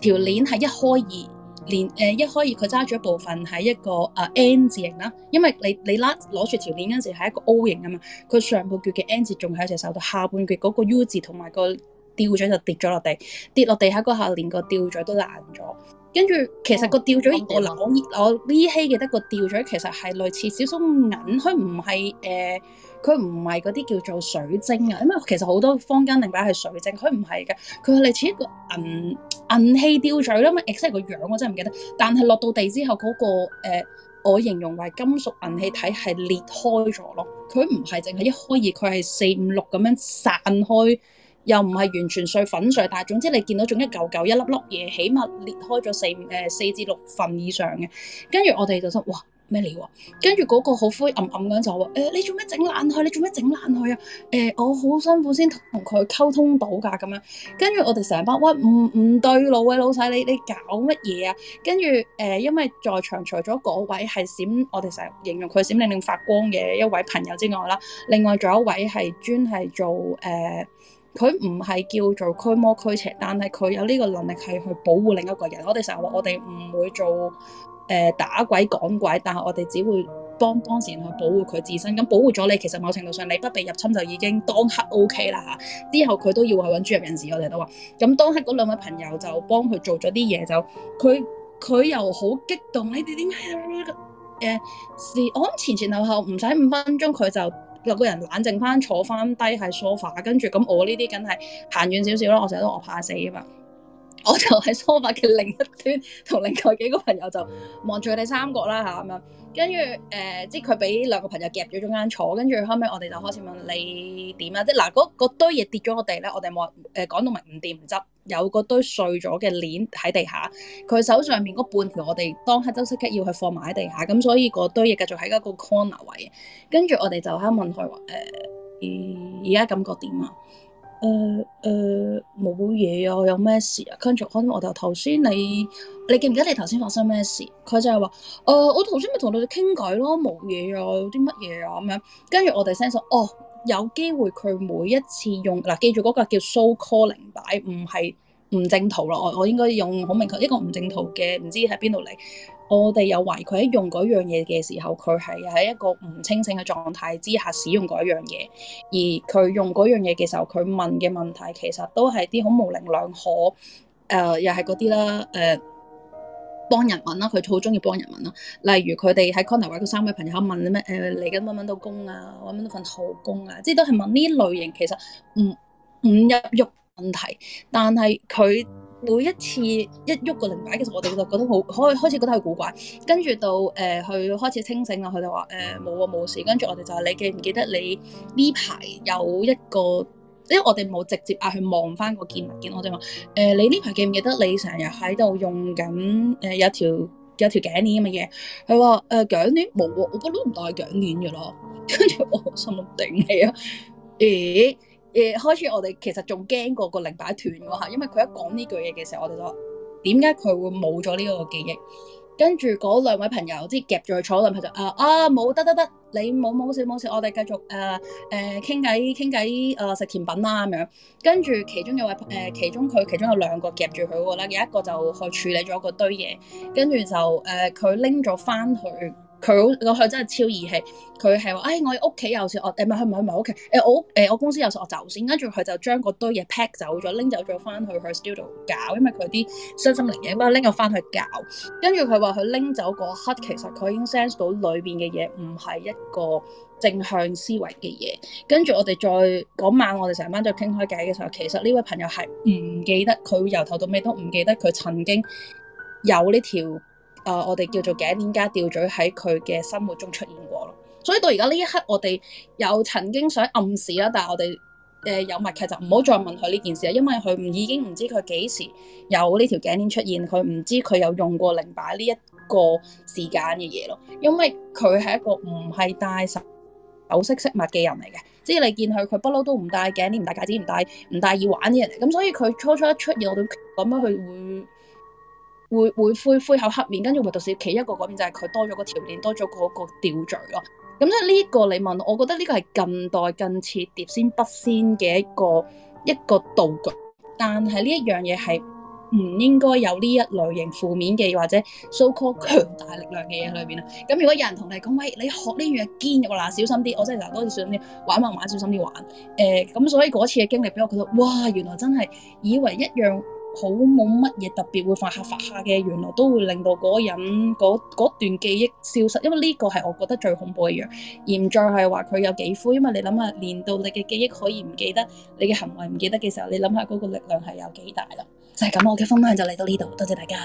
條鏈係一開二。連誒、呃、一開始，佢揸住一部分係一個啊、呃、N 字型啦，因為你你拉攞住條鏈嗰陣時係一個 O 型啊嘛，佢上半截嘅 N 字仲喺隻手度，下半截嗰個 U 字同埋個吊墜就跌咗落地，跌落地下嗰下連個吊墜都爛咗，跟住其實個吊墜，我我依稀記得個吊墜，其實係類似少少銀，佢唔係誒。呃佢唔係嗰啲叫做水晶啊，因為其實好多坊間定擺係水晶，佢唔係嘅，佢係類似一個銀銀器吊墜咯，咁 exactly 個樣我真係唔記得，但係落到地之後嗰、嗰個、呃、我形容為金屬銀器體係裂開咗咯，佢唔係淨係一開二，佢係四五六咁樣散開，又唔係完全碎粉碎，但係總之你見到仲一嚿嚿一粒粒嘢，起碼裂開咗四誒、呃、四至六份以上嘅，跟住我哋就覺得哇！咩料啊？跟住嗰個好灰暗暗咁就話：誒、欸，你做咩整爛佢？你做咩整爛佢啊？誒、欸，我好辛苦先同佢溝通到㗎咁樣。跟住我哋成班喂唔唔對路嘅、啊、老細，你你搞乜嘢啊？跟住誒，因為在場除咗嗰位係閃，我哋成日形容佢閃令令發光嘅一位朋友之外啦，另外仲有一位係專係做誒，佢唔係叫做驅魔驅邪，但係佢有呢個能力係去保護另一個人。我哋成日話我哋唔會做。誒打鬼趕鬼，但係我哋只會幫當事人去保護佢自身，咁保護咗你，其實某程度上你不被入侵就已經當刻 OK 啦嚇。之後佢都要去搵專業人士，我哋都話，咁當刻嗰兩位朋友就幫佢做咗啲嘢，就佢佢又好激動，你哋點解誒？事、欸、我諗前前後後唔使五分鐘，佢就六個人冷靜返，坐返低喺梳化，跟住咁我呢啲梗係行遠少少啦，我成日都我怕死啊嘛。我就喺梳 o 嘅另一端，同另外幾個朋友就望住佢哋三個啦嚇咁樣。跟住誒，即係佢俾兩個朋友夾咗中間坐。跟住後尾，我哋就開始問你點啊？即係嗱，嗰、啊、堆嘢跌咗我哋咧，我哋冇誒講到明唔掂唔執。有個堆碎咗嘅鏈喺地下，佢手上面嗰半條我哋當黑周色卡要去放埋喺地下。咁、嗯、所以嗰堆嘢繼續喺一個 corner 位。跟住我哋就喺問佢誒而而家感覺點啊？誒誒冇嘢啊！有咩事啊？跟住我哋我就頭先你你記唔記得你頭先發生咩事？佢就係話，誒、呃、我頭先咪同你哋傾偈咯，冇嘢啊，有啲乜嘢啊咁樣。跟住我哋 send 哦有機會佢每一次用嗱、呃，記住嗰個叫 so calling 擺，唔係唔正圖咯。我我應該用好明確一個唔正圖嘅，唔知喺邊度嚟。我哋有懷疑佢喺用嗰樣嘢嘅時候，佢係喺一個唔清醒嘅狀態之下使用嗰樣嘢，而佢用嗰樣嘢嘅時候，佢問嘅問題其實都係啲好模棱兩可，誒、呃、又係嗰啲啦，誒、呃、幫人問啦，佢好中意幫人問啦，例如佢哋喺 Conrad 嗰三個朋友問咩？誒嚟緊揾唔揾到工啊，揾唔揾到份好工啊，即係都係問呢類型，其實唔唔入喐問題，但係佢。每一次一喐個靈擺，其實我哋就覺得好開，開始覺得係古怪，跟住到誒佢，呃、開始清醒啦。佢就話誒，冇啊冇事，跟住我哋就話你記唔記得你呢排有一個，因為我哋冇直接啊去望翻個見物見我我哋話。誒、呃、你呢排記唔記得你成日喺度用緊誒、呃、有一條有一條頸鍊咁嘅嘢？佢話誒，頸鍊冇喎，我畢都唔戴頸鍊嘅咯。跟 [LAUGHS] 住我心諗頂你啊！咦？誒開始，我哋其實仲驚過個零擺斷喎，因為佢一講呢句嘢嘅時候，我哋就話點解佢會冇咗呢個記憶？跟住嗰兩位朋友即係夾住佢坐兩，佢就、呃、啊啊冇得得得，你冇冇事冇事，我哋繼續誒誒傾偈傾偈誒食甜品啦、啊、咁樣。跟住其中有位誒、呃，其中佢其中有兩個夾住佢嗰個，有一個就去處理咗嗰堆嘢，跟住就誒佢拎咗翻去。佢好，佢真係超義氣。佢係話，誒、哎，我屋企有事，哎哎、我誒唔係唔係唔係屋企，誒、哎、我誒我公司有事，我走先。跟住佢就將嗰堆嘢 pack 走咗，拎走咗翻去去 studio 搞，因為佢啲身心靈影，嘛拎咗翻去搞。跟住佢話佢拎走嗰刻，其實佢已經 sense 到裏邊嘅嘢唔係一個正向思維嘅嘢。跟住我哋再嗰晚，我哋成班再傾開偈嘅時候，其實呢位朋友係唔記得佢由頭到尾都唔記得佢曾經有呢條。誒、呃，我哋叫做頸鏈加吊墜，喺佢嘅生活中出現過咯，所以到而家呢一刻，我哋又曾經想暗示啦，但係我哋誒、呃、有默契，就唔好再問佢呢件事啦，因為佢唔已經唔知佢幾時有呢條頸鏈出現，佢唔知佢有用過零擺呢一個時間嘅嘢咯，因為佢係一個唔係戴首飾飾物嘅人嚟嘅，即係你見佢佢不嬲都唔戴頸鏈，唔戴戒指，唔戴唔戴耳環嘅人，咁所以佢初初一出現我都咁樣佢會。會會灰灰口黑面，跟住我哋到時企一個嗰邊，就係佢多咗個條鏈，多咗個個吊墜咯。咁即係呢一個你問我，我覺得呢個係近代近似碟仙筆仙嘅一個一個道具。但係呢一樣嘢係唔應該有呢一類型負面嘅或者 so called 強大力量嘅嘢裏面啊。咁如果有人同你講，喂，你學呢樣堅嘅嗱，小心啲，我真係嗱多啲小啲玩慢玩小心啲玩，玩。誒咁、呃、所以嗰次嘅經歷俾我覺得，哇！原來真係以為一樣。好冇乜嘢特別會發下發下嘅，原來都會令到嗰個人嗰段記憶消失。因為呢個係我覺得最恐怖嘅一樣，而唔再係話佢有幾灰，因為你諗下，連到你嘅記憶可以唔記得，你嘅行為唔記得嘅時候，你諗下嗰個力量係有幾大啦。就係、是、咁，我嘅分享就嚟到呢度，多謝大家。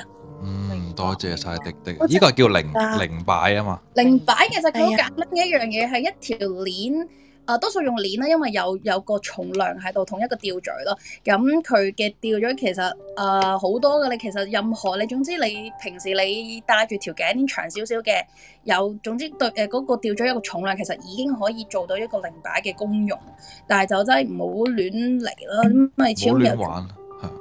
嗯，多謝晒滴滴，呢、這個叫零零擺啊嘛。零擺其實佢好簡單嘅一樣嘢，係、哎、呀一條鏈。啊，uh, 多數用鏈啦，因為有有個重量喺度，同一個吊嘴咯。咁佢嘅吊嘴其實啊好、呃、多嘅，你其實任何你，總之你平時你戴住條頸鏈長少少嘅，有總之對誒嗰、呃那個吊嘴一個重量，其實已經可以做到一個靈擺嘅功用。但係就真係唔好亂嚟啦，咁咪超人喎，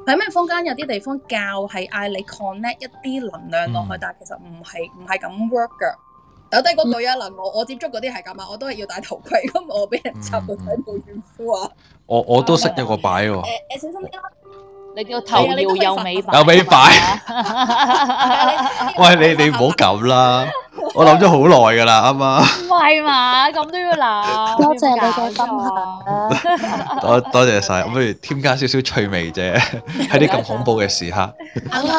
喺咩坊間有啲地方教係嗌你 connect 一啲能量落去，嗯、但係其實唔係唔係咁 work 㗎。有低嗰對啊！嗱、嗯，我我接觸嗰啲係咁啊，我都係要戴頭盔，咁我俾人插個洗腦軟夫啊！我我都識一個擺喎、啊，誒小心啲。你叫頭搖又尾擺，尾擺美。 [LAUGHS] 喂，你你唔好咁啦，我諗咗好耐噶啦，啱、嗯、媽。唔係嘛，咁都要諗。多謝你嘅心下。多多謝晒，我哋添加少少趣味啫，喺啲咁恐怖嘅時刻。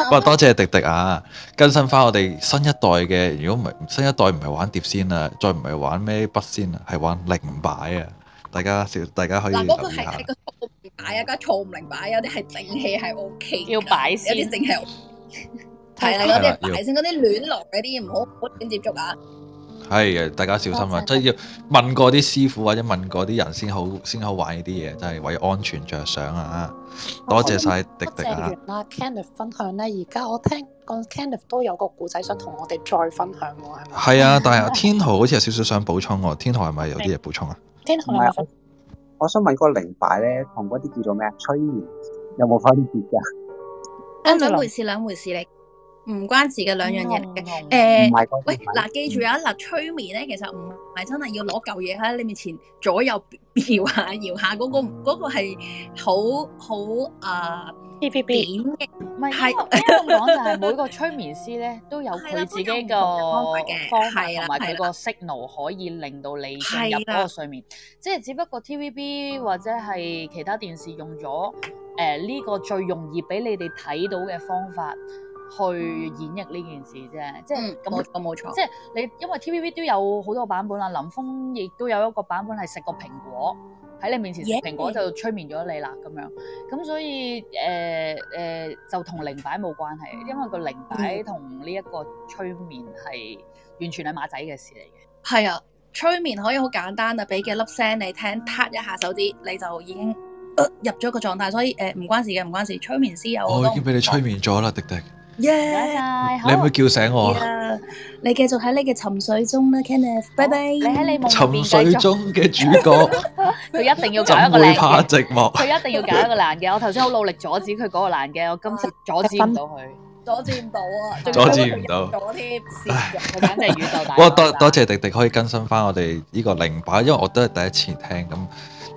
不 [LAUGHS] 過多謝迪迪啊，更新翻我哋新一代嘅，如果唔係新一代唔係玩碟仙啊，再唔係玩咩筆仙啊，係玩零擺啊，大家大家可以留意下。擺啊，家嘈唔明擺，有啲係整氣係 O K，有啲正係、OK，係啦，有啲提醒啲暖爐嗰啲唔好好暖接觸啦。係啊的要，大家小心啊，即係、哦、要問過啲師傅或者問過啲人先好先好玩呢啲嘢，真、就、係、是、為安全着想、哦、滴滴啊！多謝晒迪迪啊。完啦，Kenneth 分享咧，而家我聽講 Kenneth 都有個故仔想同我哋再分享喎，係咪？係啊，但係阿 [LAUGHS] 天豪好似有少少想補充喎，天豪係咪有啲嘢補充啊？ [LAUGHS] 天豪。 [LAUGHS] 天我想問嗰個靈擺咧，同嗰啲叫做咩催眠有冇分別噶？嗯，兩回事，兩回事你唔關事嘅兩樣嘢嘅。誒，喂，嗱、呃，記住有一粒催眠咧，其實唔係真係要攞舊嘢喺你面前左右搖下搖下，嗰個嗰個係好好啊。T V B 唔係點，應該講就係每個催眠師咧都有佢自己個方法同埋佢個 signal 可以令到你進入嗰個睡眠。的即係只不過 T V B 或者係其他電視用咗誒呢個最容易俾你哋睇到嘅方法去演繹呢件事啫。即係咁冇錯，冇錯。即係你因為 T V B 都有好多版本啦，林峰亦都有一個版本係食個蘋果。喺你面前食蘋果就催眠咗你啦咁樣，咁所以誒誒、呃呃、就同靈擺冇關係，因為個靈擺同呢一個催眠係完全係馬仔嘅事嚟嘅。係啊，催眠可以好簡單啊，俾幾粒聲你聽，撻一下手指你就已經、呃、入咗一個狀態，所以誒唔、呃、關事嘅，唔關事。催眠師有我、哦、已經俾你催眠咗啦，迪迪、嗯。滴滴耶！Yeah, 好你唔好叫醒我 yeah, 你繼續喺你嘅沉睡中啦，Kenneth，拜拜 bye！Oh, 你喺你夢裏邊繼續。沉睡中嘅主角，佢 [LAUGHS] [LAUGHS] 一定要搞一個靚嘅。佢 [LAUGHS] 一定要搞一個難嘅。 [LAUGHS] 我頭先好努力阻止佢搞個難嘅，我今次阻止唔到佢。 [LAUGHS] 阻止唔到啊！阻止唔到。阻止唔到。唉，我簡直宇宙大。哇！ [LAUGHS] 多多謝迪迪可以更新翻我哋呢個零版，因為我都係第一次聽，咁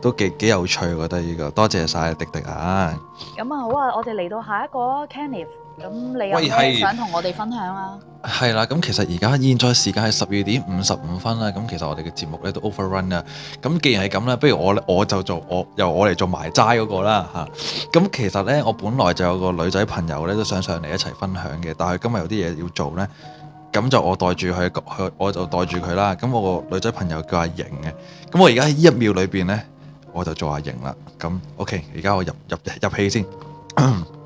都幾幾有趣，我覺得呢個多謝晒迪迪啊！咁啊好啊，我哋嚟到下一個 Kenneth。咁你有咩你想同我哋分享啊？係啦，咁其實而家現在時間係十二點五十五分啦。咁其實我哋嘅節目咧都 overrun 啦。咁既然係咁咧，不如我我就做我由我嚟做埋齋嗰個啦吓。咁、啊、其實咧，我本來就有個女仔朋友咧都想上嚟一齊分享嘅，但係今日有啲嘢要做咧，咁就我代住佢佢，我就代住佢啦。咁我個女仔朋友叫阿瑩嘅，咁我而家喺呢一秒裏邊咧，我就做阿瑩啦。咁 OK，而家我入入入戲先。 [COUGHS]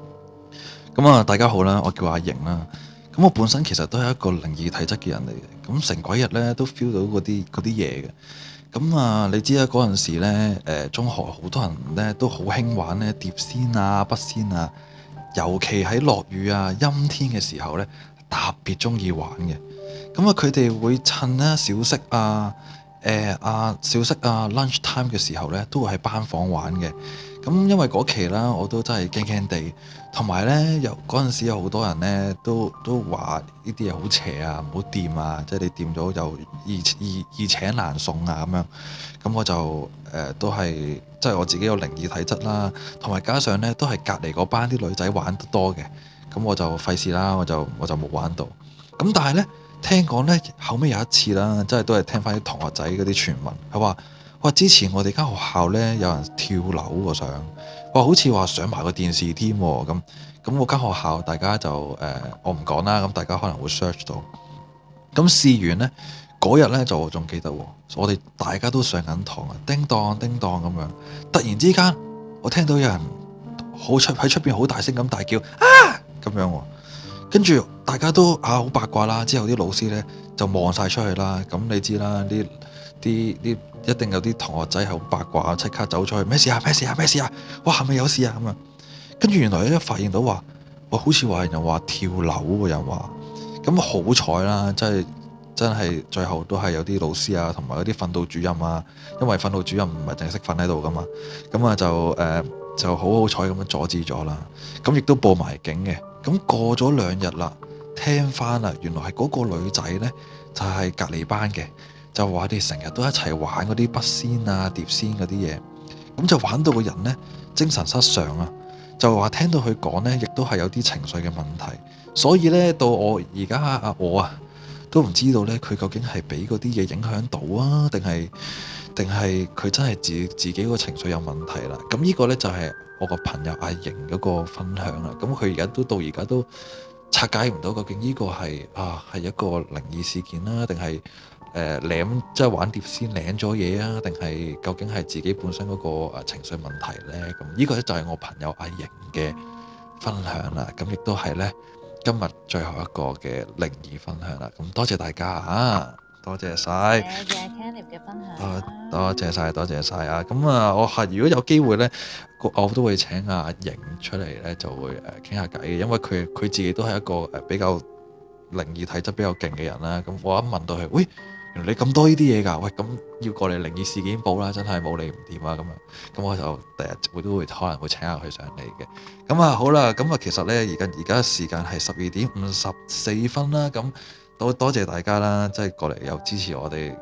咁啊、嗯，大家好啦，我叫阿瑩啦。咁、嗯、我本身其實都係一個靈異體質嘅人嚟嘅。咁、嗯、成鬼日咧都 feel 到嗰啲嗰啲嘢嘅。咁啊、嗯，你知啦，嗰陣時咧，誒、呃、中學好多人咧都好興玩咧碟仙啊、筆仙啊。尤其喺落雨啊、陰天嘅時候咧，特別中意玩嘅。咁、嗯、啊，佢、嗯、哋會趁咧小息啊、誒、呃、啊小息啊 lunch time 嘅時候咧，都會喺班房玩嘅。咁、嗯、因為嗰期啦，我都真係驚驚地。同埋呢，有嗰陣時有好多人呢，都都話呢啲嘢好邪啊，唔好掂啊，即係你掂咗又易易易，易請難送啊咁樣。咁我就誒、呃、都係，即係我自己有靈異體質啦，同埋加上呢都係隔離嗰班啲女仔玩得多嘅，咁我就費事啦，我就我就冇玩到。咁但係呢，聽講呢，後尾有一次啦，即係都係聽翻啲同學仔嗰啲傳聞，係話哇之前我哋間學校呢，有人跳樓我想。哇，好似話上埋個電視添咁，咁我間學校大家就誒、呃，我唔講啦，咁大家可能會 search 到。咁試完呢嗰日呢，就仲記得，我哋大家都上緊堂啊，叮當叮當咁樣。突然之間，我聽到有人好出喺出邊好大聲咁大叫啊咁樣。跟住大家都啊好八卦啦，之後啲老師呢就望晒出去啦。咁你知啦啲。啲啲一定有啲同學仔好八卦，即刻走出去，咩事啊？咩事啊？咩事啊？哇，係咪有事啊？咁啊，跟住原來一發現到話，我好似話人話跳樓嘅人話，咁好彩啦，真係真係最後都係有啲老師啊，同埋嗰啲訓導主任啊，因為訓導主任唔係淨係識瞓喺度噶嘛，咁啊就誒、呃、就好好彩咁樣阻止咗啦，咁亦都報埋警嘅，咁過咗兩日啦，聽翻啦，原來係嗰個女仔呢，就係、是、隔離班嘅。就話哋成日都一齊玩嗰啲筆仙啊、碟仙嗰啲嘢，咁就玩到個人呢精神失常啊！就話聽到佢講呢，亦都係有啲情緒嘅問題，所以呢，到我而家啊，我啊，都唔知道呢，佢究竟係俾嗰啲嘢影響到啊，定係定係佢真係自自己個情緒有問題啦。咁呢個呢，就係我個朋友阿瑩嗰個分享啦。咁佢而家都到而家都拆解唔到究竟呢個係啊係一個靈異事件啦，定係？誒攬、呃、即係玩碟仙攬咗嘢啊？定係究竟係自己本身嗰個情緒問題呢？咁、這、呢個咧就係我朋友阿瑩嘅分享啦。咁亦都係呢今日最後一個嘅靈異分享啦。咁多謝大家嚇，多謝晒！多謝 Candy 嘅分享。多謝晒！多謝晒！啊！咁、嗯、啊，我係如果有機會呢，我都會請阿、啊、瑩出嚟呢，就會誒傾下偈嘅，因為佢佢自己都係一個比較靈異體質比較勁嘅人啦。咁我一問到佢，喂、哎、～原來你咁多呢啲嘢㗎？喂，咁要過嚟靈異事件簿啦！真係冇你唔掂啊！咁樣咁我就第日會都會可能會請下佢上嚟嘅。咁啊好啦，咁啊其實呢，而家而家時間係十二點五十四分啦。咁多多謝大家啦，即係過嚟又支持我哋。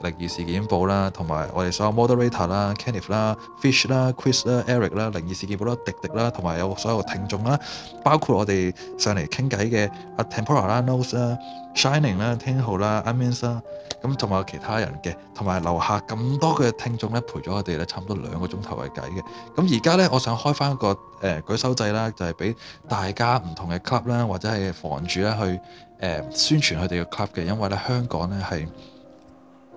靈異事件簿啦，同埋我哋所有 moderator 啦，Kenneth 啦，Fish 啦，Chris 啦，Eric 啦，靈異事件簿啦，迪迪啦，同埋有所有聽眾啦，包括我哋上嚟傾偈嘅阿 Tempora 啦、Tem Nose 啦、Shining 啦、聽號啦、Ims 啦，咁同埋其他人嘅，同埋樓下咁多嘅聽眾咧，陪咗我哋咧，差唔多兩個鐘頭嘅偈嘅。咁而家咧，我想開翻一個誒、呃、舉手掣啦，就係、是、俾大家唔同嘅 club 啦，或者係房主咧去誒、呃、宣傳佢哋嘅 club 嘅，因為咧香港咧係。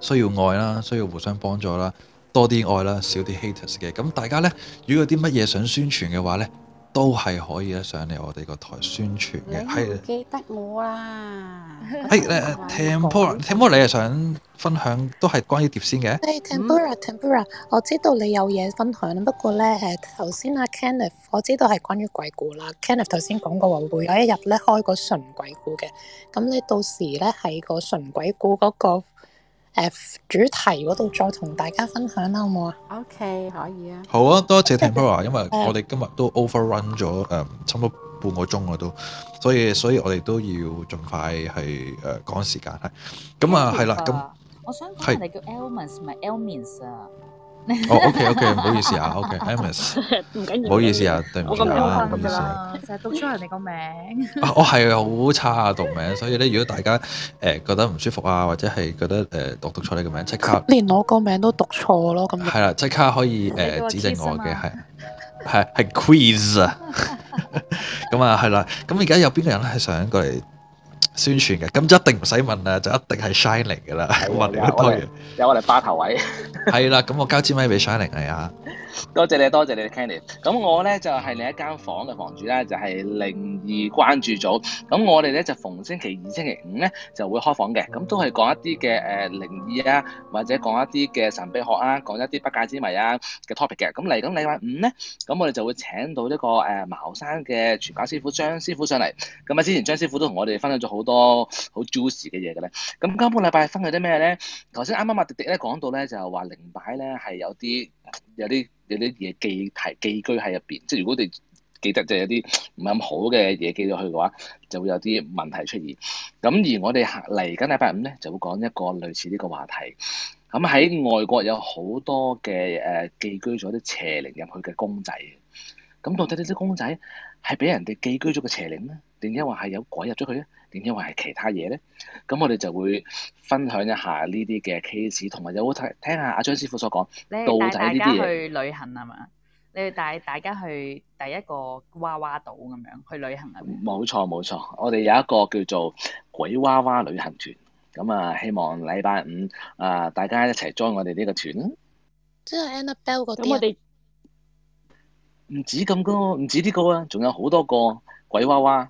需要愛啦，需要互相幫助啦，多啲愛啦，少啲 haters 嘅。咁大家咧，如果有啲乜嘢想宣傳嘅話咧，都係可以咧上嚟我哋個台宣傳嘅。係記得我啦。係誒 t e m p o r t e m p o r 你係想分享都係關於碟仙嘅？誒 t e m p o r t e m p o r 我知道你有嘢分享，不過咧誒，頭先阿 Kenneth，我知道係關於鬼故啦。Kenneth 頭先講過話會有一日咧開個純鬼故嘅，咁你到時咧喺個純鬼故嗰、那個。誒主題嗰度再同大家分享啦，好唔好啊？OK，可以啊。好啊，多謝 Timber，因為、 [LAUGHS] 呃、我哋今日都 overrun 咗誒，差唔多半個鐘啊，都，所以所以我哋都要盡快係誒趕時間係。咁是啊，係啦，咁我想講係人哋叫 Elmans 唔係 Elmans 啊。哦，OK，OK，唔好意思啊，OK，Amos，唔緊唔 [LAUGHS] 好意思啊，對唔住啊，唔好意思啊，其實讀錯人哋個名，我係好差啊，讀名，所以咧，如果大家誒覺得唔舒服啊，或者係覺得誒讀讀，讀錯你個名，即刻 [LAUGHS] 連我個名都讀錯咯，咁係啦，即刻可以誒要指正我嘅係係係 quiz 啊，咁啊係啦，咁而家有邊個人咧係想過嚟？宣傳嘅，咁就一定唔使問啦，就一定係 Shining 嘅啦，混亂一堆，有我哋霸頭位。係 [LAUGHS] 啦，咁我交支咪俾 Shining 係啊。多謝你，多謝你，Kenny。咁我咧就係另一間房嘅房主啦，就係靈異關注組。咁我哋咧就逢星期二、星期五咧就會開房嘅，咁都係講一啲嘅誒靈異啊，或者講一啲嘅神秘學啊，講一啲不解之謎啊嘅 topic 嘅。咁嚟咁禮拜五咧，咁我哋就會請到呢個誒茅山嘅傳家師傅張師傅上嚟。咁啊，之前張師傅都同我哋分享咗好多好 juicy 嘅嘢嘅咧。咁今個禮拜分享啲咩咧？頭先啱啱麥迪迪咧講到咧，就係話靈擺咧係有啲。有啲有啲嘢寄提寄居喺入邊，即係如果你記得，就有啲唔係咁好嘅嘢寄咗去嘅話，就會有啲問題出現。咁而我哋嚟緊禮拜五咧，就會講一個類似呢個話題。咁喺外國有好多嘅誒、呃、寄居咗啲邪靈入去嘅公仔。咁到底呢啲公仔係俾人哋寄居咗個邪靈咧，定係話係有鬼入咗去咧？點因為係其他嘢咧？咁我哋就會分享一下呢啲嘅 case，同埋有好聽聽下阿張師傅所講，到底呢啲嘢。你帶大家去旅行啊嘛？你去帶大家去第一個娃娃島咁樣去旅行啊？冇錯冇錯，我哋有一個叫做鬼娃娃旅行團咁啊、嗯。希望禮拜五啊、呃，大家一齊 join 我哋呢個團。即係 Annabelle 嗰啲。咁我哋唔止咁高，唔止呢個啊，仲有好多個鬼娃娃。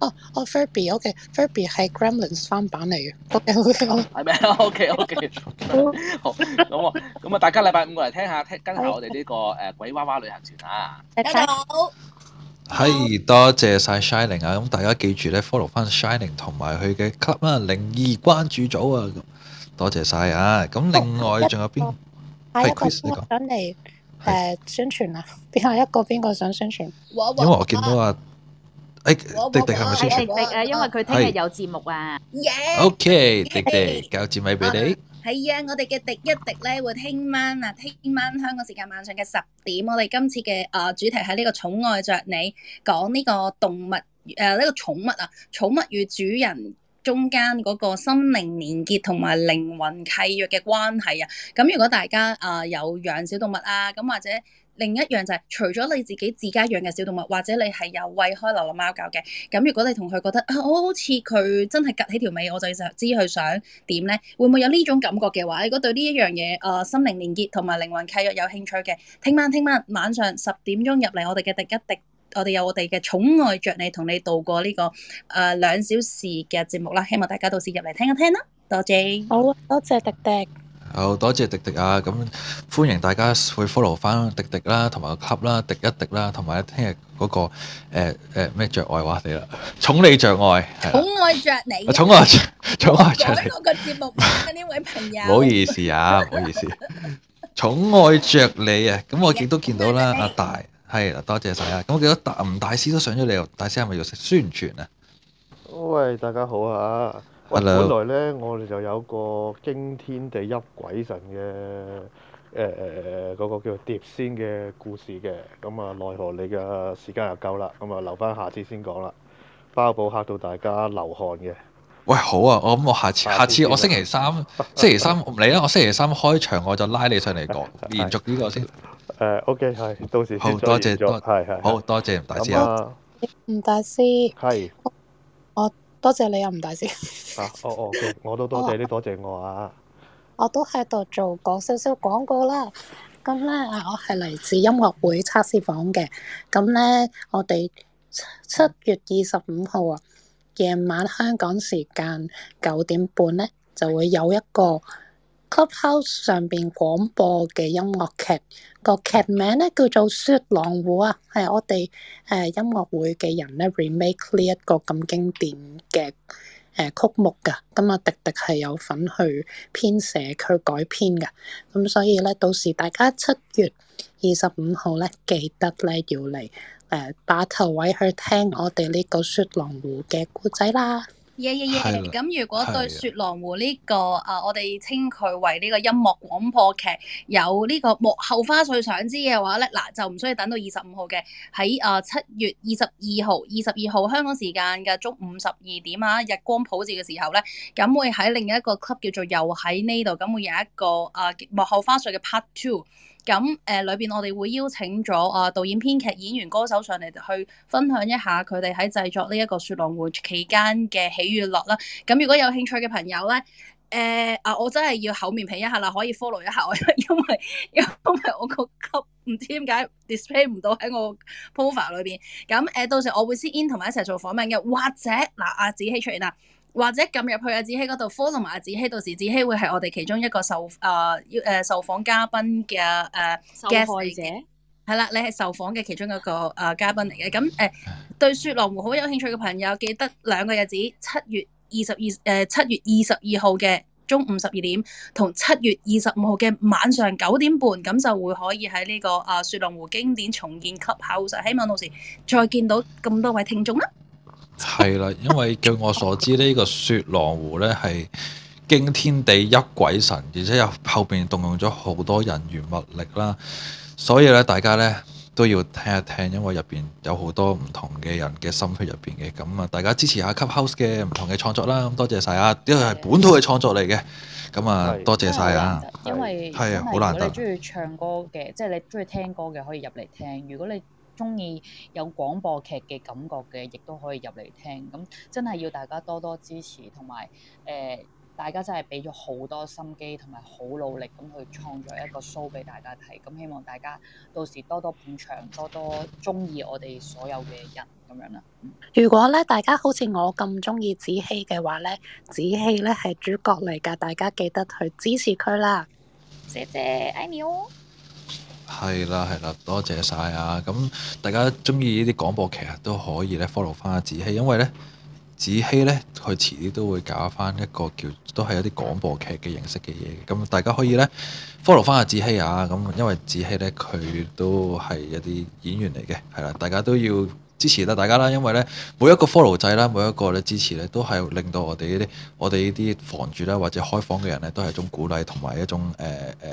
哦，哦 Ferby，OK，Ferby 係 Gremlins 翻版嚟嘅，OK，OK，OK，OK 好，咁啊，咁啊，大家禮拜五過嚟聽下，聽跟下我哋呢個誒鬼娃娃旅行團啊，大家好，係多謝晒 Shining 啊，咁大家記住咧，follow 翻 Shining 同埋佢嘅 club 啊，靈異關注組啊，多謝晒啊，咁另外仲有邊個係 Chris 等你，誒、uh, 宣傳啊，邊下一個邊個想宣傳？因為我見到啊。迪迪係咪先？迪啊我，因為佢聽日有節目啊56。耶！OK，迪迪搞節目俾你。係啊、hey. uh，我哋嘅迪一迪咧，會聽晚啊，聽晚香港時間晚上嘅十點，我哋今次嘅啊主題係呢、這個寵愛着你，講呢個動物誒呢、呃這個寵物啊，寵物與主人中間嗰個心靈連結同埋靈魂契約嘅關係啊。咁如果大家啊有養小動物啊，咁或者～另一樣就係、是，除咗你自己自家養嘅小動物，或者你係有餵開流浪貓狗嘅，咁如果你同佢覺得，我、啊、好似佢真係趌起條尾，我就知佢想點呢？會唔會有呢種感覺嘅話，如果對呢一樣嘢，誒、呃、心靈連結同埋靈魂契約有興趣嘅，聽晚聽晚晚上十點鐘入嚟我哋嘅迪一迪，我哋有我哋嘅寵愛着你，同你度過呢、這個誒、呃、兩小時嘅節目啦，希望大家到時入嚟聽，聽一聽啦，多謝，謝，好，多謝迪迪。好多謝迪迪啊！咁歡迎大家去 follow 翻迪迪啦，同埋 club 啦，迪一迪啦，同埋聽日嗰個誒咩着愛話你啦！寵你着愛，寵愛着你，寵愛着你。歡迎我個節目嘅呢位朋友。唔好意思啊，唔好意思，寵愛着你啊！咁我亦都見到啦，阿大，係多謝晒啊！咁我見到大吳大師都上咗嚟，大師係咪要食宣傳啊？喂，大家好啊！本來咧，我哋就有個驚天地泣鬼神嘅誒誒嗰個叫碟仙嘅故事嘅。咁啊，奈何你嘅時間又夠啦，咁啊留翻下次先講啦。包保吓到大家流汗嘅。喂、okay. oh, difference,，好啊，我諗我下次下次我星期三星期三你啦，我星期三開場我就拉你上嚟講，延續呢個先。誒，OK，係到時好多謝多係係，好多謝大師啊，吳大師係我。多謝你啊，吳大師。啊，我我我都多謝你， [LAUGHS] 多謝我啊。我都喺度做講少少廣告啦。咁咧，我係嚟自音樂會測試房嘅。咁咧，我哋七月二十五號啊，夜晚香港時間九點半咧，就會有一個 clubhouse 上邊廣播嘅音樂劇。個劇名咧叫做《雪狼湖》啊，係我哋誒、呃、音樂會嘅人咧 remake 呢一 rem 個咁經典嘅誒、呃、曲目噶。咁、嗯、啊，迪迪係有份去編寫去改編噶。咁、嗯、所以咧，到時大家七月二十五號咧，記得咧要嚟誒打頭位去聽我哋呢個《雪狼湖》嘅故仔啦。耶耶耶！咁如果對雪、這個《雪狼湖》呢個啊，我哋稱佢為呢個音樂廣播劇，有呢個幕後花絮想知嘅話呢嗱、啊、就唔需要等到二十五號嘅，喺啊七月二十二號，二十二號香港時間嘅中午十二點啊，日光普照嘅時候呢，咁會喺另一個 club 叫做又喺呢度，咁會有一個啊幕後花絮嘅 part two。咁誒裏邊我哋會邀請咗啊導演、編劇、演員、歌手上嚟去分享一下佢哋喺製作呢一個雪狼湖期間嘅喜與樂啦。咁如果有興趣嘅朋友咧，誒、呃、啊我真係要厚面皮一下啦，可以 follow 一下我，因為因為我個級唔知點解 display 唔到喺我 profile 裏邊。咁誒到時我會先 in 同埋一齊做訪問嘅，或者嗱阿子希出現啦。或者撳入去阿子希嗰度 follow 埋阿子希，到時子希會係我哋其中一個受誒誒、呃、受訪嘉賓嘅誒，呃、受害者係啦，你係受訪嘅其中一個誒嘉賓嚟嘅。咁、呃、誒、 [LAUGHS] 呃、對雪浪湖好有興趣嘅朋友，記得兩個日子：七月二十二誒七月二十二號嘅中午十二點，同、呃、七月二十五號嘅晚上九點半，咁就會可以喺呢、這個誒、呃、雪浪湖經典重現 clubhouse。希望到時再見到咁多位聽眾啦。係啦， [LAUGHS] 因為據我所知 [LAUGHS] 呢個《雪狼湖》呢係驚天地泣鬼神，而且又後邊動用咗好多人員物力啦，所以咧大家呢都要聽一聽，因為入邊有好多唔同嘅人嘅心血入邊嘅。咁啊，大家支持下吸 house 嘅唔同嘅創作啦，咁多謝晒啊！呢個係本土嘅創作嚟嘅，咁啊多謝晒啊！因為係啊，好難得。中意唱歌嘅，即係你中意聽歌嘅，可以入嚟聽。如果你中意有廣播劇嘅感覺嘅，亦都可以入嚟聽。咁真係要大家多多支持，同埋誒，大家真係俾咗好多心機同埋好努力咁去創作一個 show 俾大家睇。咁希望大家到時多多捧場，多多中意我哋所有嘅人咁樣啦。嗯、如果咧大家好似我咁中意子希嘅話咧，子希咧係主角嚟㗎，大家記得去支持佢啦。謝謝，Amy 哦。係啦，係啦，多謝晒啊！咁大家中意呢啲廣播劇都可以咧 follow 翻阿子希，因為咧子希咧佢遲啲都會搞翻一個叫都係一啲廣播劇嘅形式嘅嘢。咁大家可以咧 follow 翻阿子希啊！咁因為子希咧佢都係一啲演員嚟嘅，係啦，大家都要支持啦，大家啦，因為咧每一個 follow 制啦，每一個咧支持咧，都係令到我哋呢啲我哋呢啲房主啦或者開房嘅人咧，都係一種鼓勵同埋一種誒誒。呃呃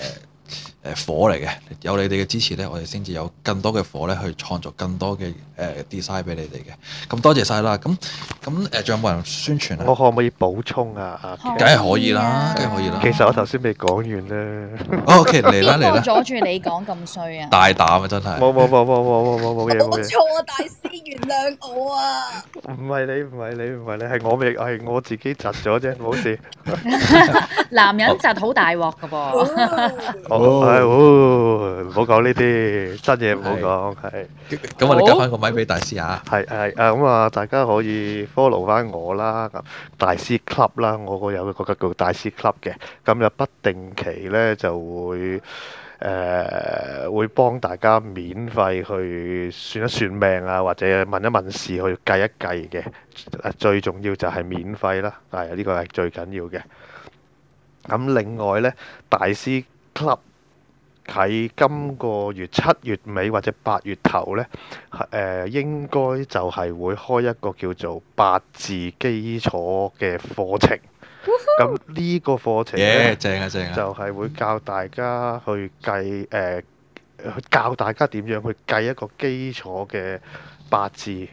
誒火嚟嘅，有你哋嘅支持咧，我哋先至有更多嘅火咧去創作更多嘅誒 design 俾你哋嘅。咁多謝晒啦。咁咁誒，仲、呃、有冇人宣傳啊？我可唔可以補充啊？梗係可以啦，梗係可，以、啊、可以啦。其實我頭先未講完咧。O K，嚟啦嚟啦！邊個阻住你講咁衰啊？大膽啊，真係！冇冇冇冇冇冇冇冇嘢冇嘢！我錯啊，大師，原諒我啊！唔係你，唔係你，唔係你，係我未，係我，我自己窒咗啫，冇事。 [LAUGHS] [LAUGHS] 男人窒好大鑊嘅噃。 [LAUGHS] oh. oh. 係哦，唔好講呢啲真嘢，唔好講係。咁我哋交翻個咪俾大師啊，係係啊咁啊，大家可以 follow 翻我啦，大師 club 啦，我個有個個叫大師 club 嘅，咁又不定期咧就會誒會幫大家免費去算一算命啊，或者問一問事去計一計嘅。最重要就係免費啦，係呢個係最緊要嘅。咁另外咧，大師 club。喺今個月七月尾或者八月頭呢，誒、呃、應該就係會開一個叫做八字基礎嘅課程。咁呢 Woo hoo! 個課程呢、yeah, 啊，正啊正啊，就係會教大家去計誒、呃，教大家點樣去計一個基礎嘅八字。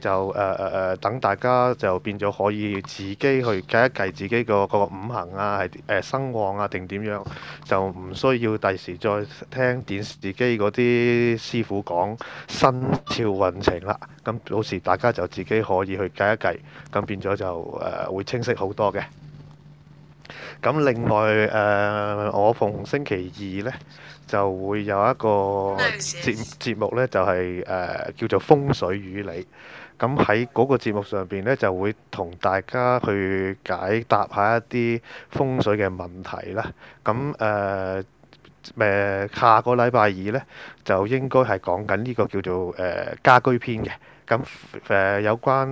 就誒誒誒，等大家就變咗可以自己去計一計自己個個五行啊，係誒生旺啊定點樣，就唔需要第時再聽電電視機嗰啲師傅講新潮運程啦。咁到時大家就自己可以去計一計，咁變咗就誒、呃、會清晰好多嘅。咁另外誒、呃，我逢星期二呢，就會有一個節節 [LAUGHS] 目呢，就係、是、誒、呃、叫做風水與你。咁喺嗰個節目上邊咧，就會同大家去解答一下一啲風水嘅問題啦。咁誒誒，下個禮拜二咧，就應該係講緊呢個叫做誒、呃、家居篇嘅。咁誒、呃、有關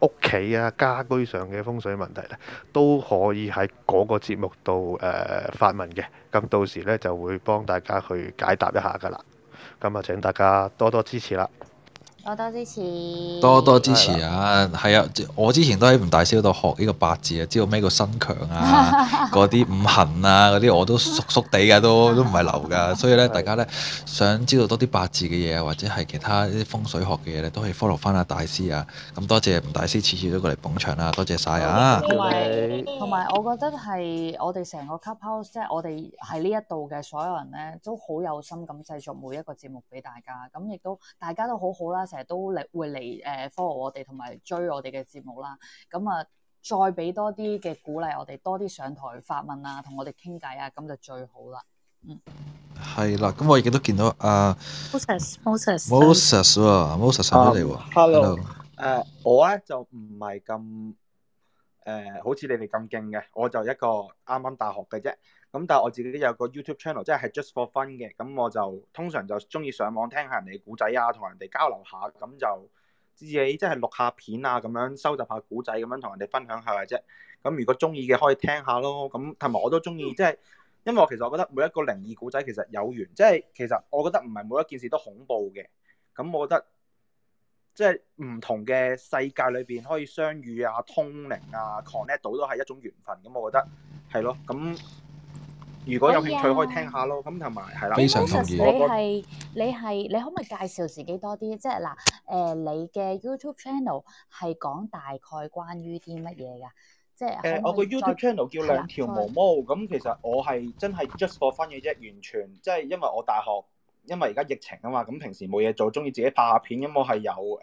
屋企啊、家居上嘅風水問題咧，都可以喺嗰個節目度誒、呃、發問嘅。咁到時咧就會幫大家去解答一下㗎啦。咁啊，請大家多多支持啦～多多支持，多多支持啊！係啊的，我之前都喺吳大師嗰度學呢個八字啊，知道咩叫身強啊，嗰啲 [LAUGHS] 五行啊，嗰啲我都熟熟哋嘅，都都唔係流噶。所以咧，大家咧，的想知道多啲八字嘅嘢啊，或者係其他啲風水學嘅嘢咧，都可以 follow 翻下大師啊。咁多謝吳大師次次都過嚟捧場啦，多謝晒啊！同埋，同埋我覺得係我哋成個 Clubhouse 即係我哋喺呢一度嘅所有人咧，都好有心咁製作每一個節目俾大家。咁亦都大家都好好啦，都嚟會嚟誒，follow 我哋同埋追我哋嘅節目啦。咁啊，再俾多啲嘅鼓勵我，我哋多啲上台發問啊，同我哋傾偈啊，咁就最好啦。嗯，係啦。咁我亦都見到啊 Moses，Moses，Moses 喎，Moses 上咗嚟喎。Hello，uh, 誒，我咧就唔係咁誒，好似你哋咁勁嘅，我就一個啱啱大學嘅啫。咁但係我自己都有個 YouTube channel，即係係 just for fun 嘅。咁我就通常就中意上網聽下人哋嘅古仔啊，同人哋交流下，咁就自己即係錄下片啊，咁樣收集下古仔，咁樣同人哋分享下嘅啫。咁如果中意嘅可以聽下咯。咁同埋我都中意，即係因為我其實我覺得每一個靈異古仔其實有緣，即係其實我覺得唔係每一件事都恐怖嘅。咁我覺得即係唔同嘅世界裏邊可以相遇啊、通靈啊、connect 到都係一種緣分。咁我覺得係咯。咁如果有興趣，可以聽下咯。咁同埋係啦，非常同意。的你係你係你可唔可以介紹自己多啲？即係嗱誒，你嘅 YouTube channel 係講大概關於啲乜嘢㗎？即係誒，我個 YouTube channel 叫兩條毛毛咁。了其實我係真係 just for fun 嘅啫，完全即係、就是、因為我大學因為而家疫情啊嘛，咁平時冇嘢做，中意自己拍下片。因為我係有誒，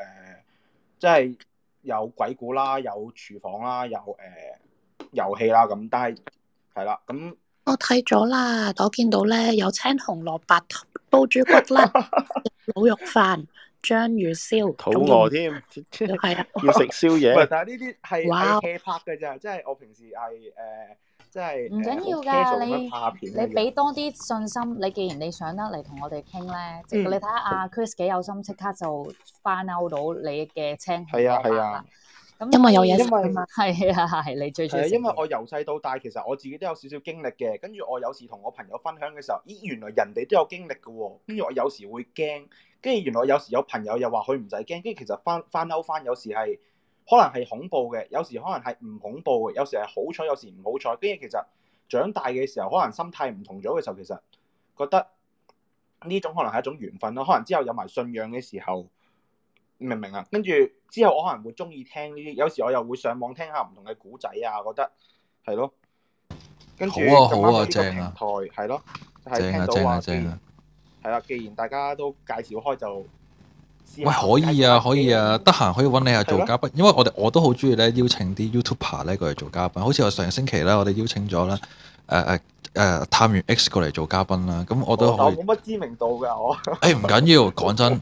即、呃、係、就是、有鬼故啦，有廚房啦，有誒、呃、遊戲啦咁。但係係啦咁。我睇咗啦，我見到咧有青紅蘿蔔煲豬骨粒、滷肉飯、章魚燒、肚餓添，係啊，要食宵夜。哇但係呢啲係客拍嘅咋，即係我平時係誒，即係唔緊要噶。嗯嗯、你你俾多啲信心，你既然你想得嚟同我哋傾咧，嗯、即你睇下阿 Chris 幾有心，即刻就翻 out 到你嘅青紅蘿蔔。因為有嘢食啊嘛，係啊係，你最最誒，因為，因為我由細到大，其實我自己都有少少經歷嘅。跟住我有時同我朋友分享嘅時候，咦，原來人哋都有經歷嘅喎。跟住我有時會驚，跟住原來有時有朋友又話佢唔使驚。跟住其實翻翻嬲翻，有時係可能係恐怖嘅，有時可能係唔恐怖嘅，有時係好彩，有時唔好彩。跟住其實長大嘅時候，可能心態唔同咗嘅時候，其實覺得呢種可能係一種緣分咯。可能之後有埋信仰嘅時候。明唔明啊？跟住之後我可能會中意聽呢啲，有時我又會上網聽下唔同嘅古仔啊，我覺得係咯。跟住好啊好啊，啊，正啊，平台，係咯，啊正啊正啊，係啦。既然大家都介紹開就，喂，可以啊，可以啊，得閒可以揾你啊做嘉賓，的因為我哋我都好中意咧邀請啲 YouTuber 咧過嚟做嘉賓，好似我上星期啦，我哋邀請咗啦，誒誒誒探員 X 過嚟做嘉賓啦，咁我都可以。冇乜知名度噶我、 [LAUGHS] 欸。誒，唔緊要，講真。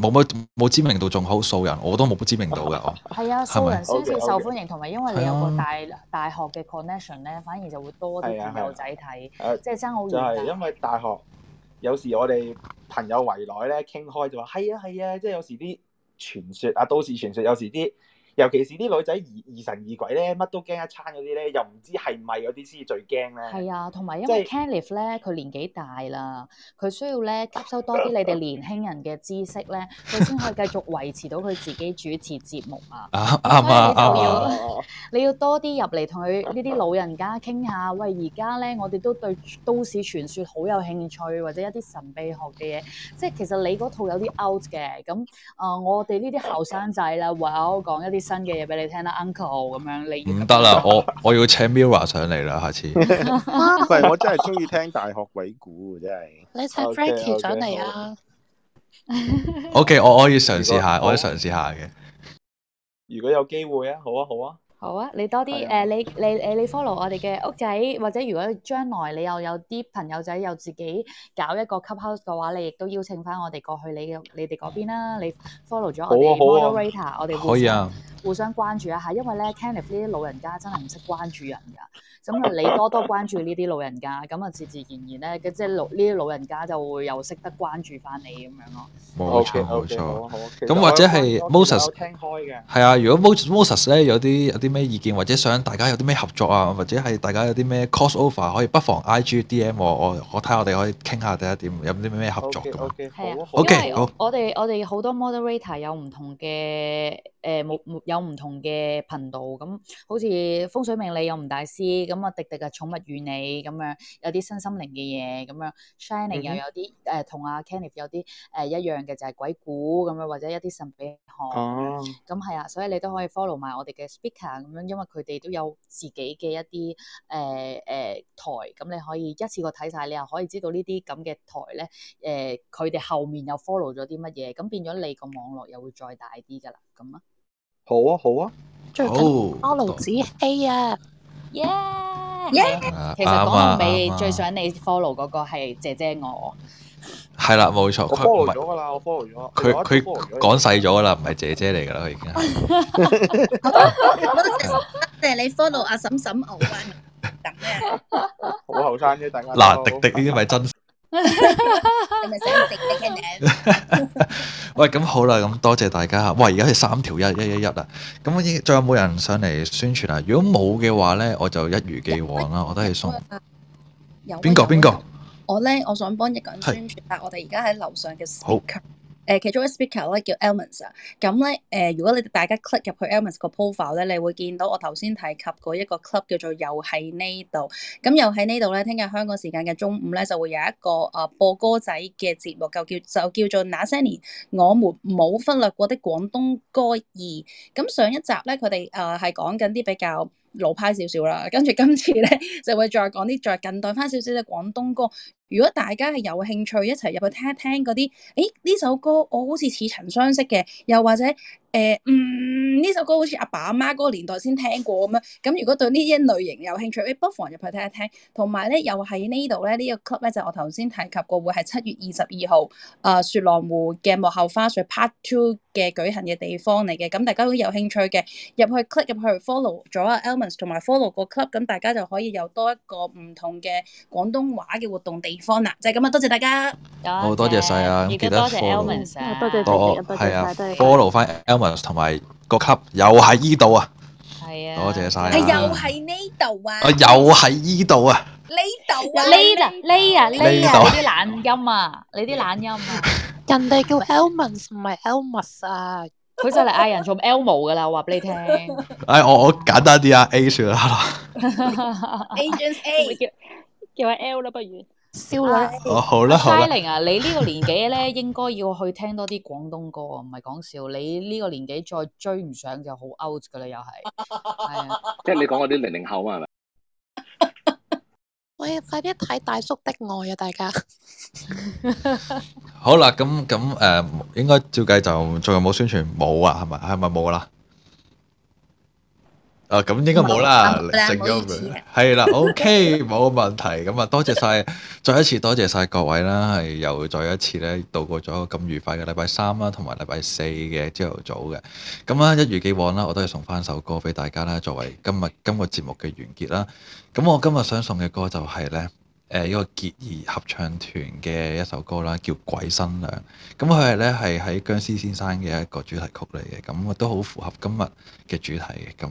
冇乜冇知名度仲好，素人我都冇知名度㗎。哦， [LAUGHS] 係啊，素人先至受歡迎，同埋因為你有個大大學嘅 connection 咧，uh, 反而就會多啲朋友仔睇。即係、uh, 真好。Uh, 就係因為大學有時我哋朋友圍內咧傾開就話係啊係啊，即係有時啲傳説啊都市傳説，有時啲。尤其是啲女仔疑疑神疑鬼咧，乜都驚一餐嗰啲咧，又唔知係唔係嗰啲先至最驚咧？係啊，同埋因為 Kenneth 咧，佢年紀大啦，佢需要咧吸收多啲你哋年輕人嘅知識咧，佢先可以繼續維持到佢自己主持節目 [LAUGHS] 啊。啱啊！你要多啲入嚟同佢呢啲老人家傾下，喂，而家咧我哋都對都市傳說好有興趣，或者一啲神秘學嘅嘢，即係其實你嗰套有啲 out 嘅。咁啊、呃，我哋呢啲後生仔咧，話我講一啲。新嘅嘢俾你聽啦，Uncle 咁樣你唔得啦，我我要請 Mira 上嚟啦，下次。喂，我真係中意聽大學鬼故，真係你請 Frankie 上嚟啊。OK，我可以嘗試下，我可以嘗試下嘅。如果有機會啊，好啊，好啊，好啊，你多啲誒，你你你 follow 我哋嘅屋仔，或者如果將來你又有啲朋友仔又自己搞一個 clubhouse 嘅話，你亦都邀請翻我哋過去你嘅你哋嗰邊啦。你 follow 咗我哋 moderator 我哋可以啊。互相關注一下，因為咧，Kenneth 呢啲老人家真係唔識關注人㗎，咁啊，你多多關注呢啲老人家，咁啊，自自然然咧，即係老呢啲老人家就會又識得關注翻你咁樣咯。冇錯，冇錯，咁或者係，Moses，係啊，如果 Moses 咧有啲有啲咩意見，或者想大家有啲咩合作啊，或者係大家有啲咩 crossover，可以不妨 IG DM 我，我睇下我哋可以傾下第一點，有啲咩合作㗎嘛。係啊，因為我哋我哋好多 moderator 有唔同嘅。誒冇冇有唔同嘅頻道，咁、嗯、好似風水命理又唔大師，咁啊迪迪嘅寵物與你咁樣，有啲身心靈嘅嘢咁樣，Shining、mm hmm. 又有啲誒同、呃、阿、啊、Kenneth 有啲誒、呃、一樣嘅，就係、是、鬼故咁樣或者一啲神秘學咁係啊，所以你都可以 follow 埋我哋嘅 speaker 咁樣，因為佢哋都有自己嘅一啲誒誒台，咁你可以一次過睇晒，你又可以知道呢啲咁嘅台咧誒佢哋後面又 follow 咗啲乜嘢，咁變咗你個網絡又會再大啲㗎啦，咁啊～好啊，好啊，最好！follow 子熙啊，yeah yeah。其實講到俾最想你 follow 嗰個係姐姐我，係啦，冇錯，follow 咗噶啦，我 follow 咗。佢佢講細咗噶啦，唔係姐姐嚟噶啦，佢已經。多謝你 follow 阿嬸嬸牛啊！等咩啊？好後生啫，大家。嗱，迪迪呢位真。 [LAUGHS] 是是 [LAUGHS] 喂，咁好啦，咁多謝大家吓。喂，而家係三條一一一一啦。咁我已仲有冇人上嚟宣傳啊？如果冇嘅話呢，我就一如既往啦， [MUSIC] 我都係送。有邊個？邊個？啊、誰我呢，我想幫一個人宣傳啊！是我哋而家喺樓上嘅社區。誒其中一個 speaker 咧叫 Elmanza 咁咧誒、呃、如果你大家 click 入去 Elmanza 個 profile 咧，你會見到我頭先提及嗰一個 club 叫做又喺呢度，咁又喺呢度咧，聽日香港時間嘅中午咧就會有一個誒播歌仔嘅節目，就叫就叫做那些年我們冇忽略過的廣東歌二，咁上一集咧佢哋誒係講緊啲比較老派少少啦，跟住今次咧就會再講啲再近代翻少少嘅廣東歌。如果大家係有興趣，一齊入去聽一聽嗰啲。誒、欸、呢首歌我好似似曾相識嘅，又或者誒、欸、嗯呢首歌好似阿爸阿媽嗰個年代先聽過咁樣。咁如果對呢一類型有興趣，誒不妨入去聽一聽。同埋咧，又喺呢度咧呢個 club 咧就是，我頭先提及過會係七月二十二號，誒、呃、雪狼湖嘅幕後花絮 part two 嘅舉行嘅地方嚟嘅，咁大家如果有興趣嘅，入去 click 入去 follow 咗阿 Elements 同埋 follow 個 club，咁大家就可以有多一個唔同嘅廣東話嘅活動地。就係咁啊！多謝大家，好多謝晒啊！其他 follow 係啊，follow 翻 Elvis 同埋個 club 又喺依度啊！係啊，多謝晒，又係呢度啊！啊，又係依度啊！呢度啊，呢度啊，呢啊，呢度，你啲懶音啊，你啲懶音啊！人哋叫 Elvis 唔係 Elvis 啊！佢就嚟嗌人做 Elmo 噶啦，我話俾你聽。唉，我我簡單啲啊，Agent 啦，Agent A，叫叫阿 El 啦不如。少女好啦，好嘉玲啊！你呢個年紀咧， [LAUGHS] 應該要去聽多啲廣東歌啊，唔係講笑。你呢個年紀再追唔上就好 out 噶啦，又係。即係你講嗰啲零零後啊嘛，係咪？喂，快啲睇大叔的愛啊！大家。 [LAUGHS] 好啦，咁咁誒，應該照計就仲有冇宣傳，冇啊，係咪？係咪冇啦？咁、哦、應該冇啦，零咗佢，係、啊、啦，OK，冇問題。咁啊，多謝晒，再一次多謝晒各位啦，係又再一次咧度過咗咁愉快嘅禮拜三啦，同埋禮拜四嘅朝頭早嘅。咁啊，一如既往啦，我都係送翻首歌俾大家啦，作為今日今個節目嘅完結啦。咁我今日想送嘅歌就係咧，誒、呃、一個傑兒合唱團嘅一首歌啦，叫《鬼新娘》。咁佢係咧係喺《僵屍先生》嘅一個主題曲嚟嘅，咁我都好符合今日嘅主題嘅。咁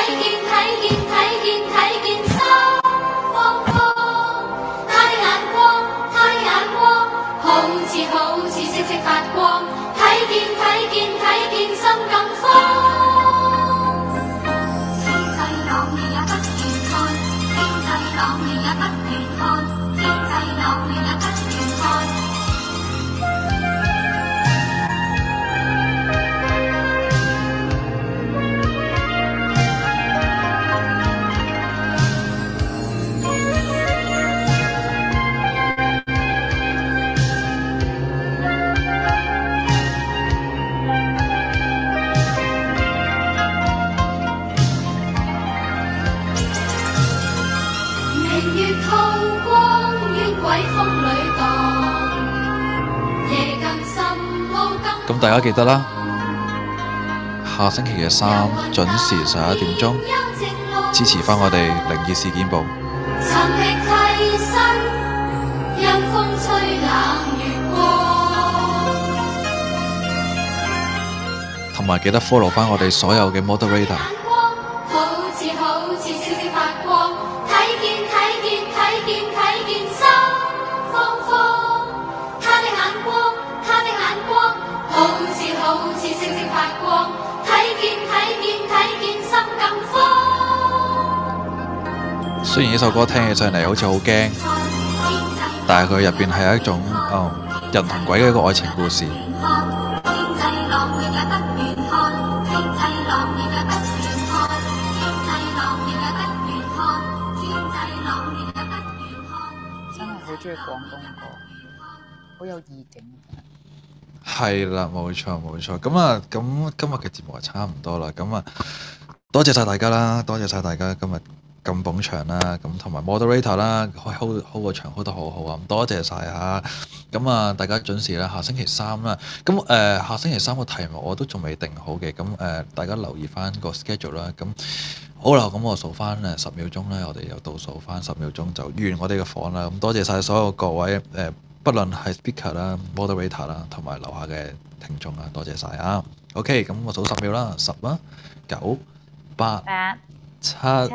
睇見睇見睇見睇見心慌慌，太眼光太眼光，好似好似星星發光，睇見睇見睇見心更慌。咁大家記得啦，下星期嘅三準時十一點鐘支持翻我哋靈異事件簿，同埋記得 follow 翻我哋所有嘅 moderator。雖然呢首歌聽起上嚟，好似好驚，但係佢入邊係有一種哦人同鬼嘅一個愛情故事。真係好中意廣東歌，好有意境。係啦，冇錯冇錯。咁啊，咁今日嘅節目啊，差唔多啦。咁啊，多謝晒大家啦，多謝晒大家今日。咁捧場啦，咁同埋 moderator 啦，可 hold hold 個場 hold 得好好啊，咁多謝晒嚇、啊。咁、嗯、啊，大家準時啦，下星期三啦。咁、嗯、誒、呃，下星期三個題目我都仲未定好嘅，咁、嗯、誒、呃，大家留意翻個 schedule 啦。咁、嗯、好啦，咁、嗯、我數翻啊，十秒鐘啦，我哋又倒數翻十秒鐘，十秒鐘就完我哋嘅房啦。咁、嗯、多謝晒所有各位誒、呃，不論係 speaker 啦、moderator 啦，同埋樓下嘅聽眾啊，多謝晒啊。OK，咁、嗯嗯、我數十秒啦，十啦，九八七。八七